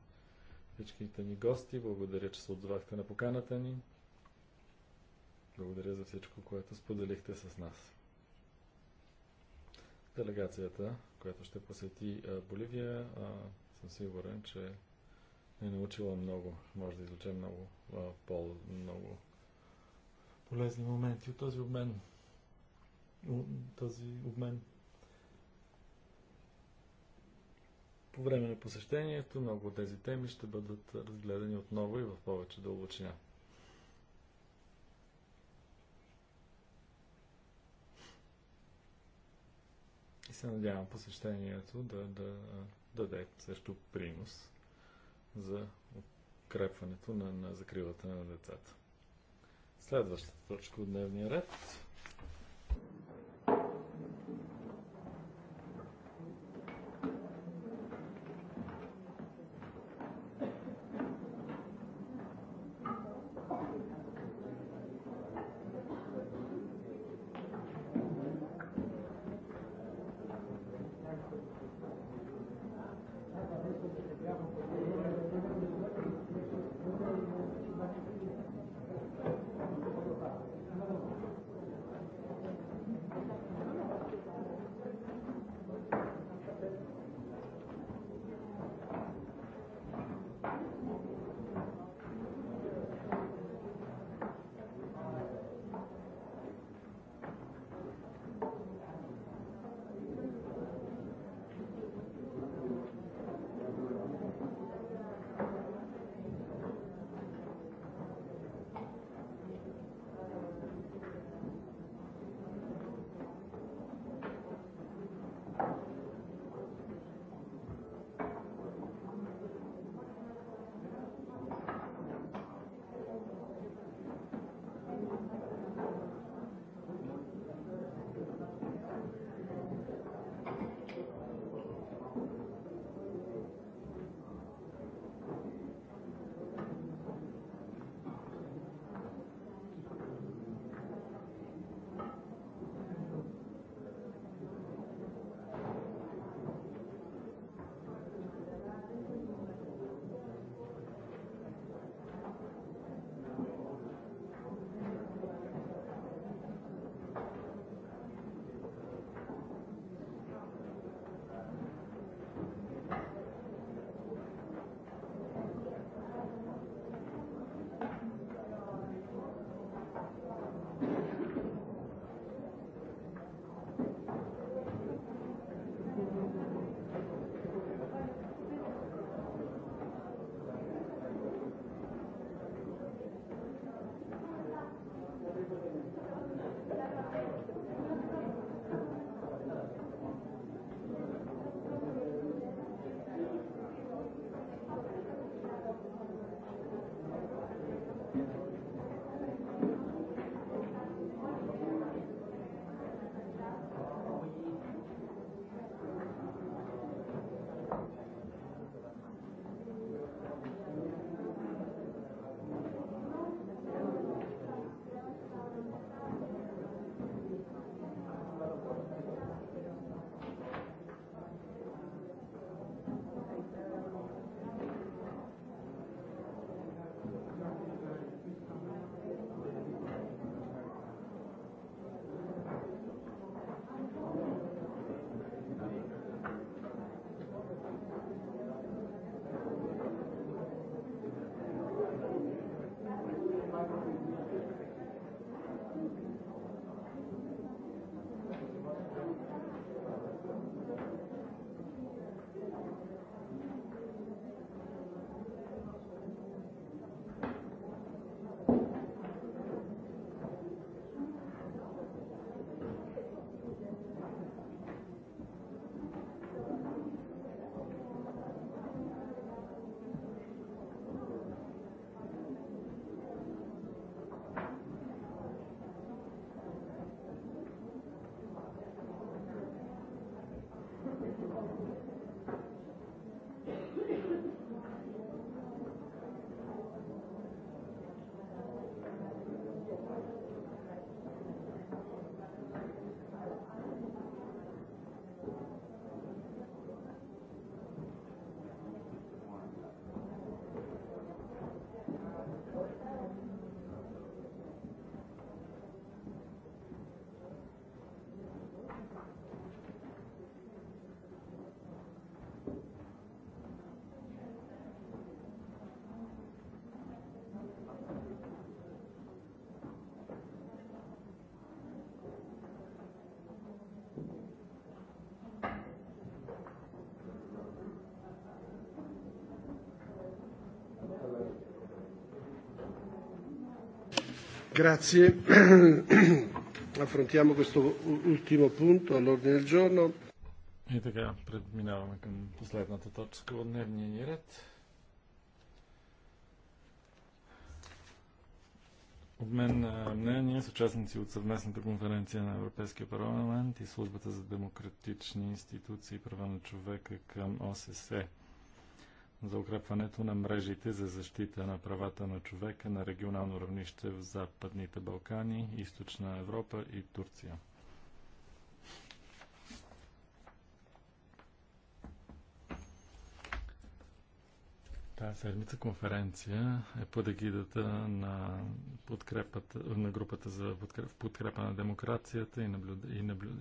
всичките ни гости, благодаря, че се отзвахте на поканата ни. Благодаря за всичко, което споделихте с нас. Делегацията, която ще посети Боливия, съм сигурен, че е научила много. Може да излечем много, пол, много полезни моменти от този обмен. Този обмен. По време на посещението много от тези теми ще бъдат разгледани отново и в повече дълбочина. се надявам посещението да, да, да даде също принос за укрепването на, на закрилата на децата. Следващата точка от дневния ред Grazie. Affrontiamo questo ultimo punto all'ordine del giorno. И така, преминаваме към последната точка от дневния ни ред. Обмен на мнение с участници от съвместната конференция на Европейския парламент и службата за демократични институции и права на човека към ОССЕ за укрепването на мрежите за защита на правата на човека на регионално равнище в Западните Балкани, Източна Европа и Турция. Тая седмица конференция е под егидата на, на групата за подкреп, подкрепа на демокрацията и, наблюд, и, наблюд,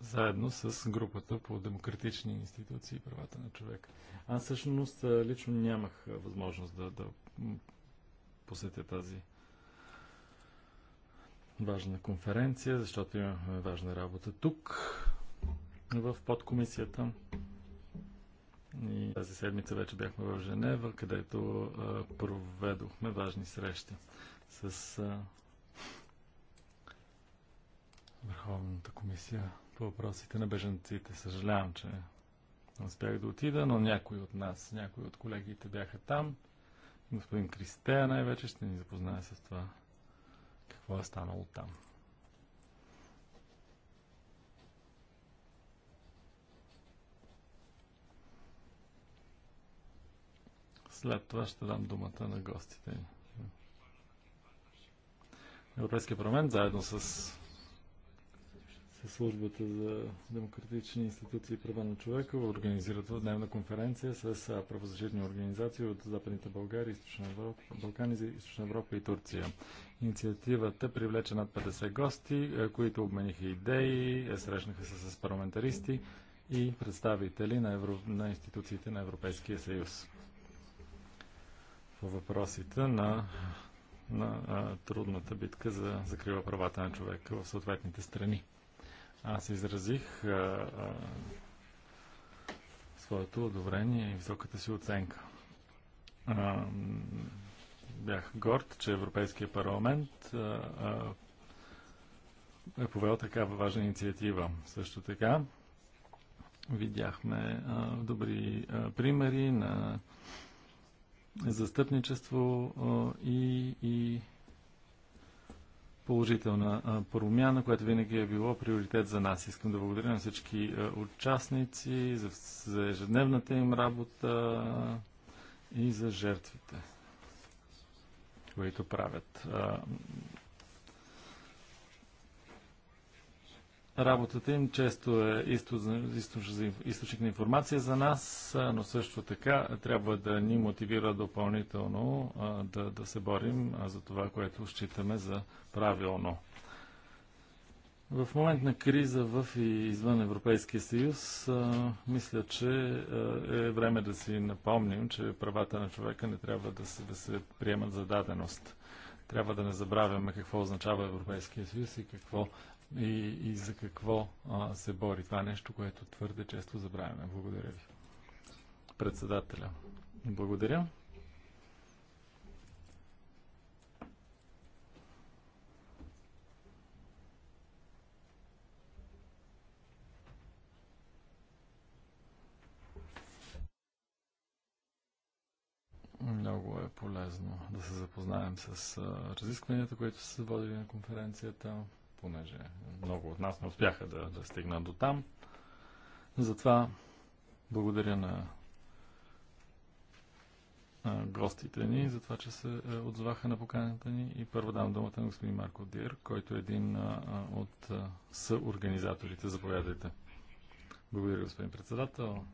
заедно с групата по демократични институции и правата на човека. Аз всъщност лично нямах възможност да, да посетя тази важна конференция, защото имахме важна работа тук, в подкомисията. И тази седмица вече бяхме в Женева, където а, проведохме важни срещи с а, Върховната комисия по въпросите на беженците. Съжалявам, че не успях да отида, но някои от нас, някои от колегите бяха там. Господин Кристея най-вече ще ни запознае с това какво е станало там. След това ще дам думата на гостите ни. Европейския парламент заедно с със службата за демократични институции и права на човека организират дневна конференция с правозащитни организации от Западните България, Източна Европа, Балкани, Източна Европа и Турция. Инициативата привлече над 50 гости, които обмениха идеи, е, срещнаха се с парламентаристи и представители на, евро... на институциите на Европейския съюз по въпросите на на а, трудната битка за закрива правата на човека в съответните страни. Аз изразих а, а, своето одобрение и високата си оценка. А, бях горд, че Европейския парламент а, а, е повел такава важна инициатива. Също така видяхме а, добри а, примери на застъпничество а, и, и положителна промяна, която винаги е било приоритет за нас. Искам да благодаря на всички участници за, за ежедневната им работа и за жертвите, които правят. Работата им често е източник на информация за нас, но също така трябва да ни мотивира допълнително да, да се борим за това, което считаме за правилно. В момент на криза в и извън Европейския съюз, мисля, че е време да си напомним, че правата на човека не трябва да се, да се приемат за даденост. Трябва да не забравяме какво означава Европейския съюз и какво и, и за какво а, се бори. Това е нещо, което твърде често забравяме. Благодаря ви. Председателя. Благодаря. Много е полезно да се запознаем с разискванията, които са водили на конференцията понеже много от нас не успяха да, да стигнат до там. Затова благодаря на гостите ни за това, че се е, отзваха на поканата ни. И първо дам думата на господин Марко Дир, който е един от съорганизаторите. Заповядайте. Благодаря, господин председател,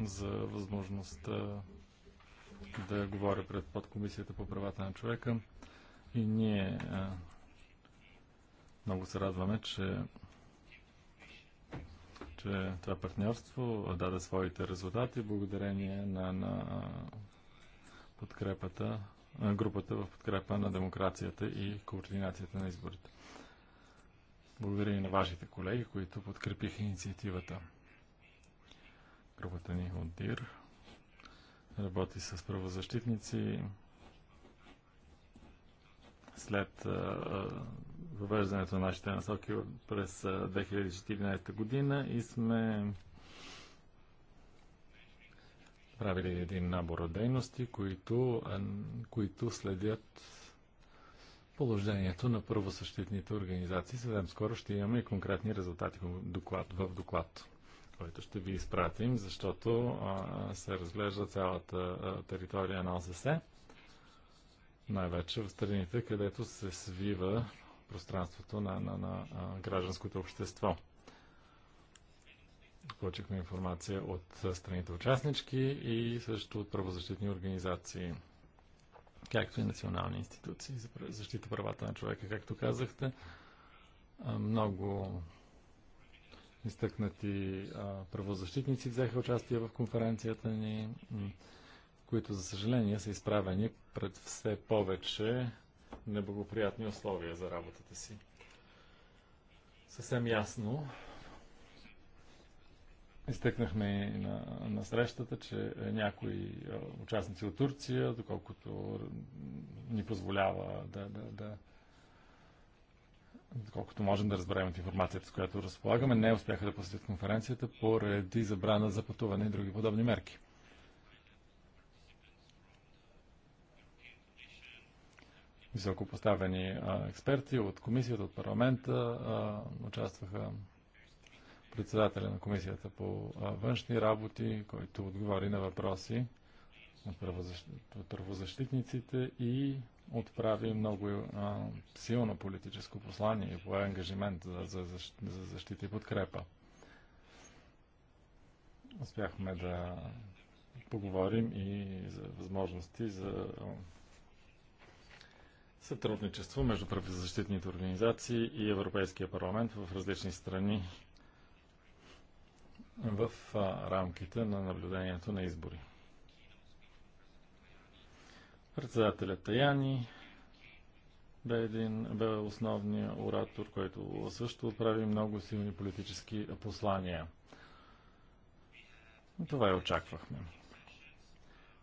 за възможността да говоря пред подкомисията по правата на човека. И ние много се радваме, че, че това партньорство даде своите резултати благодарение на, на подкрепата, на групата в подкрепа на демокрацията и координацията на изборите. Благодарение на вашите колеги, които подкрепиха инициативата. Групата ни от ДИР работи с правозащитници, след въвеждането на нашите насоки през 2014 година и сме правили един набор от дейности, които, които следят положението на първосъщитните организации. Съвсем скоро ще имаме и конкретни резултати в доклад, в доклад който ще ви изпратим, защото а, се разглежда цялата а, територия на ОССЕ най-вече в страните, където се свива пространството на, на, на гражданското общество. Получихме информация от страните участнички и също от правозащитни организации, както и национални институции за защита правата на човека, както казахте. Много изтъкнати правозащитници взеха участие в конференцията ни които за съжаление са изправени пред все повече неблагоприятни условия за работата си. Съвсем ясно изтъкнахме на, на срещата, че някои участници от Турция, доколкото ни позволява да, да, да доколкото можем да разберем от информацията, с която разполагаме, не успяха да посетят конференцията поради забрана за пътуване и други подобни мерки. високопоставени експерти от комисията, от парламента, участваха председателя на комисията по външни работи, който отговори на въпроси от правозащитниците и отправи много а, силно политическо послание и пое ангажимент за, за, за защита и подкрепа. Успяхме да поговорим и за възможности за сътрудничество между правозащитните организации и Европейския парламент в различни страни в рамките на наблюдението на избори. Председателят Таяни бе един бе основния оратор, който също отправи много силни политически послания. Това и очаквахме.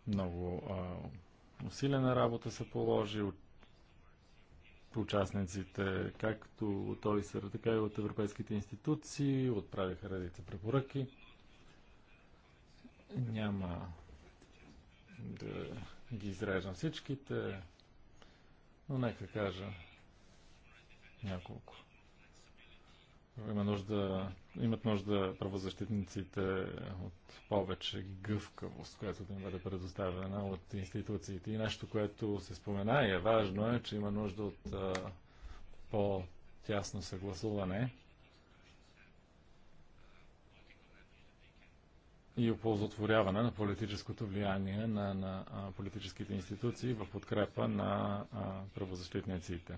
Много а, усилена работа се положи, участниците, както от ОИСР, така и от европейските институции, отправиха редица препоръки. Няма да ги изреждам всичките, но нека кажа няколко. Има нужда имат нужда правозащитниците от повече гъвкавост, която да им бъде предоставена от институциите. И нещо, което се спомена и е важно е, че има нужда от а, по-тясно съгласуване и оползотворяване на политическото влияние на, на политическите институции в подкрепа на а, правозащитниците.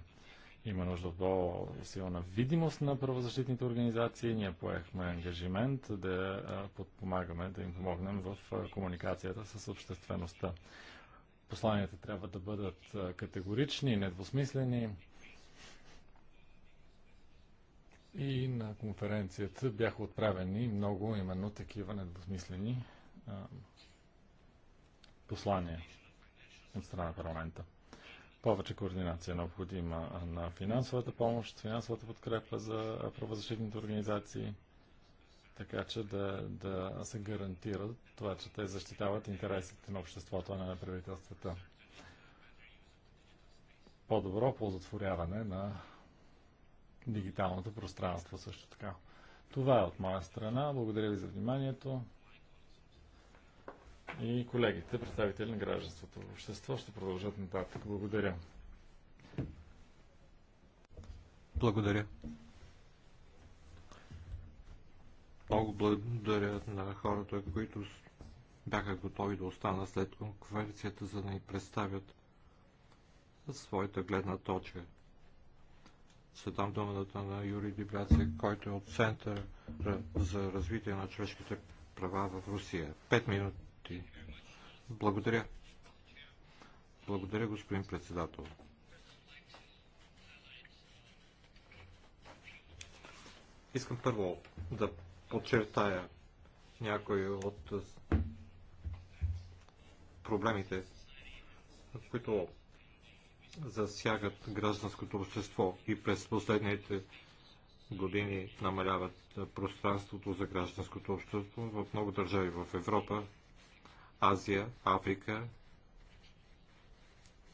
Има нужда от по-силна видимост на правозащитните организации. Ние поехме ангажимент да подпомагаме, да им помогнем в комуникацията с обществеността. Посланията трябва да бъдат категорични, недвусмислени. И на конференцията бяха отправени много именно такива недвусмислени послания от страна на парламента повече координация е необходима на финансовата помощ, финансовата подкрепа за правозащитните организации, така че да, да се гарантира това, че те защитават интересите на обществото, а не на правителствата. По-добро ползотворяване на дигиталното пространство също така. Това е от моя страна. Благодаря ви за вниманието и колегите, представители на гражданството в общество, ще продължат нататък. Благодаря. Благодаря. Много благодаря на хората, които бяха готови да останат след конференцията, за да ни представят своята гледна точка. Ще дам думата на Юрий Дибляция, който е от Центъра за развитие на човешките права в Русия. Пет минути минути. Благодаря. Благодаря, господин председател. Искам първо да подчертая някои от проблемите, които засягат гражданското общество и през последните години намаляват пространството за гражданското общество в много държави в Европа Азия, Африка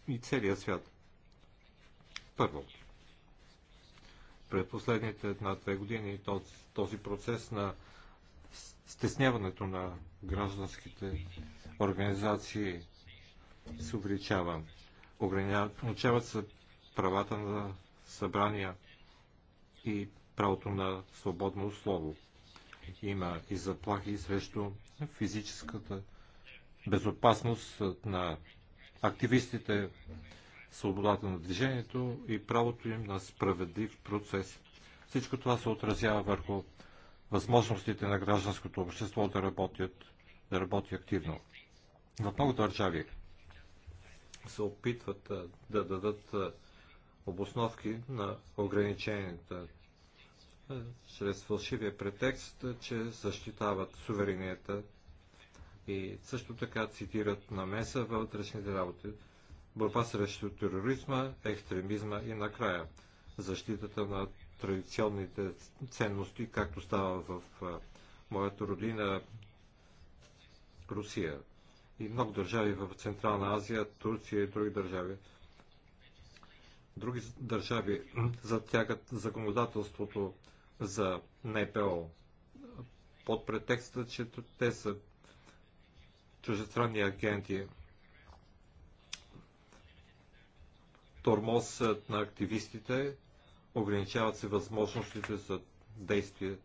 и целия свят. Първо, през последните една-две години този, този процес на стесняването на гражданските организации се увеличава. Ограничават се правата на събрания и правото на свободно слово. Има и заплахи срещу физическата безопасност на активистите, свободата на движението и правото им на справедлив процес. Всичко това се отразява върху възможностите на гражданското общество да работят, да работи активно. В много държави се опитват да дадат обосновки на ограниченията чрез фалшивия претекст, че защитават суверенитета и също така цитират намеса в вътрешните работи, борба срещу тероризма, екстремизма и накрая защитата на традиционните ценности, както става в моята родина Русия и много държави в Централна Азия, Турция и други държави. Други държави затягат законодателството за НПО под претекста, че те са чужестранни агенти. Тормозът на активистите ограничават се възможностите за действие.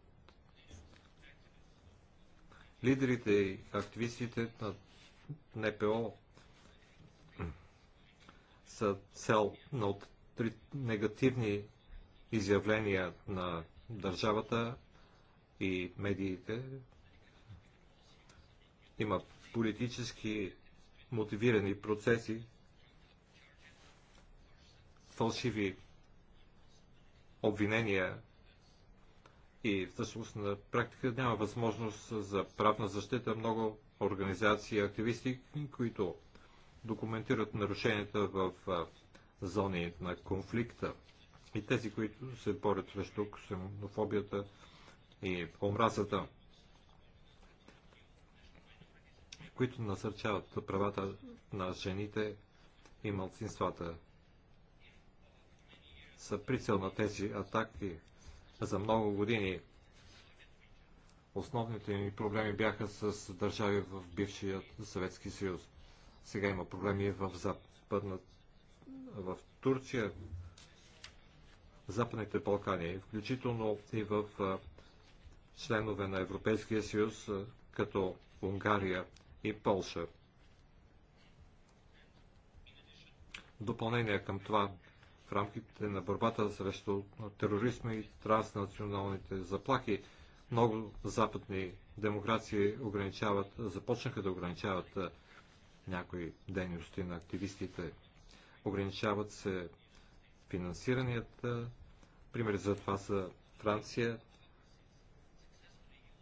Лидерите и активистите на НПО са цел на негативни изявления на държавата и медиите. Има политически мотивирани процеси, фалшиви обвинения и всъщност на практика няма възможност за правна защита. Много организации и активисти, които документират нарушенията в зони на конфликта и тези, които се борят срещу ксенофобията и омразата. които насърчават правата на жените и малцинствата. Са прицел на тези атаки за много години. Основните ни проблеми бяха с държави в бившия Съветски съюз. Сега има проблеми в Западна... в Турция, Западните Балкани, включително и в членове на Европейския съюз, като Унгария и Полша. Допълнение към това, в рамките на борбата срещу тероризма и транснационалните заплахи, много западни демокрации ограничават, започнаха да ограничават някои дейности на активистите. Ограничават се финансиранията. Примери за това са Франция,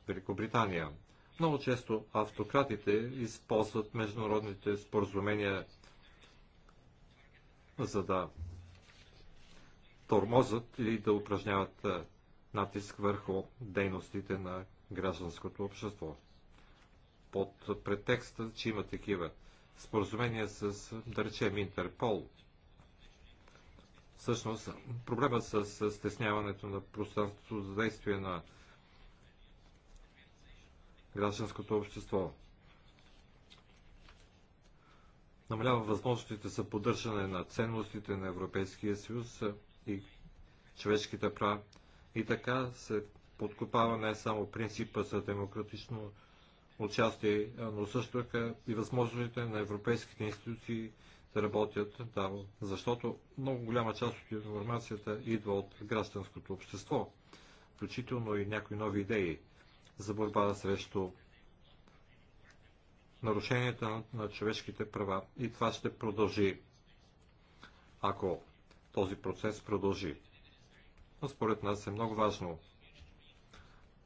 Великобритания – много често автократите използват международните споразумения за да тормозат или да упражняват натиск върху дейностите на гражданското общество. Под претекста, че има такива споразумения с, да речем, Интерпол, всъщност проблема с стесняването на пространството за действие на гражданското общество. Намалява възможностите за поддържане на ценностите на Европейския съюз и човешките права и така се подкопава не само принципа за демократично участие, но също така и възможностите на европейските институции да работят там, защото много голяма част от информацията идва от гражданското общество, включително и някои нови идеи за борба срещу нарушенията на, човешките права и това ще продължи, ако този процес продължи. Но според нас е много важно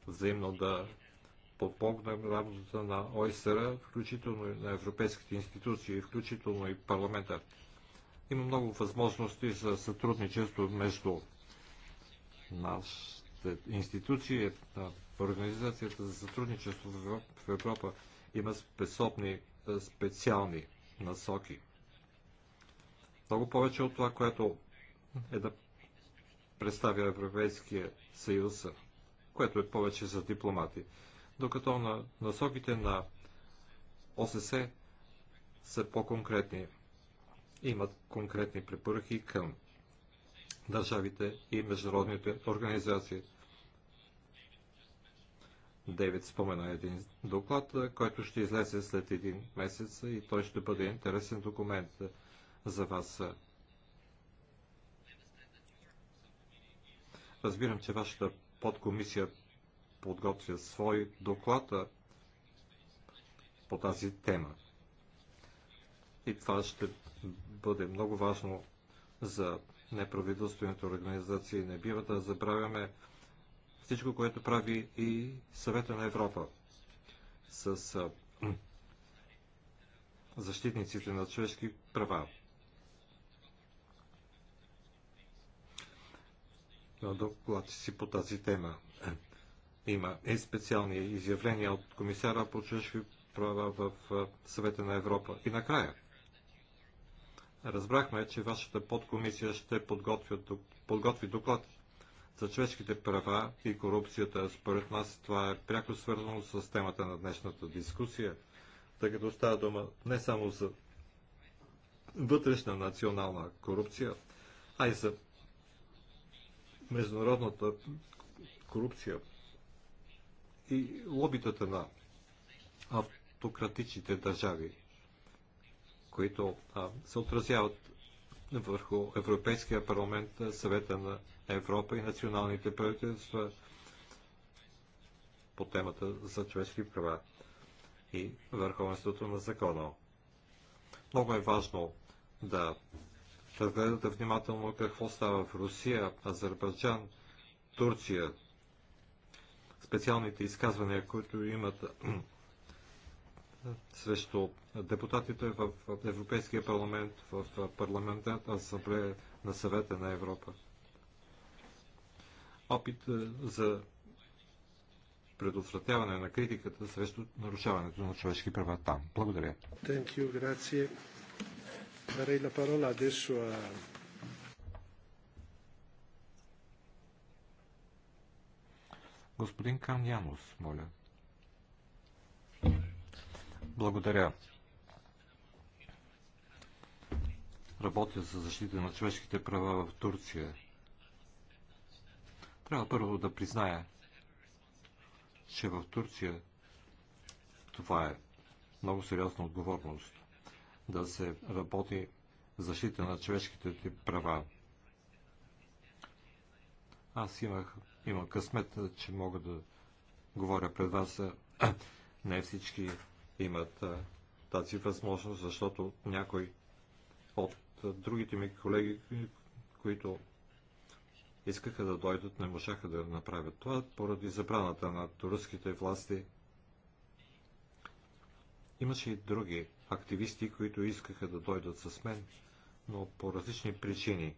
взаимно да подпогнем работата на ОСР, включително и на европейските институции, включително и парламента. Има много възможности за сътрудничество между нашите институцията, Организацията за сътрудничество в Европа има способни, специални насоки. Много повече от това, което е да представя Европейския съюз, което е повече за дипломати. Докато на насоките на ОСС са по-конкретни. Имат конкретни препоръки към държавите и международните организации. Девид спомена един доклад, който ще излезе след един месец и той ще бъде интересен документ за вас. Разбирам, че вашата подкомисия подготвя свой доклад по тази тема. И това ще бъде много важно за неправителствените организации. Не бива да забравяме всичко, което прави и съвета на Европа с защитниците на човешки права. Доклад си по тази тема. Има и специални изявления от комисара по човешки права в съвета на Европа. И накрая – Разбрахме, че вашата подкомисия ще подготви, подготви доклад за човешките права и корупцията. Според нас това е пряко свързано с темата на днешната дискусия, тъй като става дума не само за вътрешна национална корупция, а и за международната корупция и лобитата на автократичните държави които а, се отразяват върху Европейския парламент, съвета на Европа и националните правителства по темата за човешки права и върховенството на закона. Много е важно да разгледате внимателно какво става в Русия, Азербайджан, Турция. Специалните изказвания, които имат срещу депутатите в Европейския парламент, в парламентарната асамблея на съвета на Европа. Опит е, за предотвратяване на критиката срещу нарушаването на човешки права там. Благодаря. Thank you, grazie. Darei la parola adesso a Господин моля. Благодаря. Работя за защита на човешките права в Турция. Трябва първо да призная, че в Турция това е много сериозна отговорност да се работи защита на човешките ти права. Аз имах, имам късмет, че мога да говоря пред вас. Не всички имат тази възможност, защото някой от другите ми колеги, които искаха да дойдат, не можаха да направят това поради забраната на турските власти. Имаше и други активисти, които искаха да дойдат с мен, но по различни причини,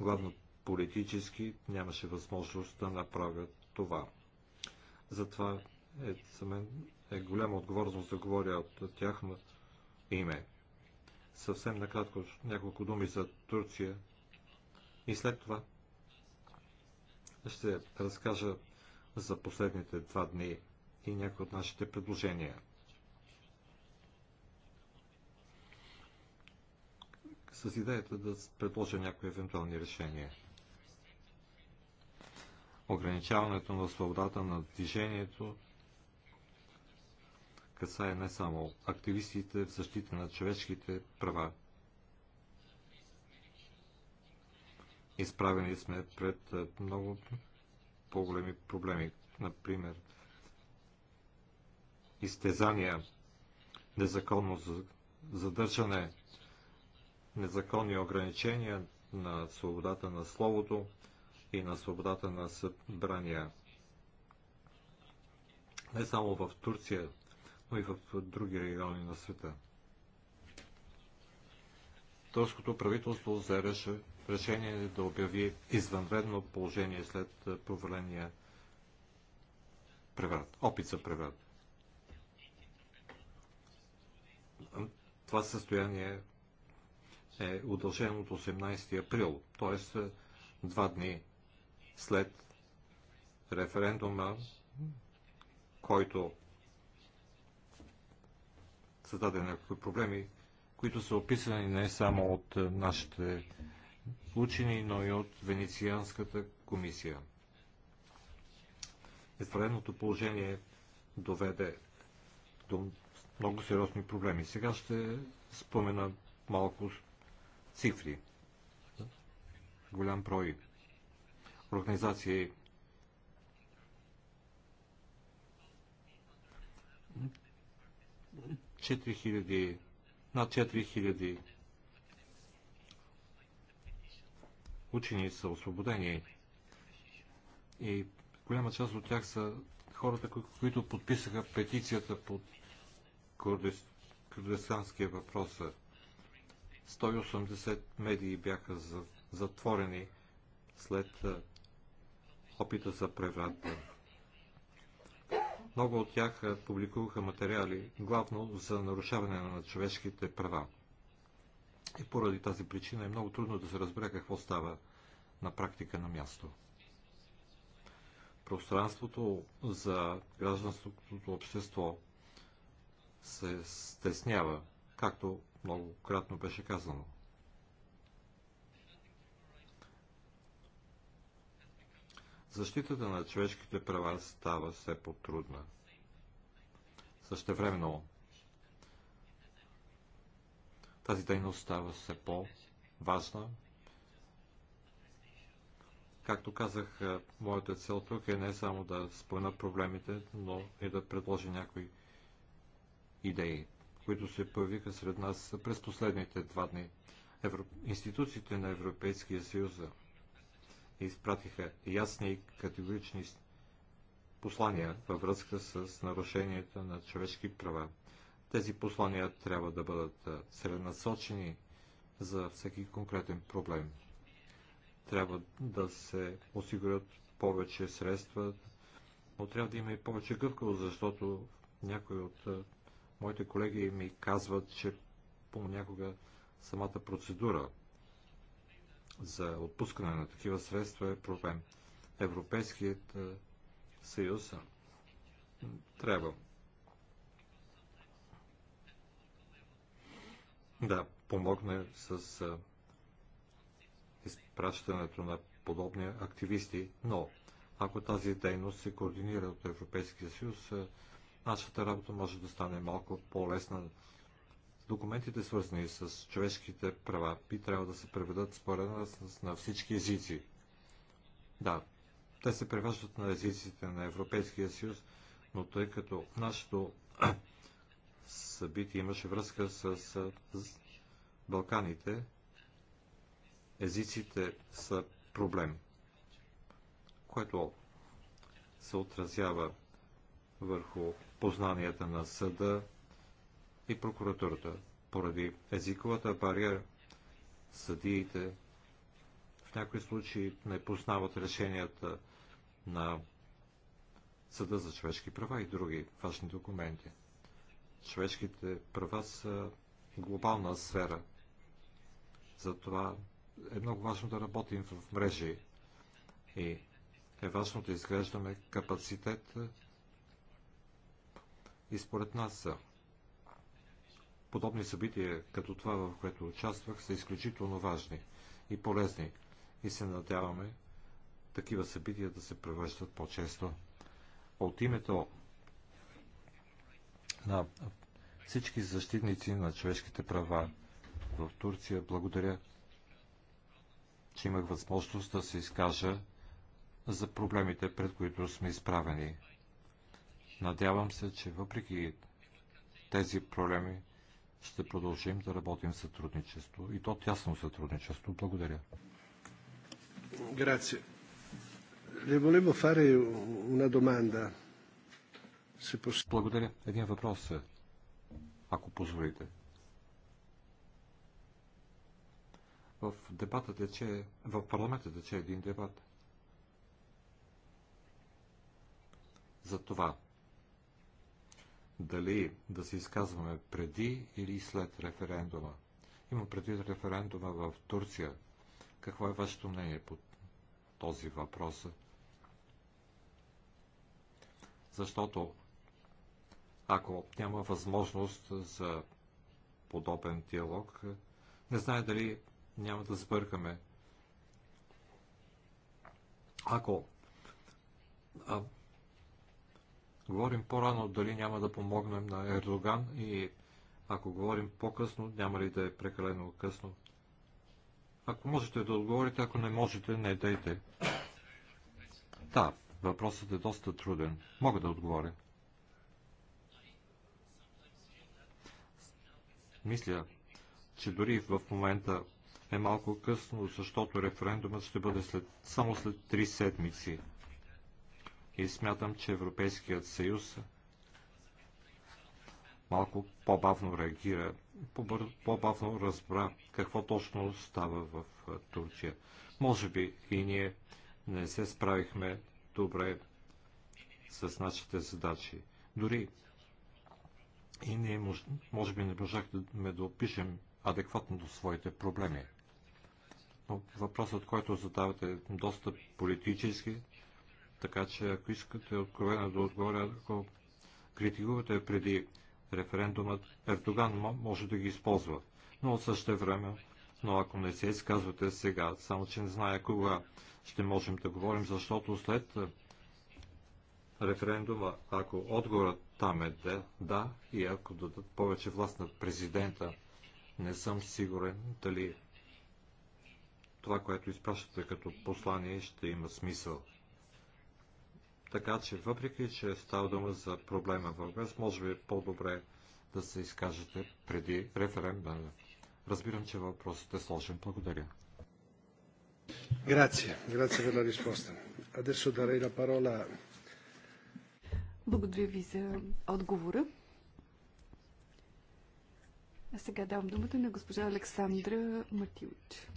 главно политически, нямаше възможност да направят това. Затова е за мен е голяма отговорност да говоря от тяхно име. Съвсем накратко няколко думи за Турция и след това ще разкажа за последните два дни и някои от нашите предложения. С идеята да предложа някои евентуални решения. Ограничаването на свободата на движението касае не само активистите в защита на човешките права. Изправени сме пред много по-големи проблеми, например изтезания, незаконно задържане, незаконни ограничения на свободата на словото и на свободата на събрания. Не само в Турция, но и в други региони на света. Турското правителство взе решение да обяви извънредно положение след проваления преврат, опит за преврат. Това състояние е удължено от 18 април, т.е. два дни след референдума, който създаде някакви проблеми, които са описани не само от е, нашите учени, но и от Венецианската комисия. Извареното положение доведе до много сериозни проблеми. Сега ще спомена малко цифри. Голям брой организации 4000, над 4000 учени са освободени и голяма част от тях са хората, които подписаха петицията под курдестанския въпрос. 180 медии бяха затворени след опита за преврата. Много от тях е, публикуваха материали, главно за нарушаване на човешките права. И поради тази причина е много трудно да се разбере какво става на практика на място. Пространството за гражданството общество се стеснява, както многократно беше казано – Защитата на човешките права става все по-трудна. Същевременно тази дейност става все по-важна. Както казах, е, моята цел тук е не само да спомена проблемите, но и да предложи някои идеи, които се появиха сред нас през последните два дни. Евро... Институциите на Европейския съюз изпратиха ясни и категорични послания във връзка с нарушенията на човешки права. Тези послания трябва да бъдат целенасочени за всеки конкретен проблем. Трябва да се осигурят повече средства, но трябва да има и повече гъвкавост, защото някои от моите колеги ми казват, че понякога самата процедура за отпускане на такива средства е проблем. Европейският е, съюз е, трябва да помогне с е, изпращането на подобни активисти, но ако тази дейност се координира от Европейския съюз, нашата работа може да стане малко по-лесна Документите, свързани с човешките права, би трябва да се преведат според нас на всички езици. Да, те се превеждат на езиците на Европейския съюз, но тъй като нашето събитие имаше връзка с, с Балканите, езиците са проблем, което се отразява върху познанията на съда, и прокуратурата. Поради езиковата бариера, съдиите в някои случаи не познават решенията на Съда за човешки права и други важни документи. Човешките права са глобална сфера. Затова е много важно да работим в мрежи и е важно да изглеждаме капацитет и според нас подобни събития, като това, в което участвах, са изключително важни и полезни и се надяваме такива събития да се превръщат по-често. От името на всички защитници на човешките права в Турция, благодаря, че имах възможност да се изкажа за проблемите, пред които сме изправени. Надявам се, че въпреки тези проблеми, ще продължим да работим в сътрудничество и то тясно сътрудничество. Благодаря. Grazie. Le volevo fare una domanda. Se posso... Благодаря. Един въпрос е, ако позволите. В дебата тече, в парламента тече един дебат. За това, дали да се изказваме преди или след референдума. Има предвид референдума в Турция. Какво е вашето мнение по този въпрос? Защото ако няма възможност за подобен диалог, не знае дали няма да сбъркаме. Ако Говорим по-рано дали няма да помогнем на Ердоган и ако говорим по-късно, няма ли да е прекалено късно. Ако можете да отговорите, ако не можете, не дайте. Да, въпросът е доста труден. Мога да отговоря. Мисля, че дори в момента е малко късно, защото референдумът ще бъде след, само след три седмици и смятам, че Европейският съюз малко по-бавно реагира, по-бавно разбра какво точно става в Турция. Може би и ние не се справихме добре с нашите задачи. Дори и ние може, може би не можахме да опишем адекватно до своите проблеми. Но въпросът, който задавате е доста политически, така че ако искате откровено да отговоря, ако критикувате преди референдумът, Ердоган може да ги използва. Но от същото време, но ако не се изказвате сега, само че не зная кога ще можем да говорим, защото след е, референдума, ако отговорът там е да, да и ако дадат повече власт на президента, не съм сигурен дали това, което изпращате като послание, ще има смисъл. Така че, въпреки, че е става дума за проблема в ГАЗ, може би е по-добре да се изкажете преди референдума. Разбирам, че въпросът е сложен. Благодаря. Грация. Грация за la Адесо Adesso darei парола. Благодаря ви за отговора. А сега давам думата на госпожа Александра Матилович.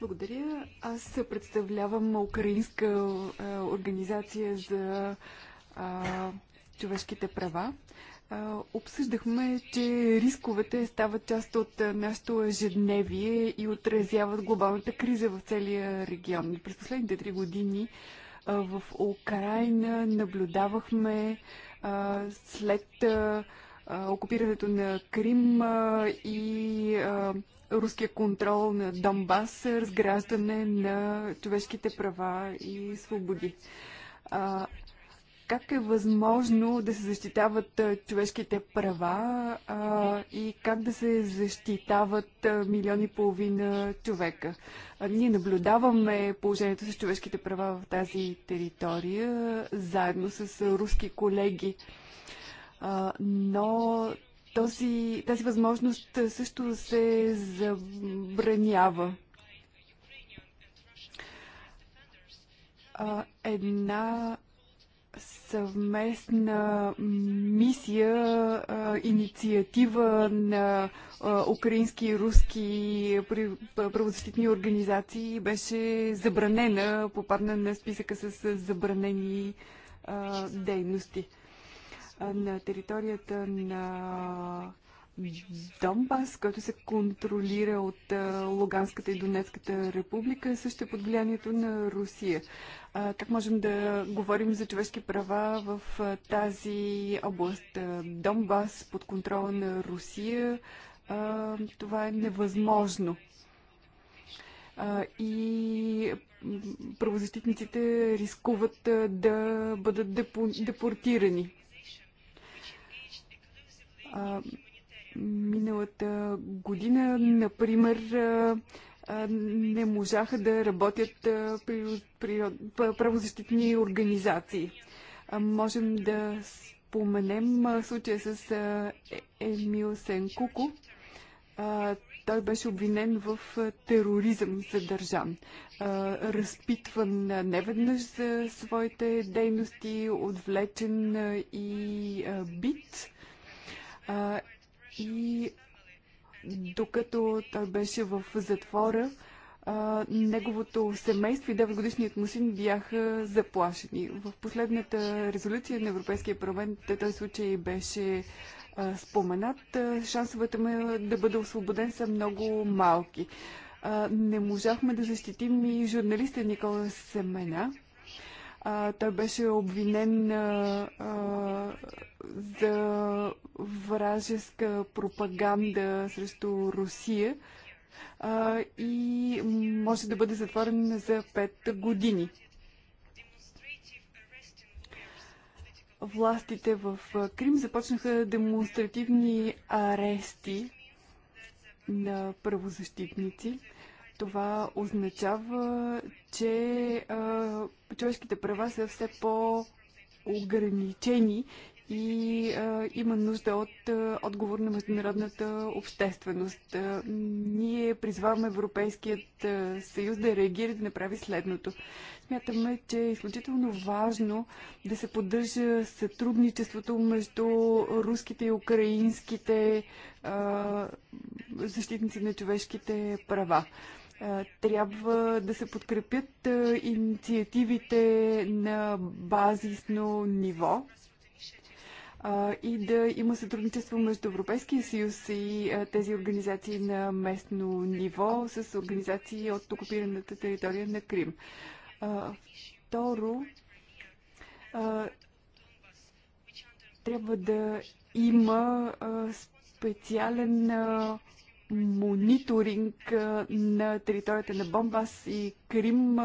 Благодаря. Аз представлявам украинска организация за а, човешките права. А, обсъждахме, че рисковете стават част от нашето ежедневие и отразяват глобалната криза в целия регион. През последните три години а, в Украина наблюдавахме а, след а, окупирането на Крим а, и а, руския контрол на Донбас, разграждане на човешките права и свободи. А, как е възможно да се защитават човешките права а, и как да се защитават милиони и половина човека? А, ние наблюдаваме положението с човешките права в тази територия, заедно с руски колеги но този, тази възможност също се забранява. една съвместна мисия, инициатива на украински и руски правозащитни организации беше забранена, попадна на списъка с забранени дейности на територията на Донбас, който се контролира от Луганската и Донецката република, също е под влиянието на Русия. Как можем да говорим за човешки права в тази област? Донбас под контрола на Русия, това е невъзможно. И правозащитниците рискуват да бъдат депортирани. А, миналата година, например, не можаха да работят при, при, правозащитни организации. Можем да споменем случая с е-, Емил Сенкуко. Той беше обвинен в тероризъм задържан, разпитван неведнъж за своите дейности, отвлечен и бит а, и докато той беше в затвора, а, неговото семейство и 9-годишният му син бяха заплашени. В последната резолюция на Европейския парламент този случай беше а, споменат. Шансовете му да бъде освободен са много малки. А, не можахме да защитим и журналиста Никола Семена, той беше обвинен а, а, за вражеска пропаганда срещу Русия а, и може да бъде затворен за 5 години. Властите в Крим започнаха демонстративни арести на правозащитници. Това означава, че а, човешките права са все по-ограничени и а, има нужда от а, отговор на международната общественост. А, ние призваваме Европейският а, съюз да реагира и да направи следното. Смятаме, че е изключително важно да се поддържа сътрудничеството между руските и украинските а, защитници на човешките права. А, трябва да се подкрепят инициативите на базисно ниво и да има сътрудничество между Европейския съюз и тези организации на местно ниво с организации от окупираната територия на Крим. Второ, трябва да има специален мониторинг на територията на Бомбас и Крим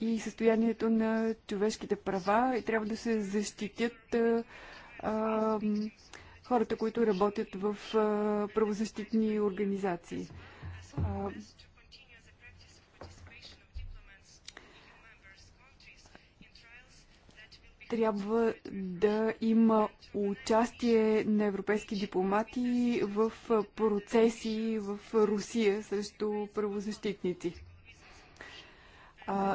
и състоянието на човешките права и трябва да се защитят а, хората, които работят в а, правозащитни организации. А, трябва да има участие на европейски дипломати в процеси в Русия срещу правозащитници.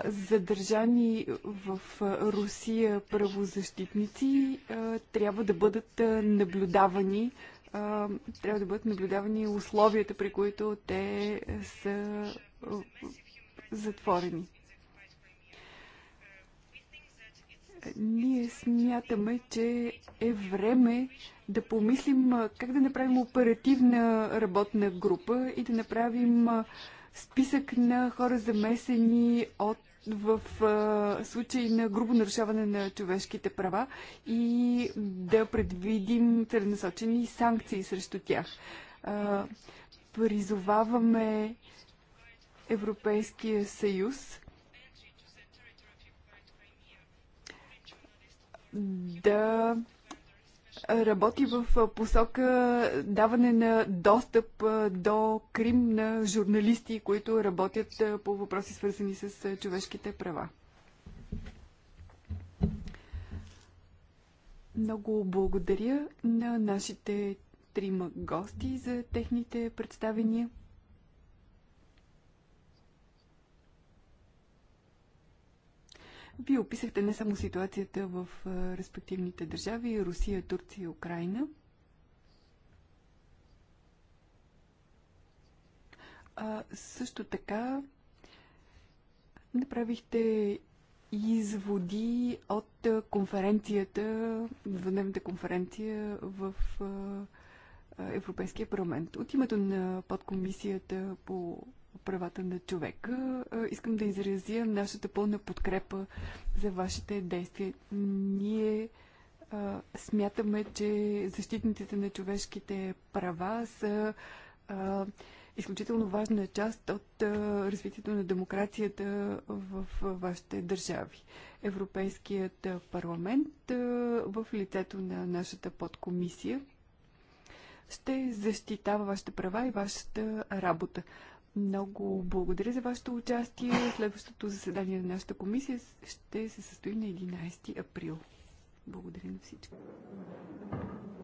Задържани в Русия правозащитници трябва да бъдат наблюдавани трябва да бъдат наблюдавани условията, при които те са затворени. Ние смятаме, че е време да помислим как да направим оперативна работна група и да направим списък на хора замесени от в а, случай на грубо нарушаване на човешките права и да предвидим целенасочени санкции срещу тях. А, призоваваме Европейския съюз да работи в посока даване на достъп до Крим на журналисти, които работят по въпроси свързани с човешките права. Много благодаря на нашите трима гости за техните представения. Вие описахте не само ситуацията в респективните държави Русия, Турция и Украина. А, също така направихте изводи от конференцията, двудневната конференция в Европейския парламент. От името на подкомисията по правата на човека. Искам да изразя нашата пълна подкрепа за вашите действия. Ние а, смятаме, че защитниците на човешките права са а, изключително важна част от а, развитието на демокрацията в, в вашите държави. Европейският парламент а, в лицето на нашата подкомисия ще защитава вашите права и вашата работа. Много благодаря за вашето участие. Следващото заседание на нашата комисия ще се състои на 11 април. Благодаря на всички.